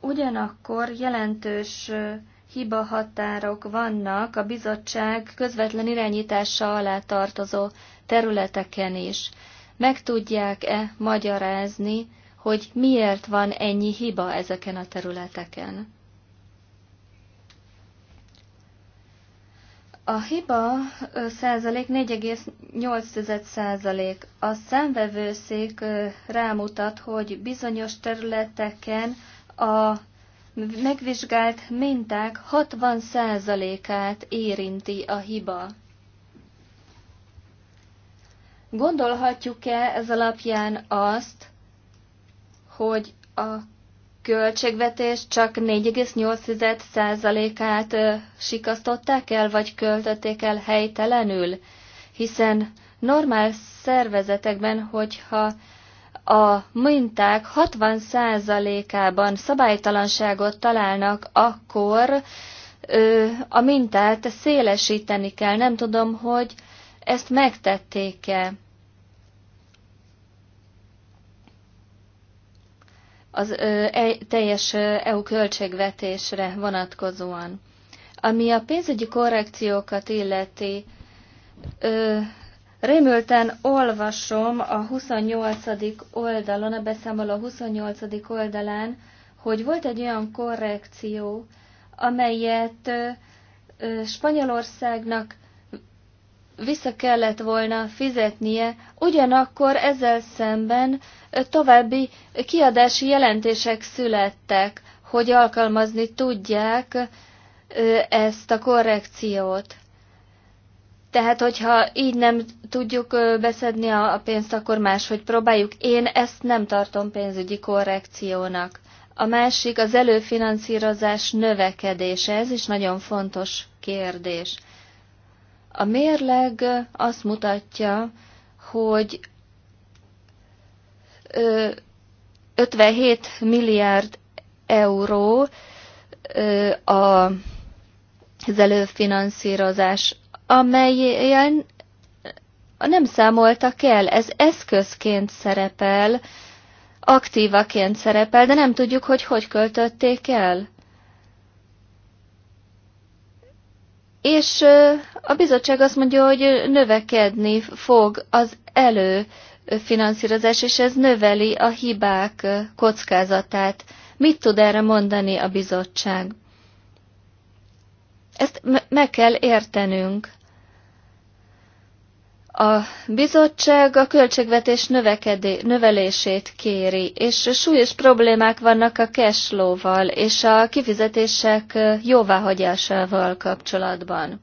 Ugyanakkor jelentős hiba határok vannak a bizottság közvetlen irányítása alá tartozó területeken is. Meg tudják-e magyarázni, hogy miért van ennyi hiba ezeken a területeken? A hiba százalék 4,8 százalék. A számvevőszék rámutat, hogy bizonyos területeken a megvizsgált minták 60%-át érinti a hiba. Gondolhatjuk-e ez alapján azt, hogy a költségvetés csak 4,8%-át sikasztották el, vagy költötték el helytelenül? Hiszen normál szervezetekben, hogyha a minták 60%-ában szabálytalanságot találnak, akkor ö, a mintát szélesíteni kell. Nem tudom, hogy ezt megtették-e. az ö, e, teljes EU költségvetésre vonatkozóan. Ami a pénzügyi korrekciókat illeti, ö, Rémülten olvasom a 28. oldalon, a beszámoló a 28. oldalán, hogy volt egy olyan korrekció, amelyet Spanyolországnak vissza kellett volna fizetnie, ugyanakkor ezzel szemben további kiadási jelentések születtek, hogy alkalmazni tudják ezt a korrekciót. Tehát, hogyha így nem tudjuk beszedni a pénzt, akkor máshogy próbáljuk. Én ezt nem tartom pénzügyi korrekciónak. A másik az előfinanszírozás növekedése, ez is nagyon fontos kérdés. A mérleg azt mutatja, hogy 57 milliárd euró az előfinanszírozás amelyen nem számoltak el. Ez eszközként szerepel, aktívaként szerepel, de nem tudjuk, hogy hogy költötték el. És a bizottság azt mondja, hogy növekedni fog az előfinanszírozás, és ez növeli a hibák kockázatát. Mit tud erre mondani a bizottság? Ezt meg kell értenünk. A bizottság a költségvetés növelését kéri, és súlyos problémák vannak a cashflow és a kifizetések jóváhagyásával kapcsolatban.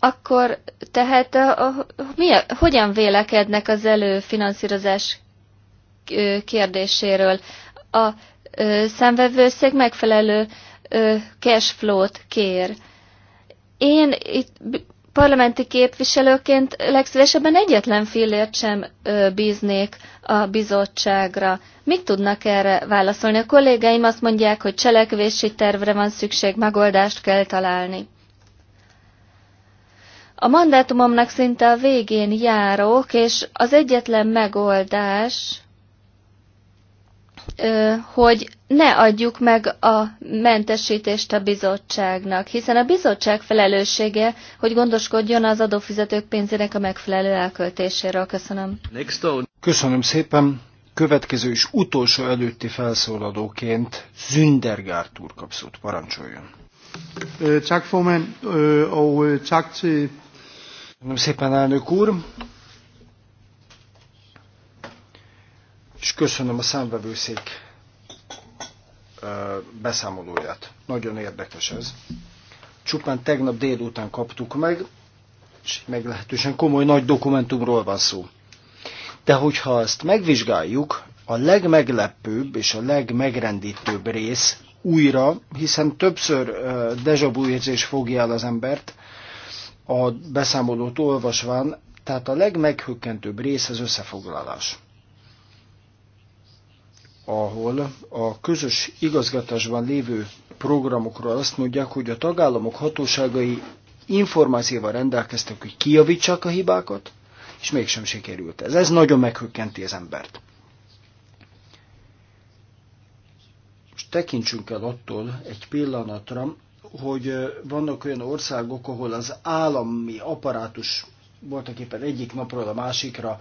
Akkor tehát a, a, mi, hogyan vélekednek az előfinanszírozás kérdéséről. A szemvevőszék megfelelő cash flow-t kér. Én itt parlamenti képviselőként legszívesebben egyetlen fillért sem bíznék a bizottságra. Mit tudnak erre válaszolni? A kollégáim azt mondják, hogy cselekvési tervre van szükség, megoldást kell találni. A mandátumomnak szinte a végén járok, és az egyetlen megoldás hogy ne adjuk meg a mentesítést a bizottságnak, hiszen a bizottság felelőssége, hogy gondoskodjon az adófizetők pénzének a megfelelő elköltéséről. Köszönöm. Köszönöm szépen. Következő és utolsó előtti felszólalóként Zündergárt úr kapszót parancsoljon. Tak, Formán, og tak til... Köszönöm szépen, elnök úr. és köszönöm a számvevőszék beszámolóját. Nagyon érdekes ez. Csupán tegnap délután kaptuk meg, és meglehetősen komoly nagy dokumentumról van szó. De hogyha ezt megvizsgáljuk, a legmeglepőbb és a legmegrendítőbb rész újra, hiszen többször dejavú érzés fogja el az embert a beszámolót olvasván, tehát a legmeghökkentőbb rész az összefoglalás ahol a közös igazgatásban lévő programokról azt mondják, hogy a tagállamok hatóságai információval rendelkeztek, hogy kijavítsák a hibákat, és mégsem sikerült ez. Ez nagyon meghökkenti az embert. Most tekintsünk el attól egy pillanatra, hogy vannak olyan országok, ahol az állami apparátus voltak éppen egyik napról a másikra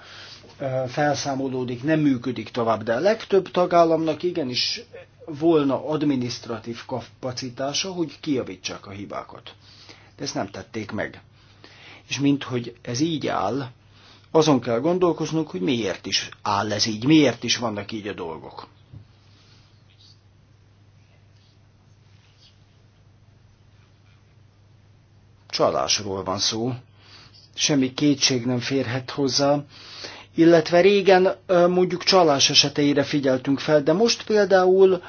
felszámolódik, nem működik tovább, de a legtöbb tagállamnak igenis volna administratív kapacitása, hogy kiavítsák a hibákat. De ezt nem tették meg. És minthogy ez így áll, azon kell gondolkoznunk, hogy miért is áll ez így, miért is vannak így a dolgok. Csalásról van szó, semmi kétség nem férhet hozzá, illetve régen mondjuk csalás eseteire figyeltünk fel, de most például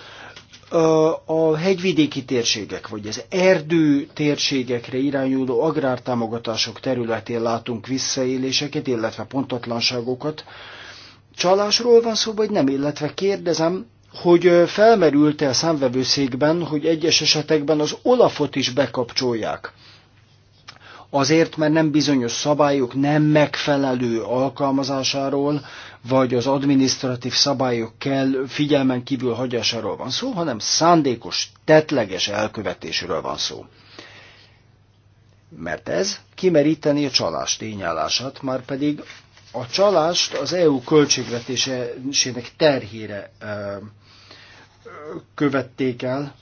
a hegyvidéki térségek, vagy az erdő térségekre irányuló agrártámogatások területén látunk visszaéléseket, illetve pontatlanságokat. Csalásról van szó, vagy nem, illetve kérdezem, hogy felmerült-e a számvevőszékben, hogy egyes esetekben az Olafot is bekapcsolják azért, mert nem bizonyos szabályok nem megfelelő alkalmazásáról, vagy az adminisztratív szabályok kell figyelmen kívül hagyásáról van szó, hanem szándékos, tetleges elkövetésről van szó. Mert ez kimeríteni a csalás tényállását, már pedig a csalást az EU költségvetésének terhére követték el,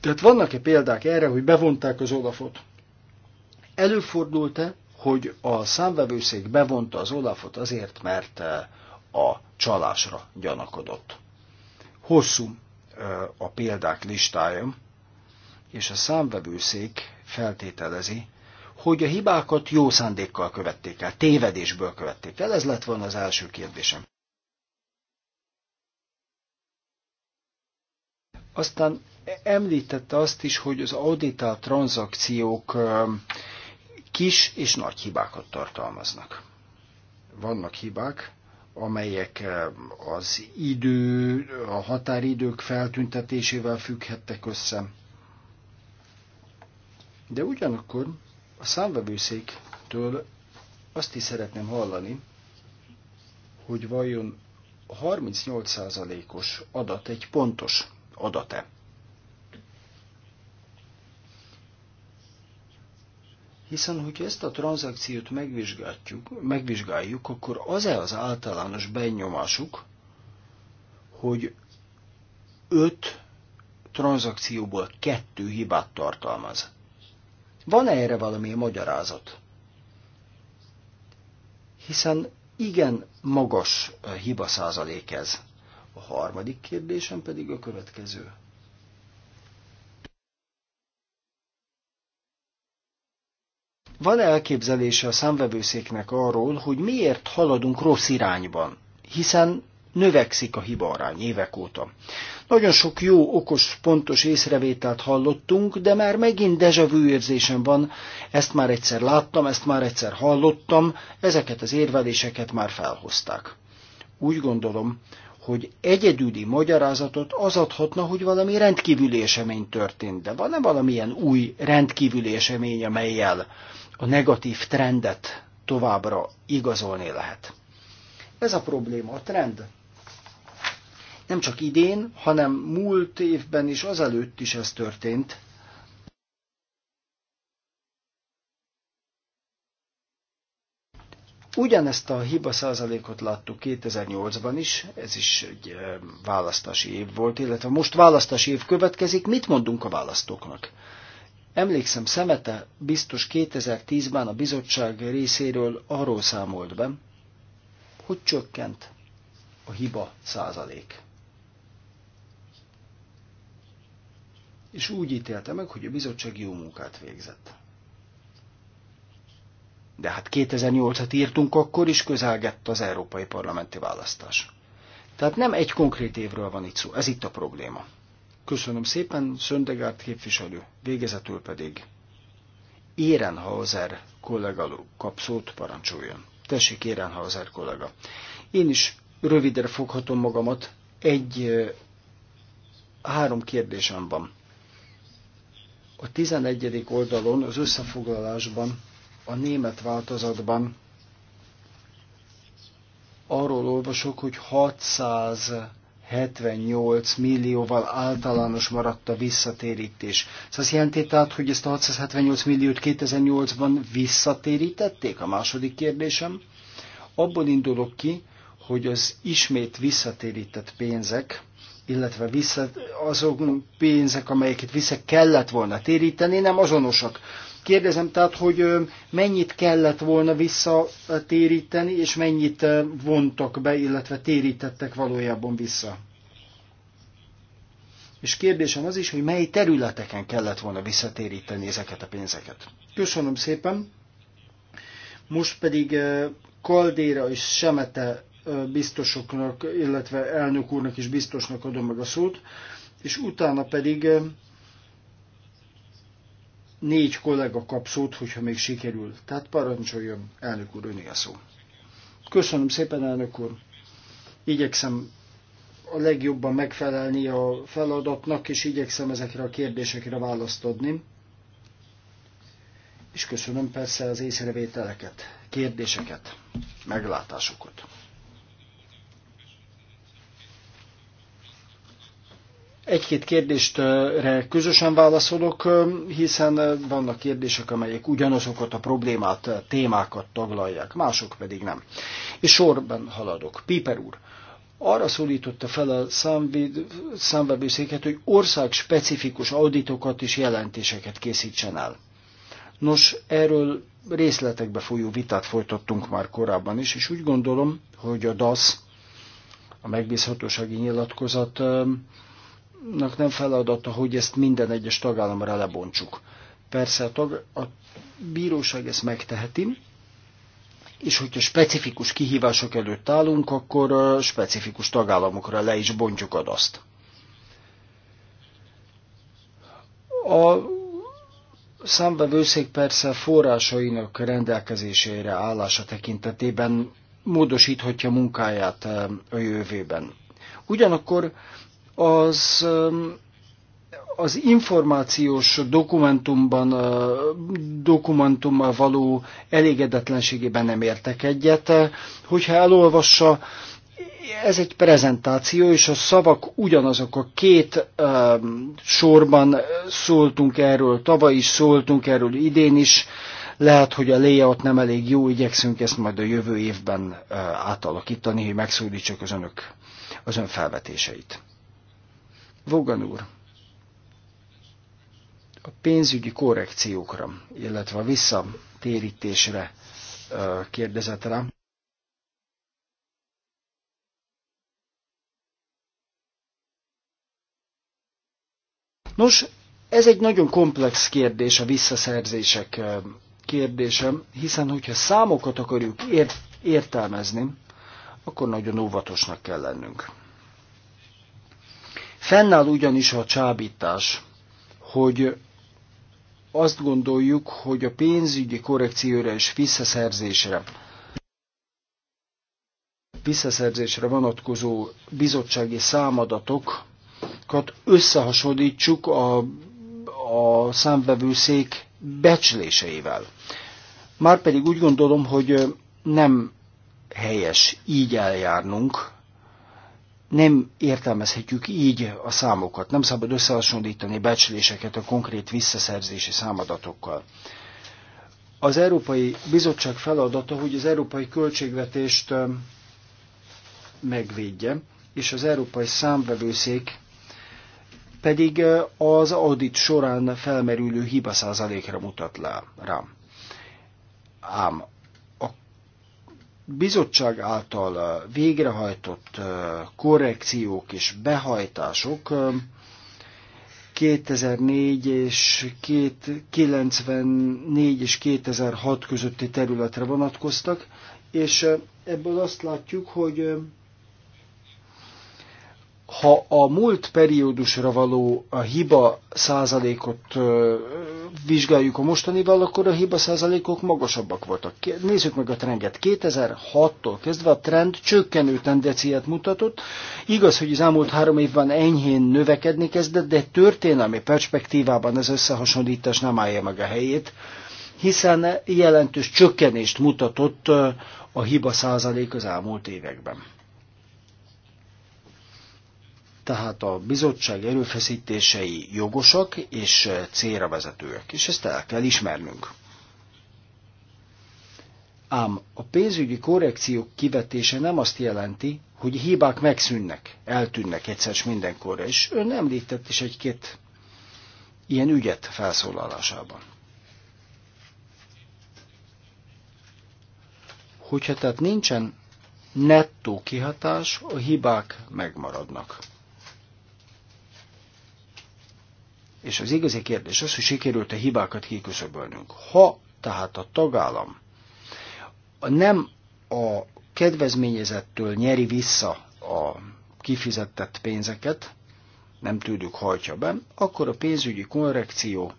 Tehát vannak-e példák erre, hogy bevonták az Olafot? Előfordult-e, hogy a számvevőszék bevonta az Olafot azért, mert eh, a csalásra gyanakodott? Hosszú eh, a példák listája, és a számvevőszék feltételezi, hogy a hibákat jó szándékkal követték el, tévedésből követték el. Ez lett volna az első kérdésem. Aztán említette azt is, hogy az auditált tranzakciók kis és nagy hibákat tartalmaznak. Vannak hibák, amelyek az idő, a határidők feltüntetésével függhettek össze. De ugyanakkor a számvevőszéktől azt is szeretném hallani, hogy vajon 38%-os adat egy pontos adat-e? Hiszen, hogyha ezt a tranzakciót megvizsgáljuk, megvizsgáljuk akkor az-e az általános benyomásuk, hogy öt tranzakcióból kettő hibát tartalmaz. Van -e erre valami magyarázat? Hiszen igen magas eh, hiba százalék ez. A harmadik kérdésem pedig a következő. Van elképzelése a számvevőszéknek arról, hogy miért haladunk rossz irányban, hiszen növekszik a hiba arány évek óta. Nagyon sok jó, okos, pontos észrevételt hallottunk, de már megint dejavű érzésem van, ezt már egyszer láttam, ezt már egyszer hallottam, ezeket az érveléseket már felhozták. Úgy gondolom, hogy egyedüli magyarázatot az adhatna, hogy valami rendkívüli esemény történt, de van-e valamilyen új rendkívüli esemény, amelyel a negatív trendet továbbra igazolni lehet. Ez a probléma, a trend. Nem csak idén, hanem múlt évben és azelőtt is ez történt. Ugyanezt a hiba százalékot láttuk 2008-ban is, ez is egy választási év volt, illetve most választási év következik, mit mondunk a választóknak? Emlékszem, Szemete biztos 2010-ben a bizottság részéről arról számolt be, hogy csökkent a hiba százalék. És úgy ítélte meg, hogy a bizottság jó munkát végzett. De hát 2008-at írtunk akkor, is közelgett az európai parlamenti választás. Tehát nem egy konkrét évről van itt szó, ez itt a probléma. Köszönöm szépen, Szöndegárt képviselő. Végezetül pedig Érenhauser kollega kap szót, parancsoljon. Tessék, Érenhauser kollega. Én is rövidre foghatom magamat. Egy, három kérdésem van. A 11. oldalon, az összefoglalásban, a német változatban arról olvasok, hogy 600 78 millióval általános maradt a visszatérítés. Ez azt jelenti tehát, hogy ezt a 678 milliót 2008-ban visszatérítették? A második kérdésem. Abból indulok ki, hogy az ismét visszatérített pénzek, illetve vissza, azok pénzek, amelyeket vissza kellett volna téríteni, nem azonosak. Kérdezem tehát, hogy mennyit kellett volna visszatéríteni, és mennyit vontak be, illetve térítettek valójában vissza. És kérdésem az is, hogy mely területeken kellett volna visszatéríteni ezeket a pénzeket. Köszönöm szépen. Most pedig Kaldéra és Semete biztosoknak, illetve elnök úrnak is biztosnak adom meg a szót, és utána pedig négy kollega kap szót, hogyha még sikerül. Tehát parancsoljon, elnök úr, öné a szó. Köszönöm szépen, elnök úr. Igyekszem a legjobban megfelelni a feladatnak, és igyekszem ezekre a kérdésekre választ adni. És köszönöm persze az észrevételeket, kérdéseket, meglátásokat. Egy-két kérdéstre közösen válaszolok, hiszen vannak kérdések, amelyek ugyanazokat a problémát, témákat taglalják, mások pedig nem. És sorban haladok. Piper úr, arra szólította fel a számvevőszéket, hogy ország specifikus auditokat és jelentéseket készítsen el. Nos, erről részletekbe folyó vitát folytattunk már korábban is, és úgy gondolom, hogy a DASZ, a megbízhatósági nyilatkozat nem feladata, hogy ezt minden egyes tagállamra lebontsuk. Persze a, tag, a bíróság ezt megteheti, és hogyha specifikus kihívások előtt állunk, akkor specifikus tagállamokra le is bontjuk ad azt. A számbevőszék persze forrásainak rendelkezésére állása tekintetében módosíthatja munkáját a jövőben. Ugyanakkor az az információs dokumentumban, dokumentummal való elégedetlenségében nem értek egyet. Hogyha elolvassa, ez egy prezentáció, és a szavak ugyanazok. A két um, sorban szóltunk erről, tavaly is szóltunk erről, idén is. Lehet, hogy a layout nem elég jó, igyekszünk ezt majd a jövő évben uh, átalakítani, hogy megszólítsuk az önök az ön felvetéseit. Vogan úr, a pénzügyi korrekciókra, illetve a visszatérítésre kérdezett rám. Nos, ez egy nagyon komplex kérdés a visszaszerzések kérdése, hiszen hogyha számokat akarjuk ért- értelmezni, akkor nagyon óvatosnak kell lennünk. Fennáll ugyanis a csábítás, hogy azt gondoljuk, hogy a pénzügyi korrekcióra és visszaszerzésre visszaszerzésre vonatkozó bizottsági számadatokat összehasonlítsuk a, a számbevőszék becsléseivel. Márpedig úgy gondolom, hogy nem helyes így eljárnunk, nem értelmezhetjük így a számokat. Nem szabad összehasonlítani becsléseket a konkrét visszaszerzési számadatokkal. Az Európai Bizottság feladata, hogy az európai költségvetést megvédje, és az Európai Számvevőszék pedig az audit során felmerülő hiba százalékra mutat rám. Ám bizottság által eh, végrehajtott eh, korrekciók és behajtások 2004 eh, és 94 és 2006 közötti területre vonatkoztak, és ebből azt látjuk, hogy ha a múlt periódusra való a hiba százalékot vizsgáljuk a mostanival, akkor a hiba százalékok magasabbak voltak. Nézzük meg a trendet. 2006-tól kezdve a trend csökkenő tendenciát mutatott. Igaz, hogy az elmúlt három évben enyhén növekedni kezdett, de történelmi perspektívában ez összehasonlítás nem állja meg a helyét, hiszen jelentős csökkenést mutatott a hiba százalék az elmúlt években. Tehát a bizottság erőfeszítései jogosak és eh, célra vezetőek, és ezt el kell ismernünk. Ám a pénzügyi korrekciók kivetése nem azt jelenti, hogy hibák megszűnnek, eltűnnek egyszer és mindenkorra, és ön említett is egy-két ilyen ügyet felszólalásában. Hogyha tehát nincsen nettó kihatás, a hibák megmaradnak. És az igazi kérdés az, hogy sikerült a hibákat kiküszöbölnünk. Ha tehát a tagállam nem a kedvezményezettől nyeri vissza a kifizetett pénzeket, nem tudjuk hajtja be, akkor a pénzügyi korrekció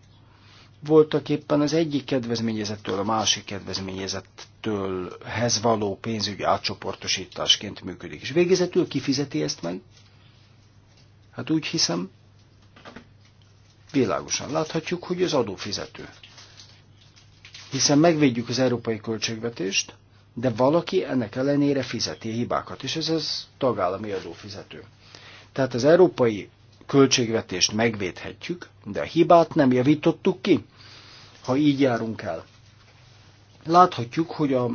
voltak éppen az egyik kedvezményezettől a másik kedvezményezettőlhez való pénzügyi átcsoportosításként működik. És végezetül kifizeti ezt meg? Hát úgy hiszem, világosan láthatjuk, hogy az adófizető. Hiszen megvédjük az európai költségvetést, de valaki ennek ellenére fizeti a hibákat, és ez az tagállami adófizető. Tehát az európai költségvetést megvédhetjük, de a hibát nem javítottuk ki, ha így járunk el. Láthatjuk, hogy a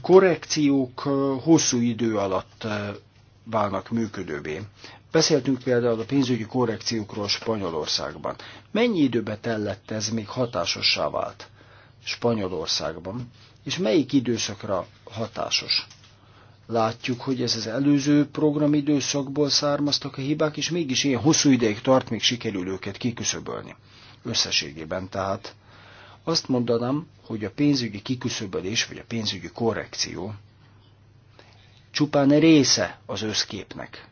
korrekciók hosszú idő alatt válnak működővé. Beszéltünk például a pénzügyi korrekciókról Spanyolországban. Mennyi időbe tellett ez még hatásossá vált Spanyolországban, és melyik időszakra hatásos? Látjuk, hogy ez az előző programidőszakból származtak a hibák, és mégis ilyen hosszú ideig tart, még sikerül őket kiküszöbölni. Összességében tehát azt mondanám, hogy a pénzügyi kiküszöbölés, vagy a pénzügyi korrekció csupán része az összképnek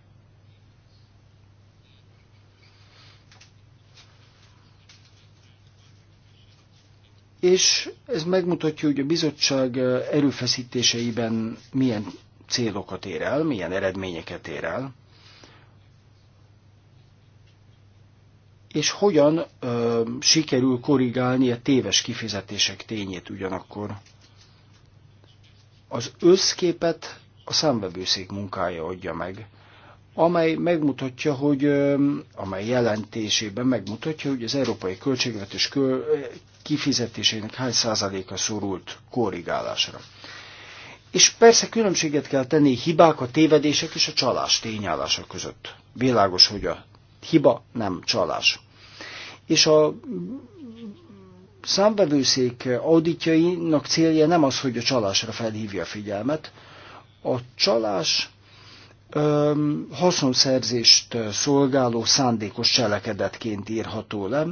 és ez megmutatja, hogy a bizottság erőfeszítéseiben milyen célokat ér el, milyen eredményeket ér el, és hogyan ö, sikerül korrigálni a téves kifizetések tényét ugyanakkor. Az összképet a számbevőszék munkája adja meg, amely megmutatja, hogy amely jelentésében megmutatja, hogy az európai költségvetés kö- kifizetésének hány százaléka szorult korrigálásra. És persze különbséget kell tenni hibák, a tévedések és a csalás tényállása között. Világos, hogy a hiba nem csalás. És a számvevőszék auditjainak célja nem az, hogy a csalásra felhívja a figyelmet, a csalás öm, haszonszerzést szolgáló szándékos cselekedetként írható le,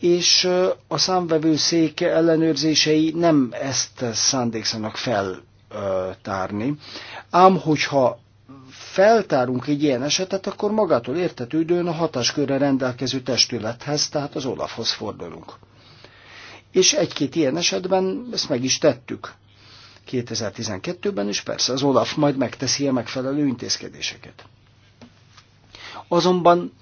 és a számvevőszék ellenőrzései nem ezt szándékszanak feltárni. Ám hogyha feltárunk egy ilyen esetet, akkor magától értetődően a hatáskörre rendelkező testülethez, tehát az Olafhoz fordulunk. És egy-két ilyen esetben ezt meg is tettük. 2012-ben, és persze az Olaf majd megteszi a megfelelő intézkedéseket. Azonban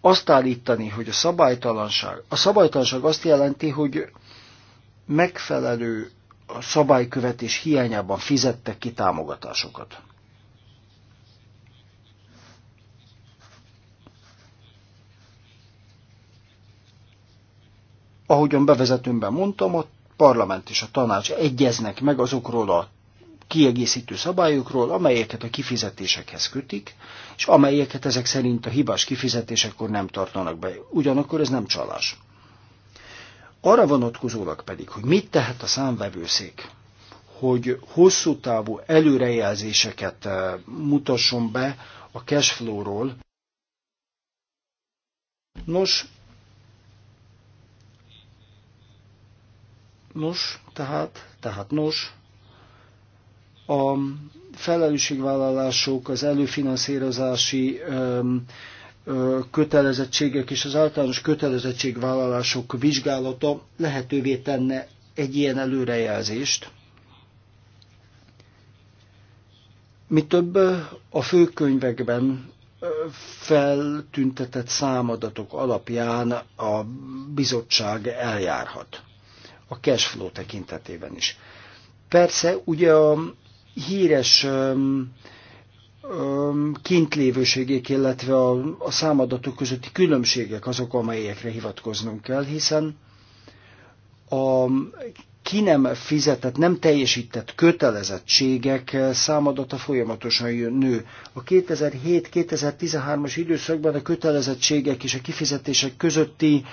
azt állítani, hogy a szabálytalanság, a szabálytalanság azt jelenti, hogy megfelelő a szabálykövetés hiányában fizettek ki támogatásokat. Ahogyan bevezetőmben mondtam, a parlament és a tanács egyeznek meg azokról a kiegészítő szabályokról, amelyeket a kifizetésekhez kötik, és amelyeket ezek szerint a hibás kifizetésekkor nem tartanak be. Ugyanakkor ez nem csalás. Arra vonatkozólag pedig, hogy mit tehet a számvevőszék, hogy hosszú távú előrejelzéseket eh, mutasson be a cashflow-ról. Nos, Nos, tehát, tehát nos, a felelősségvállalások, az előfinanszírozási öm, kötelezettségek és az általános kötelezettségvállalások vizsgálata lehetővé tenne egy ilyen előrejelzést. Mi több a főkönyvekben feltüntetett számadatok alapján a bizottság eljárhat a cash flow tekintetében is. Persze ugye a híres kintlévőségék, illetve a, a számadatok közötti különbségek azok, amelyekre hivatkoznunk kell, hiszen a ki nem fizetett, nem teljesített kötelezettségek számadata folyamatosan jön nő. A 2007-2013-as időszakban a kötelezettségek és a kifizetések közötti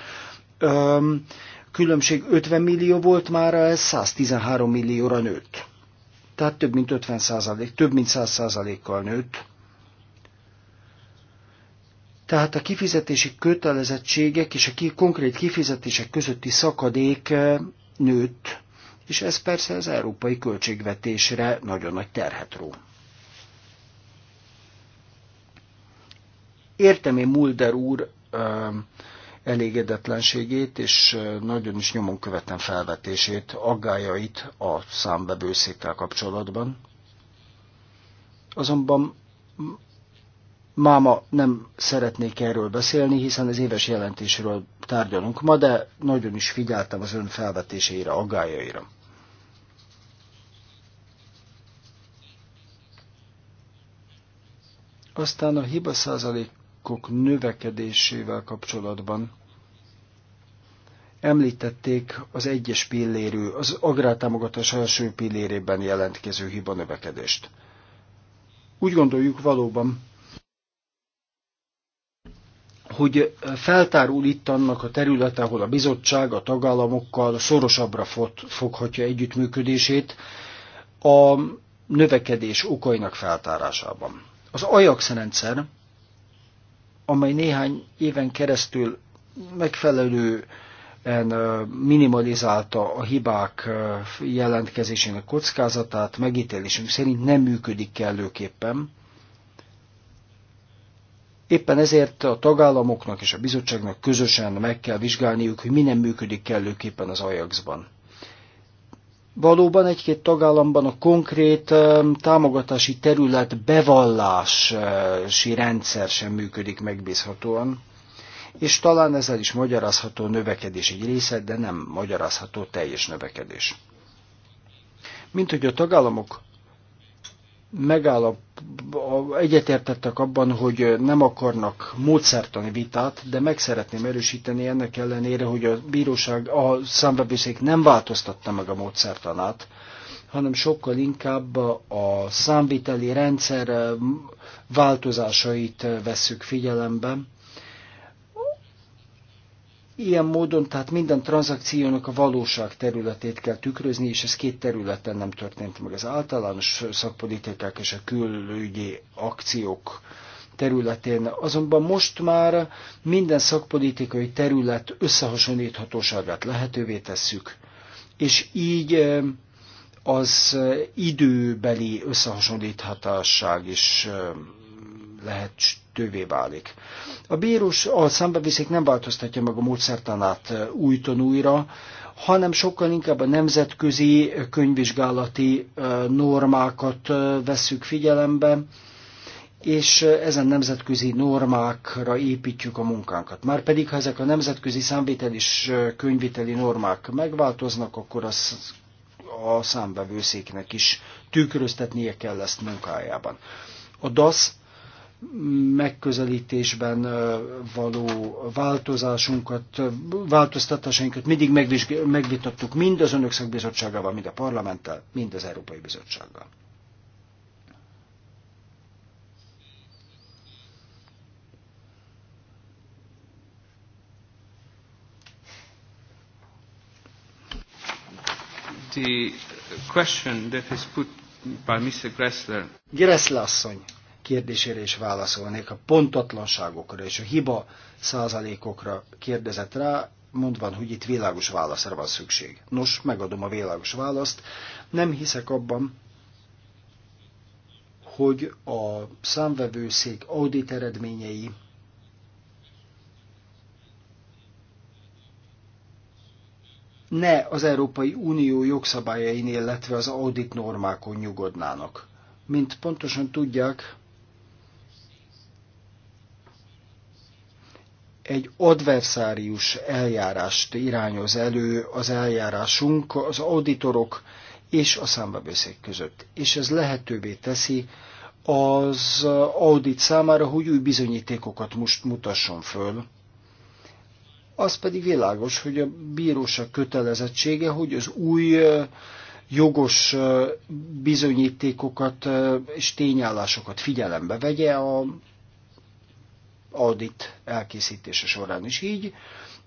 öm, különbség 50 millió volt már, ez 113 millióra nőtt. Tehát több mint 50 százalék, több mint 100 százalékkal nőtt. Tehát a kifizetési kötelezettségek és a ki, konkrét kifizetések közötti szakadék eh, nőtt, és ez persze az európai költségvetésre nagyon nagy terhet ró. Értem én Mulder úr eh, elégedetlenségét, és nagyon is nyomon követem felvetését, aggájait a számbevőszékkel kapcsolatban. Azonban máma nem szeretnék erről beszélni, hiszen az éves jelentésről tárgyalunk ma, de nagyon is figyeltem az ön felvetéseire, aggájaira. Aztán a hiba százalék parkok növekedésével kapcsolatban említették az egyes pillérű, az agrártámogatás első pillérében jelentkező hiba növekedést. Úgy gondoljuk valóban, hogy feltárul itt annak a területe, ahol a bizottság a tagállamokkal szorosabbra foghatja együttműködését a növekedés okainak feltárásában. Az Ajax rendszer amely néhány éven keresztül megfelelő minimalizálta a hibák jelentkezésének kockázatát, megítélésünk szerint nem működik kellőképpen. Éppen ezért a tagállamoknak és a bizottságnak közösen meg kell vizsgálniuk, hogy mi nem működik kellőképpen az Ajaxban. Valóban egy-két tagállamban a konkrét támogatási terület bevallási rendszer sem működik megbízhatóan, és talán ezzel is magyarázható növekedés egy része, de nem magyarázható teljes növekedés. Mint hogy a tagállamok megállap, egyetértettek abban, hogy nem akarnak módszertani vitát, de meg szeretném erősíteni ennek ellenére, hogy a bíróság, a számbevőszék nem változtatta meg a módszertanát, hanem sokkal inkább a számviteli rendszer változásait vesszük figyelembe, Ilyen módon tehát minden tranzakciónak a valóság területét kell tükrözni, és ez két területen nem történt meg. Az általános szakpolitikák és a külügyi akciók területén. Azonban most már minden szakpolitikai terület összehasonlíthatóságát lehetővé tesszük, és így eh, az eh, időbeli összehasonlíthatásság is eh, lehet lehetővé válik. A bírus, a szembeviszék nem változtatja meg a módszertanát e, újton újra, hanem sokkal inkább a nemzetközi könyvvizsgálati e, normákat e, vesszük figyelembe, és ezen nemzetközi normákra építjük a munkánkat. Márpedig, ha ezek a nemzetközi számvétel és könyviteli normák megváltoznak, akkor az a számbevőszéknek is tükröztetnie kell ezt munkájában. A DASZ megközelítésben való változásunkat, változtatásainkat mindig megvitattuk mind az Önök Szakbizottságával, mind a Parlamenttel, mind az Európai Bizottsággal. The question that is put by Mr. Gressler. Gressler asszony kérdésére is válaszolnék, a pontatlanságokra és a hiba százalékokra kérdezett rá, mondván, hogy itt világos válaszra van szükség. Nos, megadom a világos választ. Nem hiszek abban, hogy a számvevőszék audit eredményei ne az Európai Unió jogszabályain, illetve az audit normákon nyugodnának. Mint pontosan tudják, egy adversárius eljárást irányoz elő az eljárásunk az auditorok és a számbevőszék között. És ez lehetővé teszi az audit számára, hogy új bizonyítékokat most mutasson föl. Az pedig világos, hogy a bíróság kötelezettsége, hogy az új jogos bizonyítékokat és tényállásokat figyelembe vegye a audit elkészítése során is így.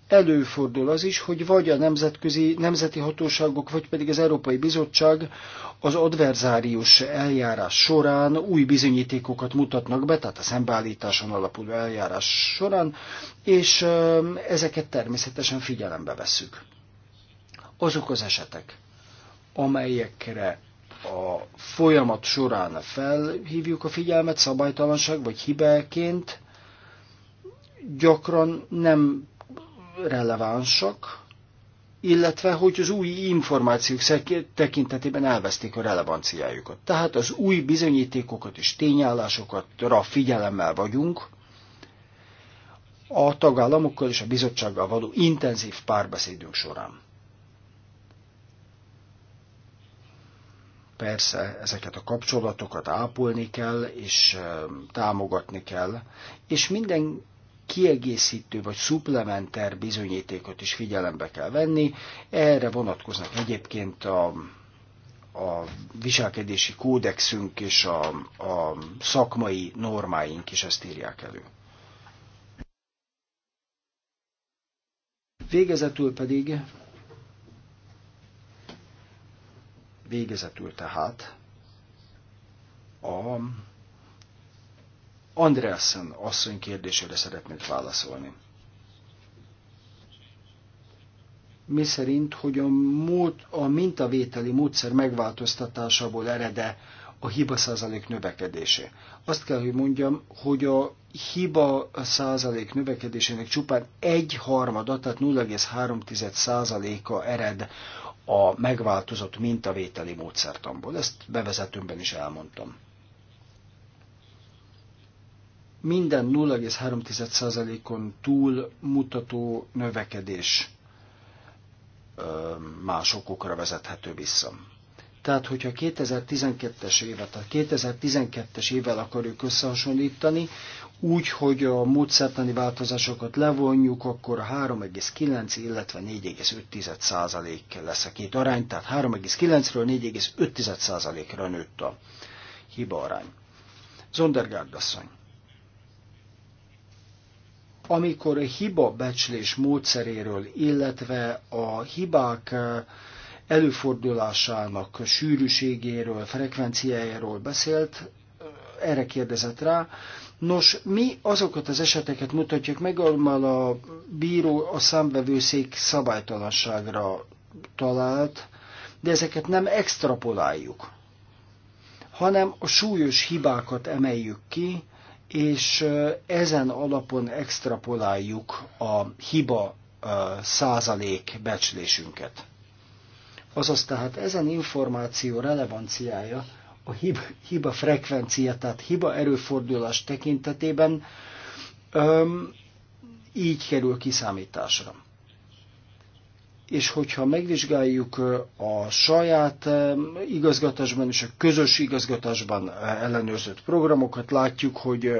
Előfordul az is, hogy vagy a nemzetközi, nemzeti hatóságok, vagy pedig az Európai Bizottság az adverzárius eljárás során új bizonyítékokat mutatnak be, tehát a szembeállításon alapuló eljárás során, és um, ezeket természetesen figyelembe vesszük. Azok az esetek, amelyekre a folyamat során felhívjuk a figyelmet szabálytalanság vagy hibeként, gyakran nem relevánsak, illetve hogy az új információk tekintetében elveszték a relevanciájukat. Tehát az új bizonyítékokat és rá figyelemmel vagyunk, a tagállamokkal és a bizottsággal való intenzív párbeszédünk során. Persze ezeket a kapcsolatokat ápolni kell, és eh, támogatni kell, és minden kiegészítő vagy szuplementer bizonyítékot is figyelembe kell venni. Erre vonatkoznak egyébként a, a viselkedési kódexünk és a, a szakmai normáink is ezt írják elő. Végezetül pedig, végezetül tehát a Andreasen asszony kérdésére szeretnék válaszolni. Mi szerint, hogy a, mód, a mintavételi módszer megváltoztatásából erede a hiba százalék növekedése. Azt kell, hogy mondjam, hogy a hiba százalék növekedésének csupán egy harmada, tehát 0,3 százaléka ered a megváltozott mintavételi módszertamból. Ezt bevezetőmben is elmondtam minden 0,3%-on túl mutató növekedés más okokra vezethető vissza. Tehát, hogyha 2012-es évet, a 2012-es évvel akarjuk összehasonlítani, úgy, hogy a módszertani változásokat levonjuk, akkor 3,9, illetve 4,5 százalék lesz a két arány, tehát 3,9-ről 4,5 százalékra nőtt a hiba arány. Zondergárd asszony amikor a hiba becslés módszeréről, illetve a hibák eh, előfordulásának sűrűségéről, frekvenciájáról beszélt, eh, erre kérdezett rá. Nos, mi azokat az eseteket mutatjuk meg, ahol a bíró a számbevőszék szabálytalanságra talált, de ezeket nem extrapoláljuk, hanem a súlyos hibákat emeljük ki, és ezen alapon extrapoláljuk a hiba százalék becslésünket. Azaz tehát ezen információ relevanciája a hiba, hiba frekvencia, tehát hiba erőfordulás tekintetében öm, így kerül kiszámításra és hogyha megvizsgáljuk a saját igazgatásban és a közös igazgatásban ellenőrzött programokat, látjuk, hogy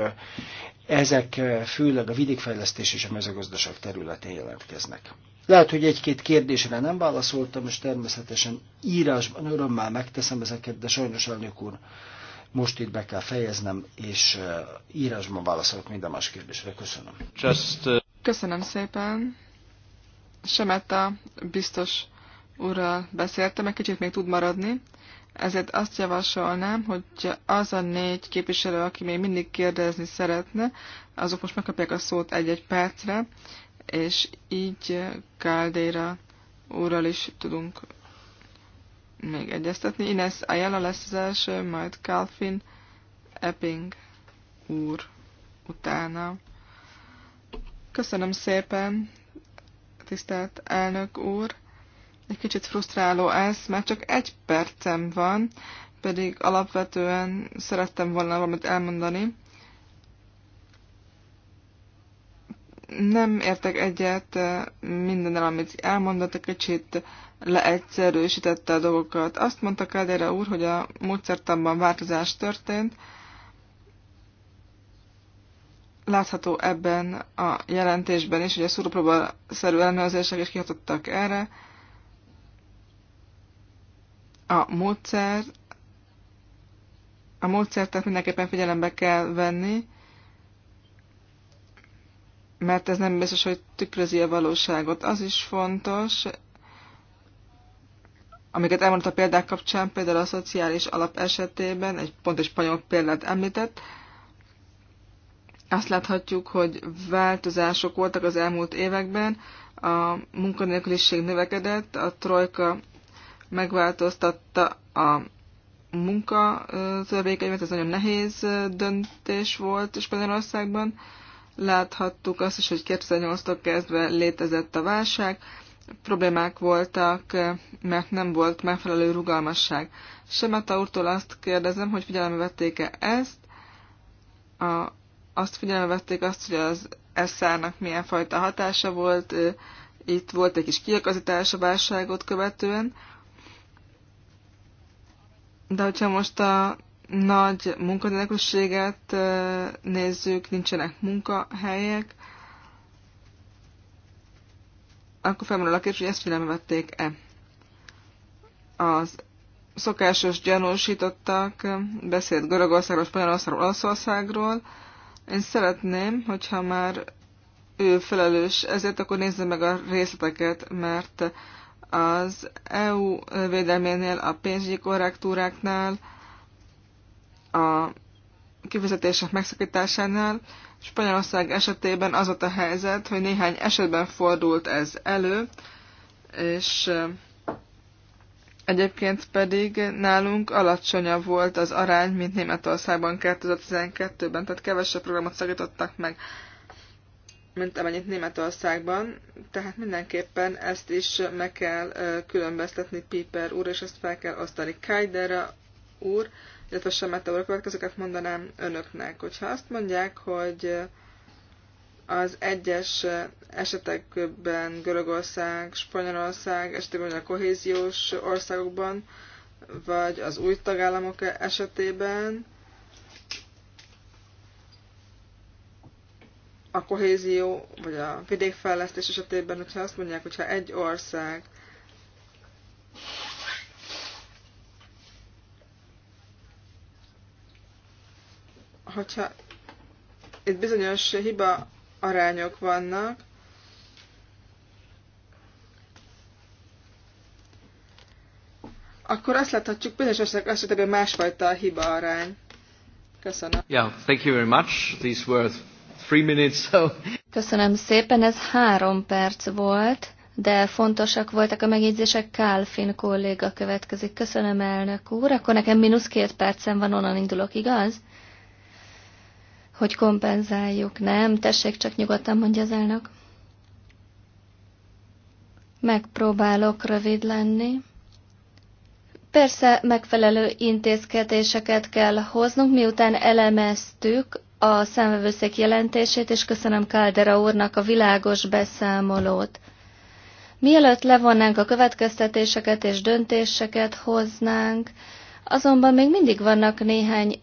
ezek főleg a vidékfejlesztés és a mezőgazdaság területén jelentkeznek. Lehet, hogy egy-két kérdésre nem válaszoltam, és természetesen írásban örömmel megteszem ezeket, de sajnos elnök úr, most itt be kell fejeznem, és írásban válaszolok minden más kérdésre. Köszönöm. Just, uh... Köszönöm szépen. Semeta biztos úrral beszéltem, egy kicsit még tud maradni, ezért azt javasolnám, hogy az a négy képviselő, aki még mindig kérdezni szeretne, azok most megkapják a szót egy-egy percre, és így Káldéra úrral is tudunk még egyeztetni. Ines Ayala lesz az első, majd Calvin Epping úr utána. Köszönöm szépen, tisztelt elnök úr. Egy kicsit frusztráló ez, mert csak egy percem van, pedig alapvetően szerettem volna valamit elmondani. Nem értek egyet eh, mindennel, amit elmondott, egy kicsit leegyszerűsítette a dolgokat. Azt mondta Kádére úr, hogy a módszertanban változás történt, látható ebben a jelentésben is, hogy a szúrópróba-szerű ellenőrzések is kihatottak erre. A módszer a módszert tehát mindenképpen figyelembe kell venni, mert ez nem biztos, hogy tükrözi a valóságot. Az is fontos, amiket elmondott a példák kapcsán, például a szociális alap esetében, egy pontos spanyol példát említett, azt láthatjuk, hogy változások voltak az elmúlt években, a munkanélküliség növekedett, a trojka megváltoztatta a munka törvékeimet, ez nagyon nehéz döntés volt Spanyolországban. Láthattuk azt is, hogy 2008-tól kezdve létezett a válság, problémák voltak, mert nem volt megfelelő rugalmasság. Semeta úrtól azt kérdezem, hogy figyelembe vették-e ezt, a azt figyelembe vették azt, hogy az SZ-nak milyen fajta hatása volt, itt volt egy kis kiakazítás a válságot követően, de hogyha most a nagy munkanélküliséget nézzük, nincsenek munkahelyek, akkor felmerül a kérdés, hogy ezt figyelembe vették-e. Az szokásos gyanúsítottak, beszélt Görögországról, Spanyolországról, Olaszországról, én szeretném, hogyha már ő felelős ezért, akkor nézze meg a részleteket, mert az EU védelménél, a pénzügyi korrektúráknál, a kifizetések megszakításánál, Spanyolország esetében az volt a helyzet, hogy néhány esetben fordult ez elő, és Egyébként pedig nálunk alacsonyabb volt az arány, mint Németországban 2012-ben, tehát kevesebb programot szakítottak meg, mint amennyit Németországban. Tehát mindenképpen ezt is meg kell különböztetni Piper úr, és ezt fel kell osztani Kajder úr, illetve Semete úr. A következőket mondanám önöknek. Hogyha azt mondják, hogy az egyes eh, esetekben Görögország, Spanyolország, esetében a kohéziós országokban, vagy az új tagállamok esetében a kohézió, vagy a vidékfejlesztés esetében, hogyha azt mondják, hogyha egy ország hogyha itt bizonyos hiba arányok vannak. Akkor azt láthatjuk, bizonyos esetek azt, hogy másfajta a hiba arány. Köszönöm. Yeah, thank you very much. These were three minutes, so... Köszönöm szépen, ez három perc volt, de fontosak voltak a megjegyzések. Kálfin kolléga következik. Köszönöm, elnök úr. Akkor nekem mínusz két percem van, onnan indulok, igaz? hogy kompenzáljuk. Nem, tessék, csak nyugodtan mondja az elnök. Megpróbálok rövid lenni. Persze megfelelő intézkedéseket kell hoznunk, miután elemeztük a szemvevőszék jelentését, és köszönöm Káldera úrnak a világos beszámolót. Mielőtt levonnánk a következtetéseket és döntéseket hoznánk, azonban még mindig vannak néhány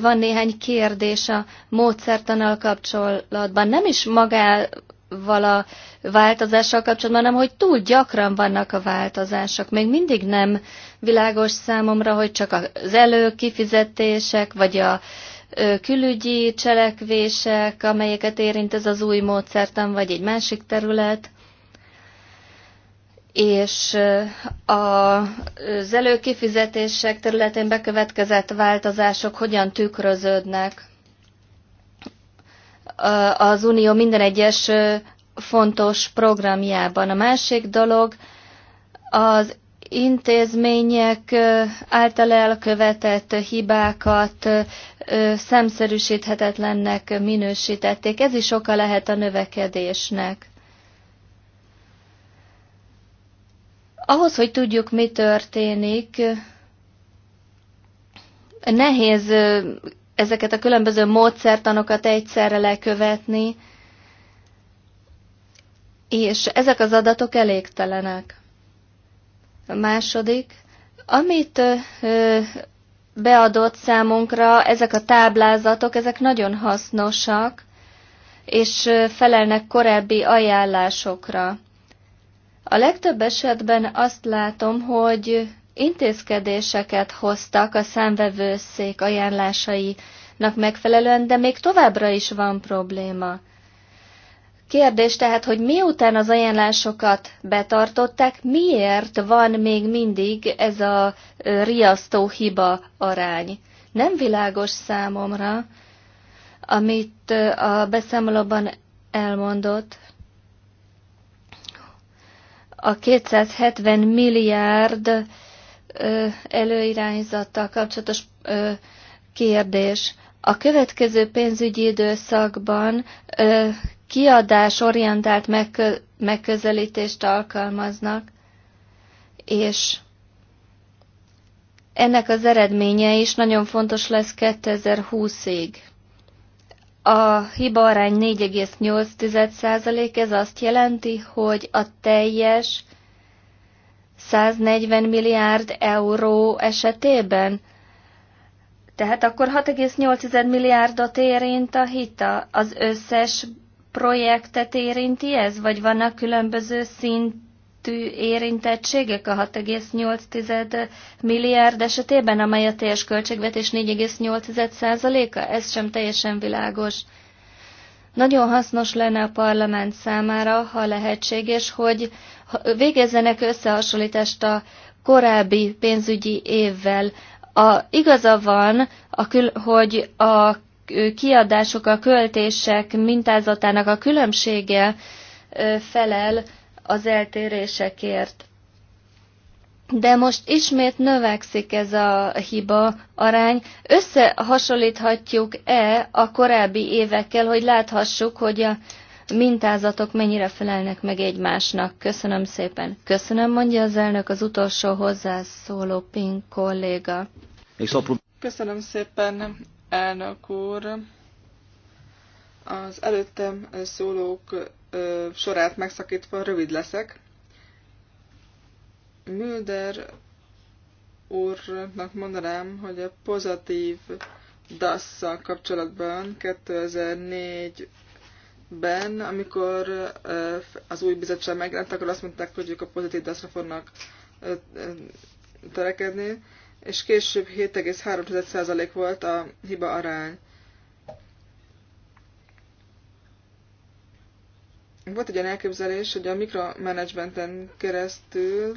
van néhány kérdés a módszertanal kapcsolatban, nem is magával a változással kapcsolatban, hanem hogy túl gyakran vannak a változások. Még mindig nem világos számomra, hogy csak az előkifizetések, vagy a külügyi cselekvések, amelyeket érint ez az új módszertan, vagy egy másik terület és az előkifizetések területén bekövetkezett változások hogyan tükröződnek az Unió minden egyes fontos programjában. A másik dolog az intézmények által elkövetett hibákat szemszerűsíthetetlennek minősítették. Ez is oka lehet a növekedésnek. Ahhoz, hogy tudjuk, mi történik, nehéz ezeket a különböző módszertanokat egyszerre lekövetni, és ezek az adatok elégtelenek. A második, amit beadott számunkra, ezek a táblázatok, ezek nagyon hasznosak, és felelnek korábbi ajánlásokra. A legtöbb esetben azt látom, hogy intézkedéseket hoztak a számvevőszék ajánlásainak megfelelően, de még továbbra is van probléma. Kérdés tehát, hogy miután az ajánlásokat betartották, miért van még mindig ez a riasztó hiba arány? Nem világos számomra, amit a beszámolóban elmondott, a 270 milliárd előirányzattal kapcsolatos kérdés. A következő pénzügyi időszakban kiadásorientált megközelítést alkalmaznak, és ennek az eredménye is nagyon fontos lesz 2020-ig. A hiba arány 4,8%, ez azt jelenti, hogy a teljes 140 milliárd euró esetében, tehát akkor 6,8 milliárdot érint a hita. Az összes projektet érinti ez, vagy vannak különböző szint szintű érintettségek a 6,8 milliárd esetében, amely a teljes költségvetés 4,8%-a? Ez sem teljesen világos. Nagyon hasznos lenne a parlament számára, ha lehetséges, hogy végezzenek összehasonlítást a korábbi pénzügyi évvel. A, igaza van, a kül, hogy a kiadások, a költések mintázatának a különbsége felel az eltérésekért. De most ismét növekszik ez a hiba arány. Összehasonlíthatjuk-e a korábbi évekkel, hogy láthassuk, hogy a mintázatok mennyire felelnek meg egymásnak? Köszönöm szépen. Köszönöm, mondja az elnök az utolsó hozzászóló Pink kolléga. Köszönöm szépen, elnök úr. Az előttem szólók ö, sorát megszakítva rövid leszek. Müller úrnak mondanám, hogy a pozitív dasz szal kapcsolatban 2004-ben, amikor az új bizottság megjelent, akkor azt mondták, hogy ők a pozitív dasz ra fognak törekedni, és később 7,3% volt a hiba arány. Volt egy olyan elképzelés, hogy a mikromanagementen keresztül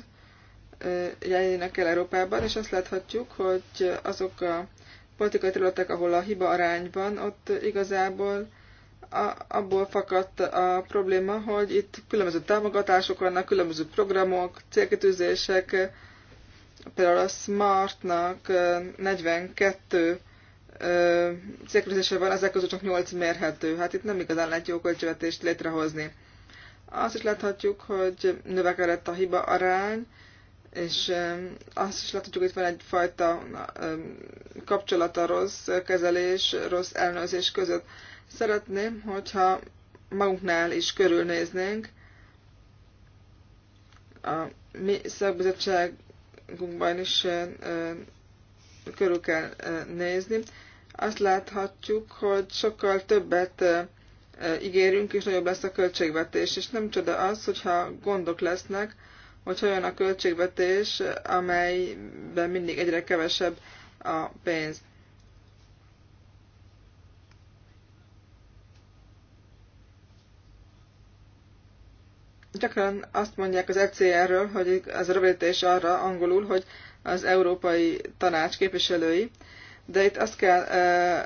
jelenjenek el Európában, és azt láthatjuk, hogy azok a politikai területek, ahol a hiba arány van, ott igazából a, abból fakadt a probléma, hogy itt különböző támogatások vannak, különböző programok, célkitűzések, például a Smartnak 42 célkülözése van, ezek közül csak 8 mérhető. Hát itt nem igazán lehet jó költségvetést létrehozni. Azt is láthatjuk, hogy növekedett a hiba arány, és azt is láthatjuk, hogy van egyfajta kapcsolat a rossz kezelés, rossz elnőzés között. Szeretném, hogyha magunknál is körülnéznénk, a mi szakbizottságunkban is körül kell nézni azt láthatjuk, hogy sokkal többet ígérünk, és nagyobb lesz a költségvetés. És nem csoda az, hogyha gondok lesznek, hogy olyan a költségvetés, amelyben mindig egyre kevesebb a pénz. Gyakran azt mondják az ECR-ről, hogy ez a rövidítés arra angolul, hogy az Európai Tanács képviselői, de itt azt kell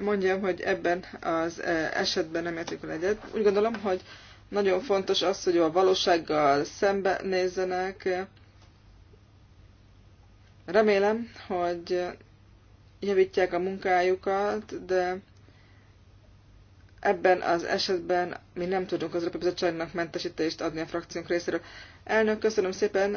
mondjam, hogy ebben az esetben nem értünk egyet. Úgy gondolom, hogy nagyon fontos az, hogy a valósággal szembe nézzenek. Remélem, hogy javítják a munkájukat, de ebben az esetben mi nem tudunk az Európai Bizottságnak mentesítést adni a frakciónk részéről. Elnök, köszönöm szépen,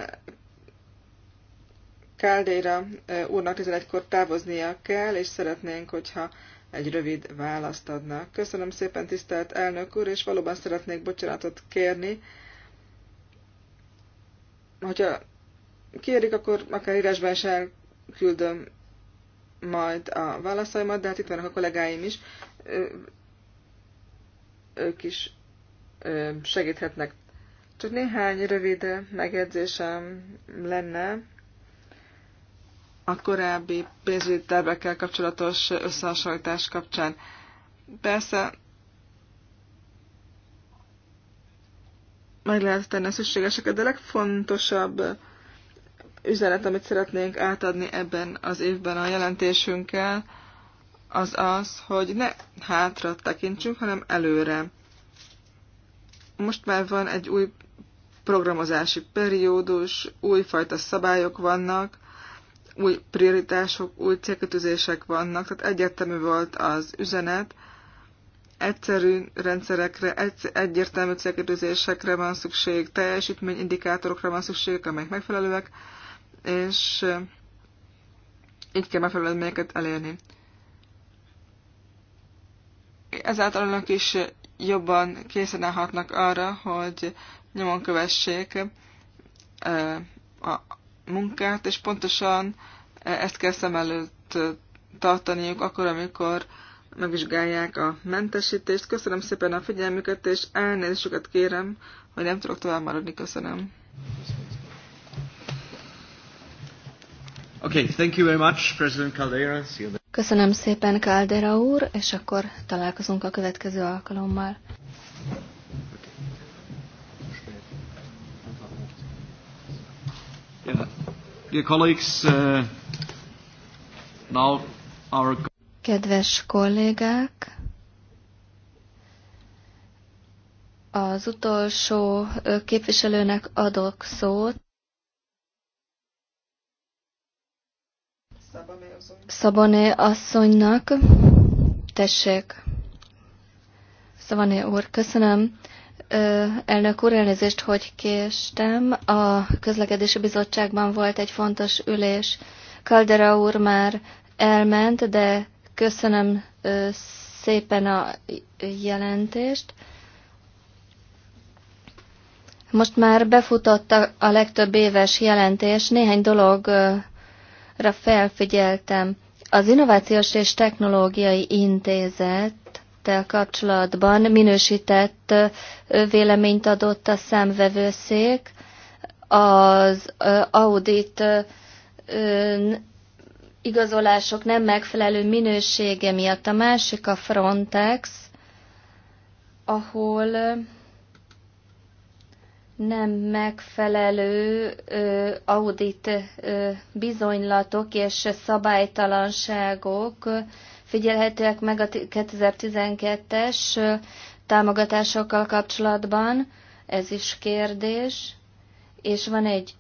Káldéra úrnak 11-kor távoznia kell, és szeretnénk, hogyha egy rövid választ adnak. Köszönöm szépen, tisztelt elnök úr, és valóban szeretnék bocsánatot kérni. Hogyha kérik, akkor akár írásban is elküldöm majd a válaszaimat, de hát itt vannak a kollégáim is. Ők is segíthetnek. Csak néhány rövid megjegyzésem lenne a korábbi pénzügyi tervekkel kapcsolatos összehasonlítás kapcsán. Persze meg lehet tenni a szükségeseket, de legfontosabb üzenet, amit szeretnénk átadni ebben az évben a jelentésünkkel, az az, hogy ne hátra tekintsünk, hanem előre. Most már van egy új programozási periódus, újfajta szabályok vannak, új prioritások, új célkötözések vannak, tehát egyértelmű volt az üzenet, egyszerű rendszerekre, egyértelmű célkötözésekre van szükség, teljesítményindikátorokra van szükség, amelyek megfelelőek, és eh, így kell megfelelő eredményeket elérni. Ezáltal önök is jobban készen állhatnak arra, hogy nyomon kövessék eh, a munkát, és pontosan e, ezt kell szem előtt e, tartaniuk akkor, amikor megvizsgálják a mentesítést. Köszönöm szépen a figyelmüket, és elnézést kérem, hogy nem tudok tovább maradni. Köszönöm. Okay, thank you very much, President Caldera. See you Köszönöm szépen, Caldera úr, és akkor találkozunk a következő alkalommal. Yeah. Dear colleagues, uh, now our... Kedves kollégák, az utolsó képviselőnek adok szót. Szabané asszonynak. Tessék. Szabané úr, köszönöm elnök úr, elnézést, hogy késtem. A közlekedési bizottságban volt egy fontos ülés. Kaldera úr már elment, de köszönöm szépen a jelentést. Most már befutott a legtöbb éves jelentés, néhány dologra felfigyeltem. Az Innovációs és Technológiai Intézet rendelettel kapcsolatban minősített véleményt adott a számvevőszék. Az audit igazolások nem megfelelő minősége miatt. A másik a Frontex, ahol nem megfelelő audit bizonylatok és szabálytalanságok figyelhetőek meg a 2012-es támogatásokkal kapcsolatban, ez is kérdés, és van egy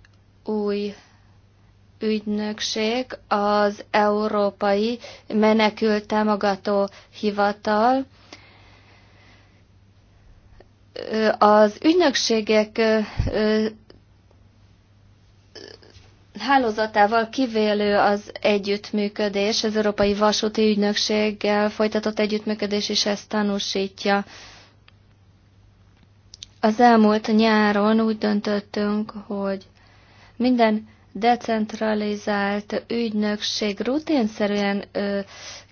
új ügynökség, az Európai Menekült Támogató Hivatal. Az ügynökségek hálózatával kivélő az együttműködés, az Európai Vasúti Ügynökséggel folytatott együttműködés is ezt tanúsítja. Az elmúlt nyáron úgy döntöttünk, hogy minden decentralizált ügynökség rutinszerűen ö,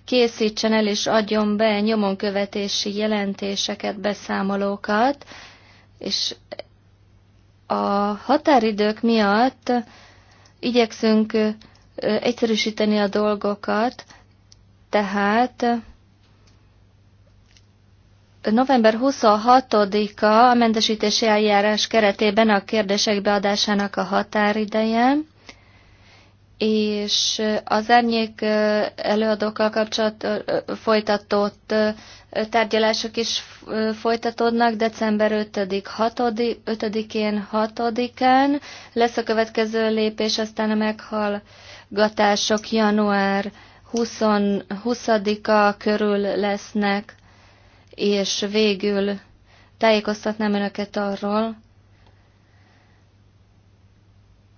készítsen el és adjon be nyomonkövetési jelentéseket, beszámolókat, és a határidők miatt Igyekszünk egyszerűsíteni a dolgokat, tehát november 26-a a mentesítési eljárás keretében a kérdések beadásának a határideje, és az árnyék előadókkal kapcsolat folytatott tárgyalások is folytatódnak december 5-6-én, 6-án. Lesz a következő lépés, aztán a meghallgatások január 20-a körül lesznek, és végül tájékoztatnám önöket arról,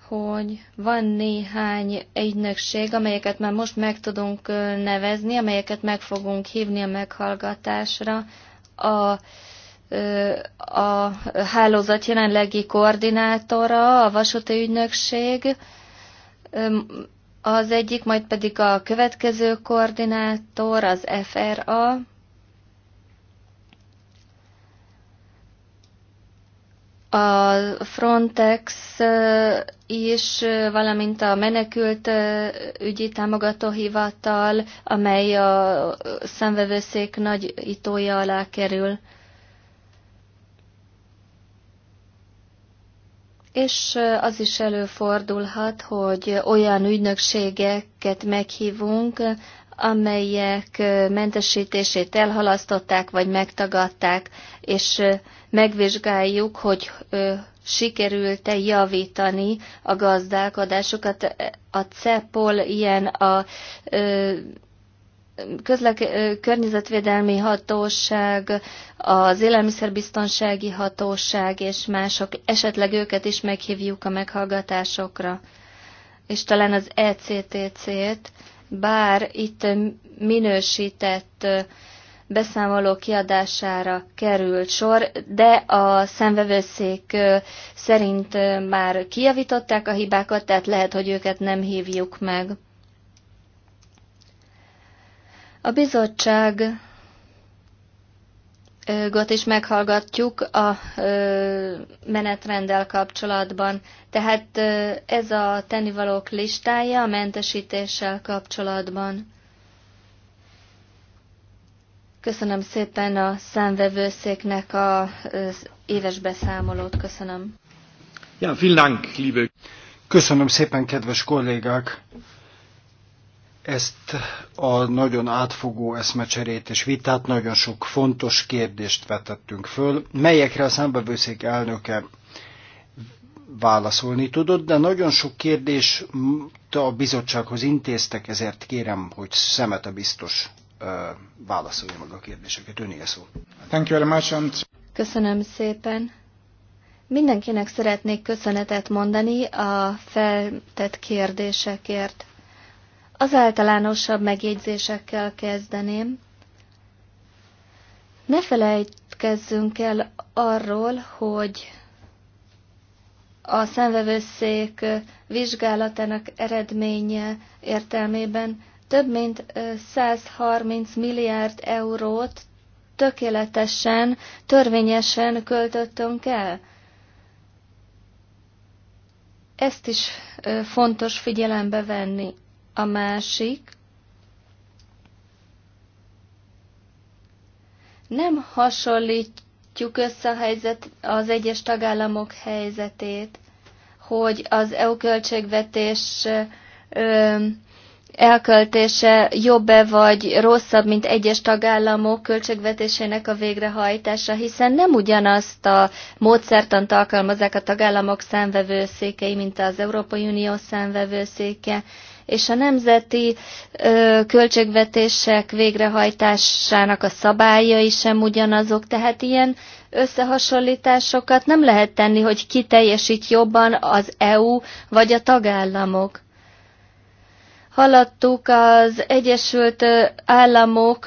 hogy van néhány egynökség, amelyeket már most meg tudunk nevezni, amelyeket meg fogunk hívni a meghallgatásra. A, a hálózat jelenlegi koordinátora, a vasúti ügynökség, az egyik, majd pedig a következő koordinátor, az FRA, a Frontex is, valamint a menekült ügyi támogatóhivatal, amely a szemvevőszék nagy itója alá kerül. És az is előfordulhat, hogy olyan ügynökségeket meghívunk, amelyek mentesítését elhalasztották vagy megtagadták, és megvizsgáljuk, hogy sikerült-e javítani a gazdálkodásukat. A CEPOL ilyen a közlek, környezetvédelmi hatóság, az élelmiszerbiztonsági hatóság és mások, esetleg őket is meghívjuk a meghallgatásokra, és talán az ECTC-t, bár itt minősített beszámoló kiadására került sor, de a szemvevőszék szerint már kijavították a hibákat, tehát lehet, hogy őket nem hívjuk meg. A bizottság Got is meghallgatjuk a menetrenddel kapcsolatban. Tehát ez a tennivalók listája a mentesítéssel kapcsolatban. Köszönöm szépen a számvevőszéknek az éves beszámolót. Köszönöm. Ja, vielen Dank, liebe. Köszönöm szépen, kedves kollégák ezt a nagyon átfogó eszmecserét és vitát, nagyon sok fontos kérdést vetettünk föl, melyekre a számbevőszék elnöke válaszolni tudott, de nagyon sok kérdés a bizottsághoz intéztek, ezért kérem, hogy szemet a biztos válaszolja meg a kérdéseket. Ön szó. Thank you very much and... Köszönöm szépen. Mindenkinek szeretnék köszönetet mondani a feltett kérdésekért. Az általánosabb megjegyzésekkel kezdeném. Ne felejtkezzünk el arról, hogy a szemvevőszék vizsgálatának eredménye értelmében több mint 130 milliárd eurót tökéletesen, törvényesen költöttünk el. Ezt is fontos figyelembe venni. A másik, nem hasonlítjuk össze a helyzet, az egyes tagállamok helyzetét, hogy az EU költségvetés ö, elköltése jobb-e vagy rosszabb, mint egyes tagállamok költségvetésének a végrehajtása, hiszen nem ugyanazt a módszertant alkalmazzák a tagállamok számvevőszékei, mint az Európai Unió számvevőszéke és a nemzeti ö, költségvetések végrehajtásának a szabályai sem ugyanazok, tehát ilyen összehasonlításokat nem lehet tenni, hogy ki teljesít jobban az EU vagy a tagállamok. Hallattuk az Egyesült Államok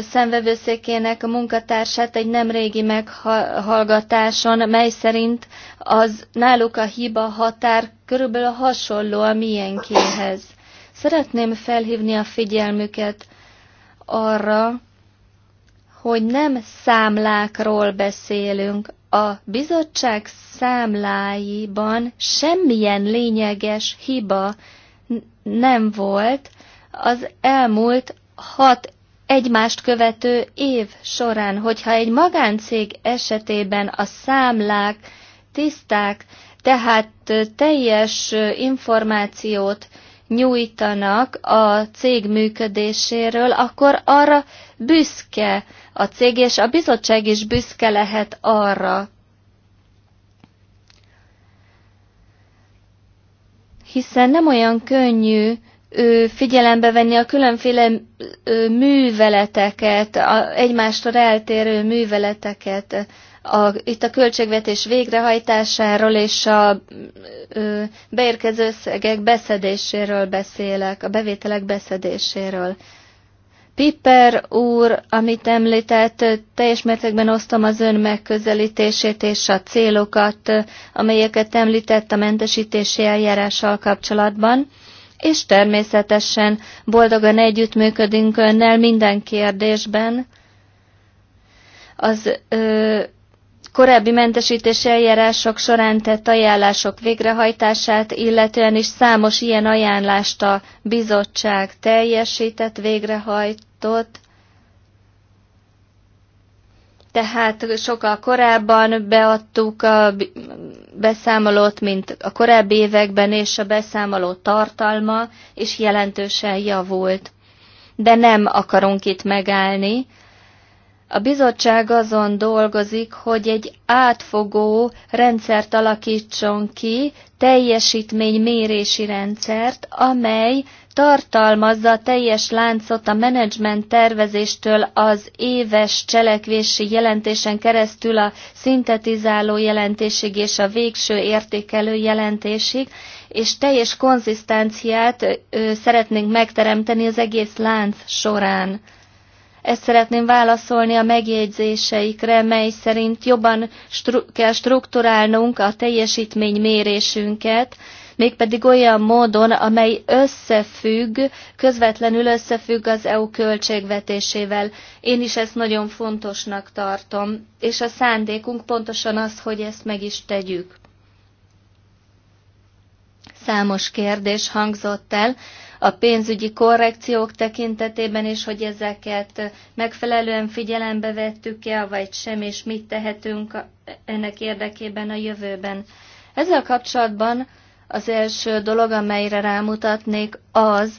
szenvevőszékének munkatársát egy nemrégi meghallgatáson, mely szerint az náluk a hiba határ körülbelül hasonló a miénkéhez. Szeretném felhívni a figyelmüket arra, hogy nem számlákról beszélünk. A bizottság számláiban semmilyen lényeges hiba nem volt az elmúlt hat egymást követő év során, hogyha egy magáncég esetében a számlák tiszták, tehát teljes információt nyújtanak a cég működéséről, akkor arra büszke a cég, és a bizottság is büszke lehet arra. hiszen nem olyan könnyű figyelembe venni a különféle műveleteket, a egymástól eltérő műveleteket, a, itt a költségvetés végrehajtásáról és a ö, beérkező összegek beszedéséről beszélek, a bevételek beszedéséről. Piper úr, amit említett, teljes mértékben osztom az ön megközelítését és a célokat, amelyeket említett a mentesítési eljárással kapcsolatban, és természetesen boldogan együttműködünk önnel minden kérdésben. Az ö, korábbi mentesítési eljárások során tett ajánlások végrehajtását, illetően is számos ilyen ajánlást a bizottság teljesített, végrehajtott. Tehát sokkal korábban beadtuk a beszámolót, mint a korábbi években, és a beszámoló tartalma is jelentősen javult. De nem akarunk itt megállni, a bizottság azon dolgozik, hogy egy átfogó rendszert alakítson ki, teljesítménymérési rendszert, amely tartalmazza a teljes láncot a menedzsment tervezéstől az éves cselekvési jelentésen keresztül a szintetizáló jelentésig és a végső értékelő jelentésig, és teljes konzisztenciát szeretnénk megteremteni az egész lánc során. Ezt szeretném válaszolni a megjegyzéseikre, mely szerint jobban stru kell strukturálnunk a teljesítménymérésünket, mégpedig olyan módon, amely összefügg, közvetlenül összefügg az EU költségvetésével. Én is ezt nagyon fontosnak tartom, és a szándékunk pontosan az, hogy ezt meg is tegyük. Számos kérdés hangzott el, a pénzügyi korrekciók tekintetében is, hogy ezeket megfelelően figyelembe vettük-e, vagy sem, és mit tehetünk ennek érdekében a jövőben. Ezzel kapcsolatban az első dolog, amelyre rámutatnék, az,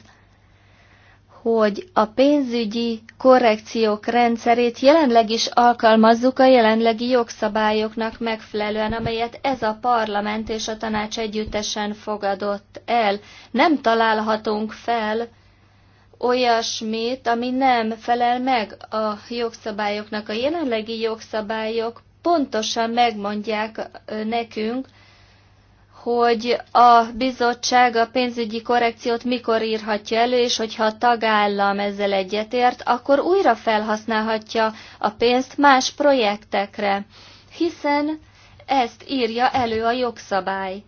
hogy a pénzügyi korrekciók rendszerét jelenleg is alkalmazzuk a jelenlegi jogszabályoknak megfelelően, amelyet ez a parlament és a tanács együttesen fogadott el. Nem találhatunk fel olyasmit, ami nem felel meg a jogszabályoknak. A jelenlegi jogszabályok pontosan megmondják nekünk, hogy a bizottság a pénzügyi korrekciót mikor írhatja elő, és hogyha a tagállam ezzel egyetért, akkor újra felhasználhatja a pénzt más projektekre, hiszen ezt írja elő a jogszabály.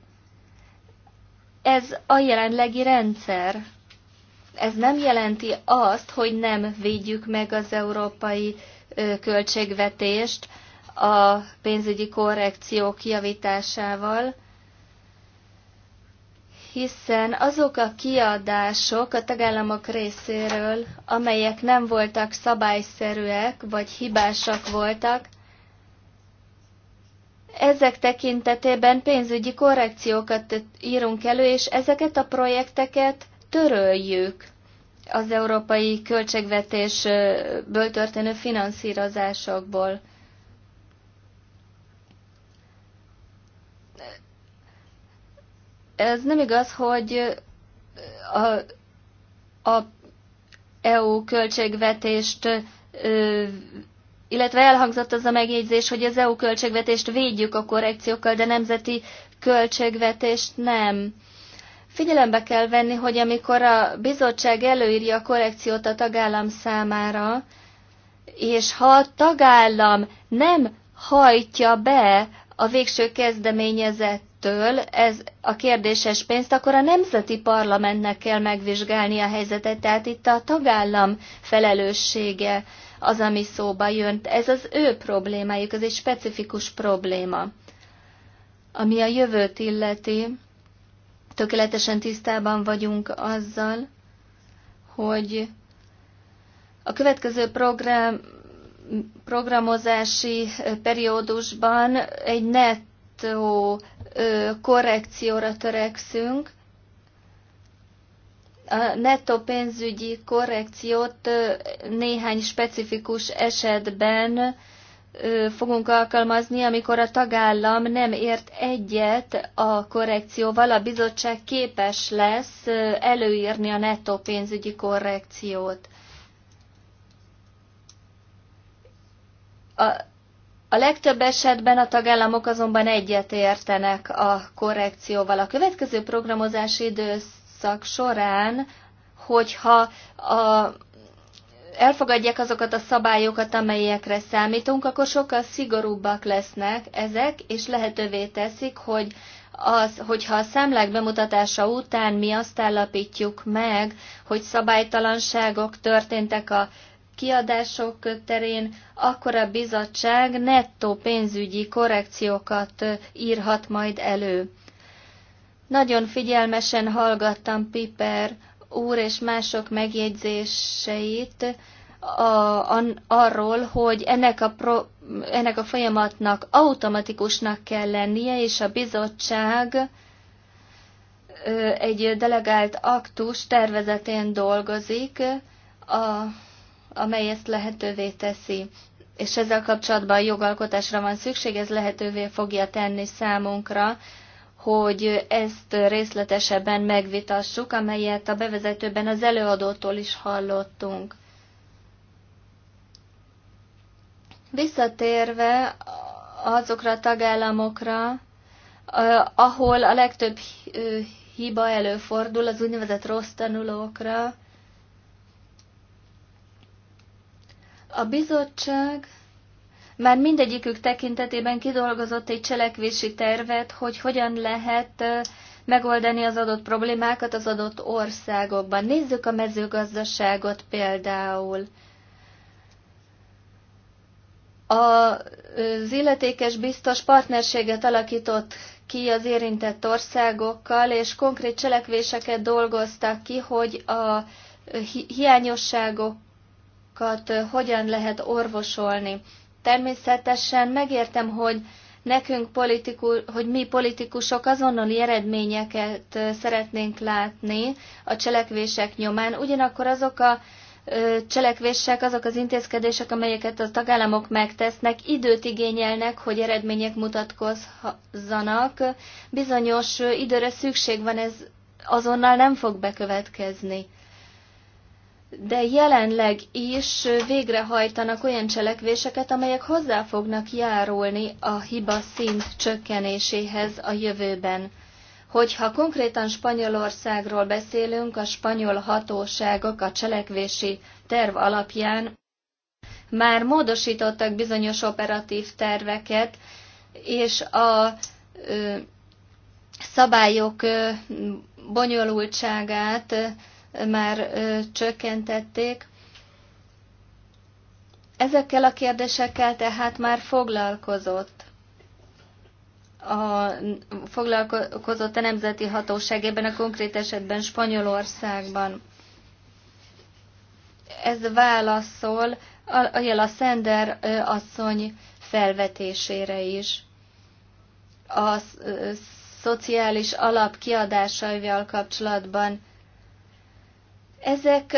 Ez a jelenlegi rendszer. Ez nem jelenti azt, hogy nem védjük meg az európai költségvetést a pénzügyi korrekciók javításával, hiszen azok a kiadások a tagállamok részéről, amelyek nem voltak szabályszerűek vagy hibásak voltak, ezek tekintetében pénzügyi korrekciókat írunk elő, és ezeket a projekteket töröljük az európai költségvetésből történő finanszírozásokból. Ez nem igaz, hogy a, a EU költségvetést, illetve elhangzott az a megjegyzés, hogy az EU költségvetést védjük a korrekciókkal, de nemzeti költségvetést nem. Figyelembe kell venni, hogy amikor a bizottság előírja a korrekciót a tagállam számára, és ha a tagállam nem hajtja be a végső kezdeményezett től ez a kérdéses pénzt, akkor a nemzeti parlamentnek kell megvizsgálni a helyzetet, tehát itt a tagállam felelőssége az, ami szóba jön. Ez az ő problémájuk, ez egy specifikus probléma. Ami a jövőt illeti, tökéletesen tisztában vagyunk azzal, hogy a következő program, programozási periódusban egy nettó korrekcióra törekszünk. A netto pénzügyi korrekciót néhány specifikus esetben fogunk alkalmazni, amikor a tagállam nem ért egyet a korrekcióval, a bizottság képes lesz előírni a nettó pénzügyi korrekciót. A a legtöbb esetben a tagállamok azonban egyetértenek a korrekcióval. A következő programozási időszak során, hogyha a, elfogadják azokat a szabályokat, amelyekre számítunk, akkor sokkal szigorúbbak lesznek ezek, és lehetővé teszik, hogy az, hogyha a számlák bemutatása után mi azt állapítjuk meg, hogy szabálytalanságok történtek a kiadások terén, akkor a bizottság nettó pénzügyi korrekciókat írhat majd elő. Nagyon figyelmesen hallgattam Piper úr és mások megjegyzéseit a, a, arról, hogy ennek a, pro, ennek a folyamatnak automatikusnak kell lennie, és a bizottság egy delegált aktus tervezetén dolgozik. A amely ezt lehetővé teszi. És ezzel kapcsolatban jogalkotásra van szükség, ez lehetővé fogja tenni számunkra, hogy ezt részletesebben megvitassuk, amelyet a bevezetőben az előadótól is hallottunk. Visszatérve azokra a tagállamokra, ahol a legtöbb hiba előfordul, az úgynevezett rossz tanulókra, A bizottság már mindegyikük tekintetében kidolgozott egy cselekvési tervet, hogy hogyan lehet megoldani az adott problémákat az adott országokban. Nézzük a mezőgazdaságot például. Az illetékes biztos partnerséget alakított ki az érintett országokkal, és konkrét cselekvéseket dolgoztak ki, hogy a hiányosságok problémákat hogyan lehet orvosolni. Természetesen megértem, hogy nekünk politikú, hogy mi politikusok azonnali eredményeket szeretnénk látni a cselekvések nyomán, ugyanakkor azok a cselekvések, azok az intézkedések, amelyeket a tagállamok megtesznek, időt igényelnek, hogy eredmények mutatkozzanak. Bizonyos időre szükség van, ez azonnal nem fog bekövetkezni de jelenleg is végrehajtanak olyan cselekvéseket, amelyek hozzá fognak járulni a hiba szint csökkenéséhez a jövőben. Hogyha konkrétan Spanyolországról beszélünk, a spanyol hatóságok a cselekvési terv alapján már módosítottak bizonyos operatív terveket, és a ö, szabályok ö, bonyolultságát már csökkentették. Ezekkel a kérdésekkel tehát már foglalkozott a, foglalkozott a nemzeti hatóság ebben a konkrét esetben Spanyolországban. Ez válaszol a, a Szender asszony felvetésére is. A szociális alap kiadásaival kapcsolatban ezek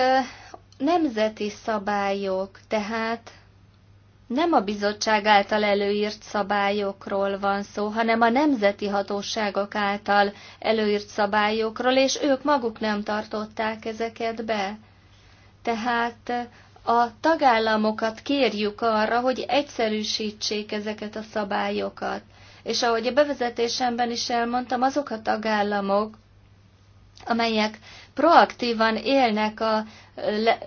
nemzeti szabályok, tehát nem a bizottság által előírt szabályokról van szó, hanem a nemzeti hatóságok által előírt szabályokról, és ők maguk nem tartották ezeket be. Tehát a tagállamokat kérjük arra, hogy egyszerűsítsék ezeket a szabályokat. És ahogy a bevezetésemben is elmondtam, azok a tagállamok, amelyek proaktívan élnek a, le,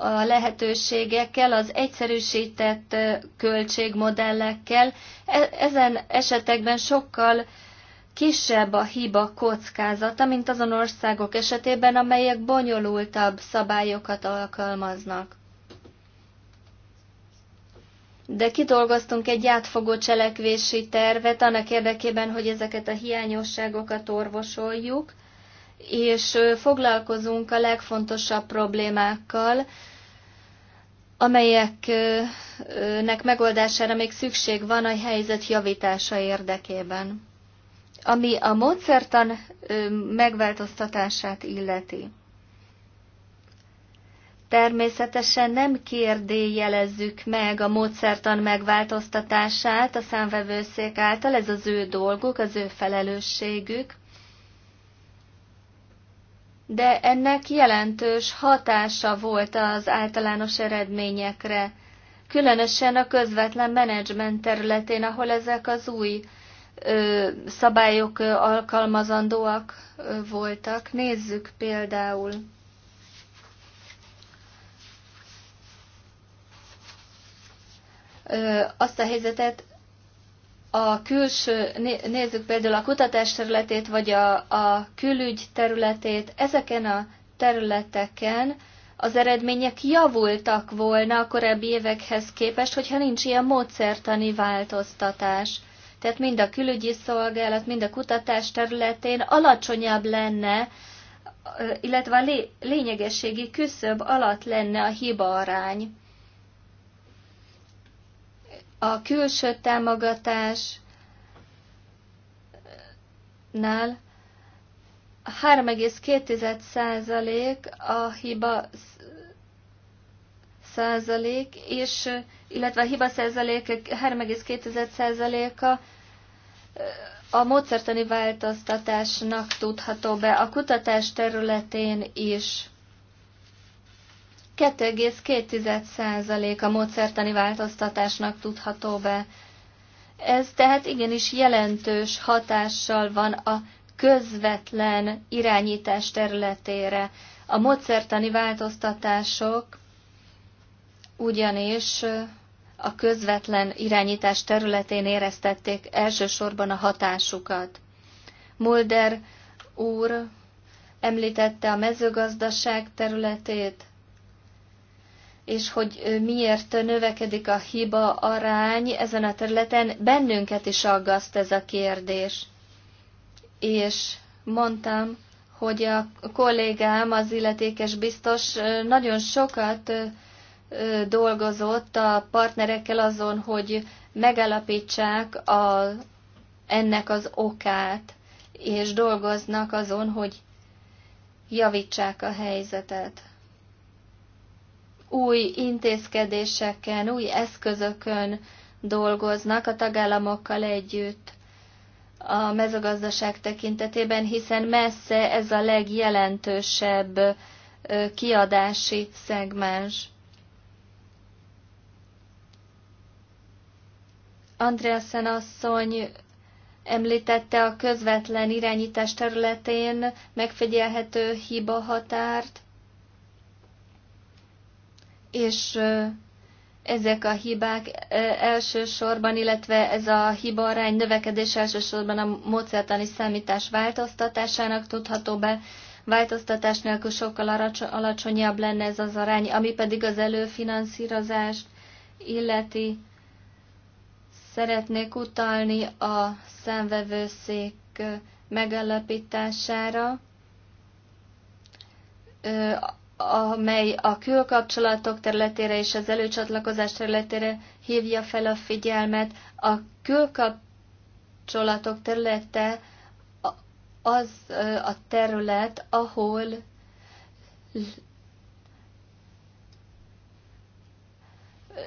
a lehetőségekkel, az egyszerűsített költségmodellekkel. E, ezen esetekben sokkal kisebb a hiba kockázata, mint azon országok esetében, amelyek bonyolultabb szabályokat alkalmaznak. De kidolgoztunk egy átfogó cselekvési tervet annak érdekében, hogy ezeket a hiányosságokat orvosoljuk, és foglalkozunk a legfontosabb problémákkal, amelyeknek megoldására még szükség van a helyzet javítása érdekében, ami a módszertan megváltoztatását illeti. Természetesen nem kérdéjelezzük meg a módszertan megváltoztatását a számvevőszék által, ez az ő dolguk, az ő felelősségük de ennek jelentős hatása volt az általános eredményekre, különösen a közvetlen menedzsment területén, ahol ezek az új ö, szabályok ö, alkalmazandóak ö, voltak. Nézzük például. Ö, azt a helyzetet, a külső, nézzük például a kutatás területét, vagy a, a külügy területét, ezeken a területeken az eredmények javultak volna a korábbi évekhez képest, hogyha nincs ilyen módszertani változtatás. Tehát mind a külügyi szolgálat, mind a kutatás területén alacsonyabb lenne, illetve a lényegességi küszöb alatt lenne a hiba arány. A külső támogatásnál 3,2% a hiba százalék, és, illetve a hiba százalék 3,2%-a a módszertani változtatásnak tudható be a kutatás területén is. 2,2% a módszertani változtatásnak tudható be. Ez tehát igenis jelentős hatással van a közvetlen irányítás területére. A módszertani változtatások ugyanis a közvetlen irányítás területén éreztették elsősorban a hatásukat. Mulder úr említette a mezőgazdaság területét, és hogy miért növekedik a hiba arány ezen a területen, bennünket is aggaszt ez a kérdés. És mondtam, hogy a kollégám, az illetékes biztos nagyon sokat dolgozott a partnerekkel azon, hogy megalapítsák a, ennek az okát, és dolgoznak azon, hogy javítsák a helyzetet új intézkedéseken, új eszközökön dolgoznak a tagállamokkal együtt a mezőgazdaság tekintetében, hiszen messze ez a legjelentősebb kiadási szegmens. Andreasen asszony említette a közvetlen irányítás területén megfigyelhető hiba határt, és ezek a hibák elsősorban, illetve ez a hiba arány növekedés elsősorban a módszertani számítás változtatásának tudható be, változtatás nélkül sokkal alacsonyabb lenne ez az arány, ami pedig az előfinanszírozást illeti. Szeretnék utalni a szemvevőszék megállapítására amely a külkapcsolatok területére és az előcsatlakozás területére hívja fel a figyelmet. A külkapcsolatok területe az a terület, ahol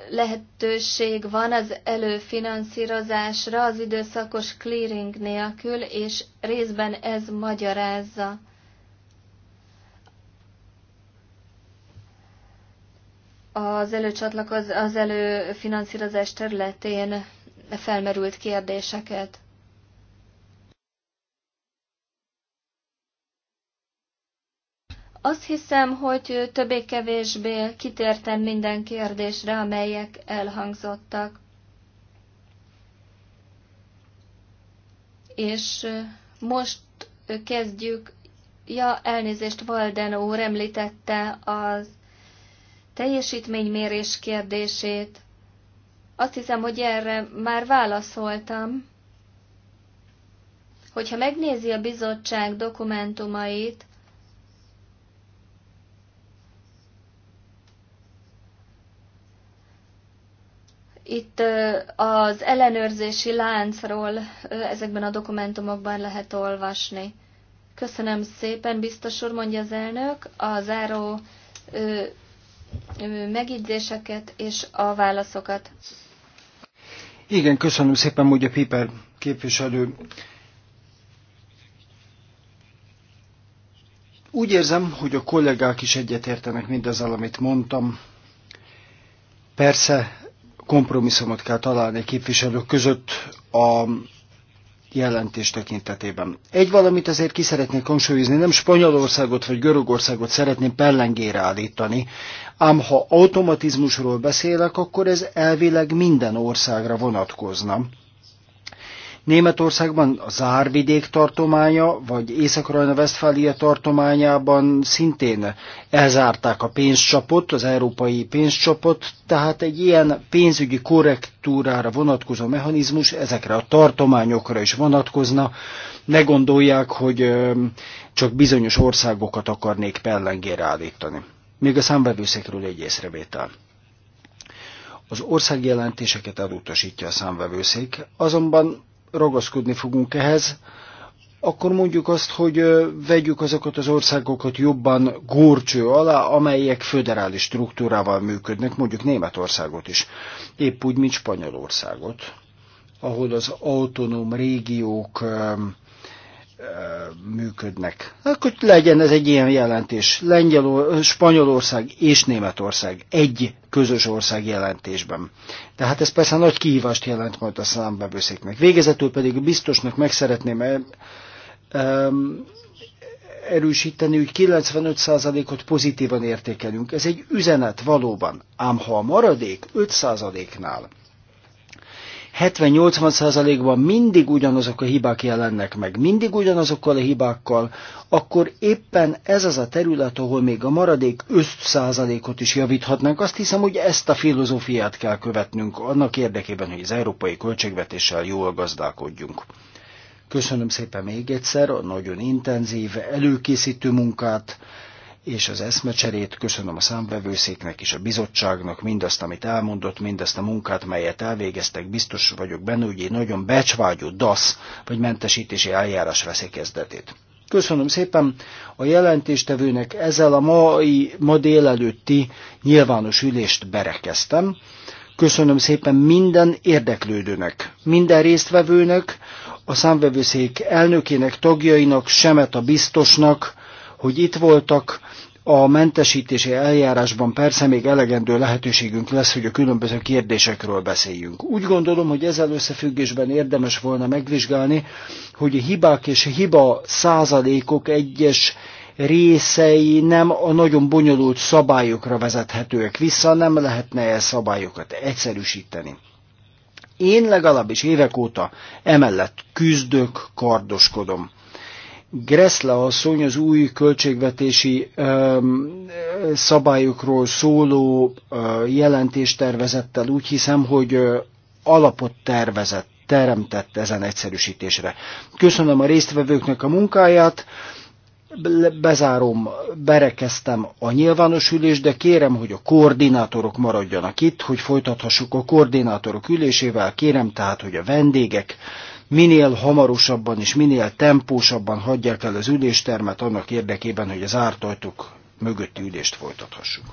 lehetőség van az előfinanszírozásra az időszakos clearing nélkül, és részben ez magyarázza az előcsatlakoz, az előfinanszírozás területén felmerült kérdéseket. Azt hiszem, hogy többé-kevésbé kitértem minden kérdésre, amelyek elhangzottak. És most kezdjük. Ja, elnézést, Valden úr említette az teljesítménymérés kérdését. Azt hiszem, hogy erre már válaszoltam. Hogyha megnézi a bizottság dokumentumait, Itt az ellenőrzési láncról ezekben a dokumentumokban lehet olvasni. Köszönöm szépen, biztos úr, mondja az elnök. A záró megjegyzéseket és a válaszokat. Igen, köszönöm szépen, mondja Piper képviselő. Úgy érzem, hogy a kollégák is egyetértenek mindezzel, amit mondtam. Persze kompromisszumot kell találni képviselők között a jelentés tekintetében. Egy valamit azért ki szeretnék hangsúlyozni, nem Spanyolországot vagy Görögországot szeretném pellengére állítani, ám ha automatizmusról beszélek, akkor ez elvileg minden országra vonatkozna Németországban a Zárvidék tartománya, vagy Észak-Rajna-Vesztfália tartományában szintén elzárták a pénzcsapot, az európai pénzcsapot, tehát egy ilyen pénzügyi korrektúrára vonatkozó mechanizmus ezekre a tartományokra is vonatkozna. Ne gondolják, hogy csak bizonyos országokat akarnék pellengére állítani. Még a számvevőszekről egy észrevétel. Az országjelentéseket elutasítja a számvevőszék, azonban ragaszkodni fogunk ehhez, akkor mondjuk azt, hogy vegyük azokat az országokat jobban górcső alá, amelyek föderális struktúrával működnek, mondjuk Németországot is, épp úgy, mint Spanyolországot, ahol az autonóm régiók működnek. Akkor legyen ez egy ilyen jelentés. Lengyel, Spanyolország és Németország egy közös ország jelentésben. De hát ez persze nagy kihívást jelent majd a számbevőszéknek. Végezetül pedig biztosnak meg szeretném erősíteni, hogy 95%-ot pozitívan értékelünk. Ez egy üzenet valóban. Ám ha a maradék 5%-nál 70-80%-ban mindig ugyanazok a hibák jelennek meg, mindig ugyanazokkal a hibákkal, akkor éppen ez az a terület, ahol még a maradék 5%-ot is javíthatnánk. Azt hiszem, hogy ezt a filozófiát kell követnünk annak érdekében, hogy az európai költségvetéssel jól gazdálkodjunk. Köszönöm szépen még egyszer a nagyon intenzív előkészítő munkát, és az eszmecserét. Köszönöm a számvevőszéknek és a bizottságnak mindazt, amit elmondott, mindazt a munkát, melyet elvégeztek. Biztos vagyok benne, hogy egy nagyon becsvágyó DASZ vagy mentesítési eljárás veszi kezdetét. Köszönöm szépen a jelentéstevőnek, ezzel a mai, ma délelőtti nyilvános ülést berekeztem. Köszönöm szépen minden érdeklődőnek, minden résztvevőnek, a számvevőszék elnökének, tagjainak, Semet a biztosnak, hogy itt voltak, a mentesítési eljárásban persze még elegendő lehetőségünk lesz, hogy a különböző kérdésekről beszéljünk. Úgy gondolom, hogy ezzel összefüggésben érdemes volna megvizsgálni, hogy a hibák és a hiba százalékok egyes részei nem a nagyon bonyolult szabályokra vezethetőek vissza, nem lehetne el szabályokat egyszerűsíteni. Én legalábbis évek óta emellett küzdök, kardoskodom. Greszle asszony az új költségvetési ö, szabályokról szóló jelentést jelentéstervezettel úgy hiszem, hogy ö, alapot tervezett, teremtett ezen egyszerűsítésre. Köszönöm a résztvevőknek a munkáját, bezárom, berekeztem a nyilvános ülést, de kérem, hogy a koordinátorok maradjanak itt, hogy folytathassuk a koordinátorok ülésével, kérem tehát, hogy a vendégek minél hamarosabban és minél tempósabban hagyják el az üléstermet annak érdekében, hogy az árt ajtók mögötti ülést folytathassuk.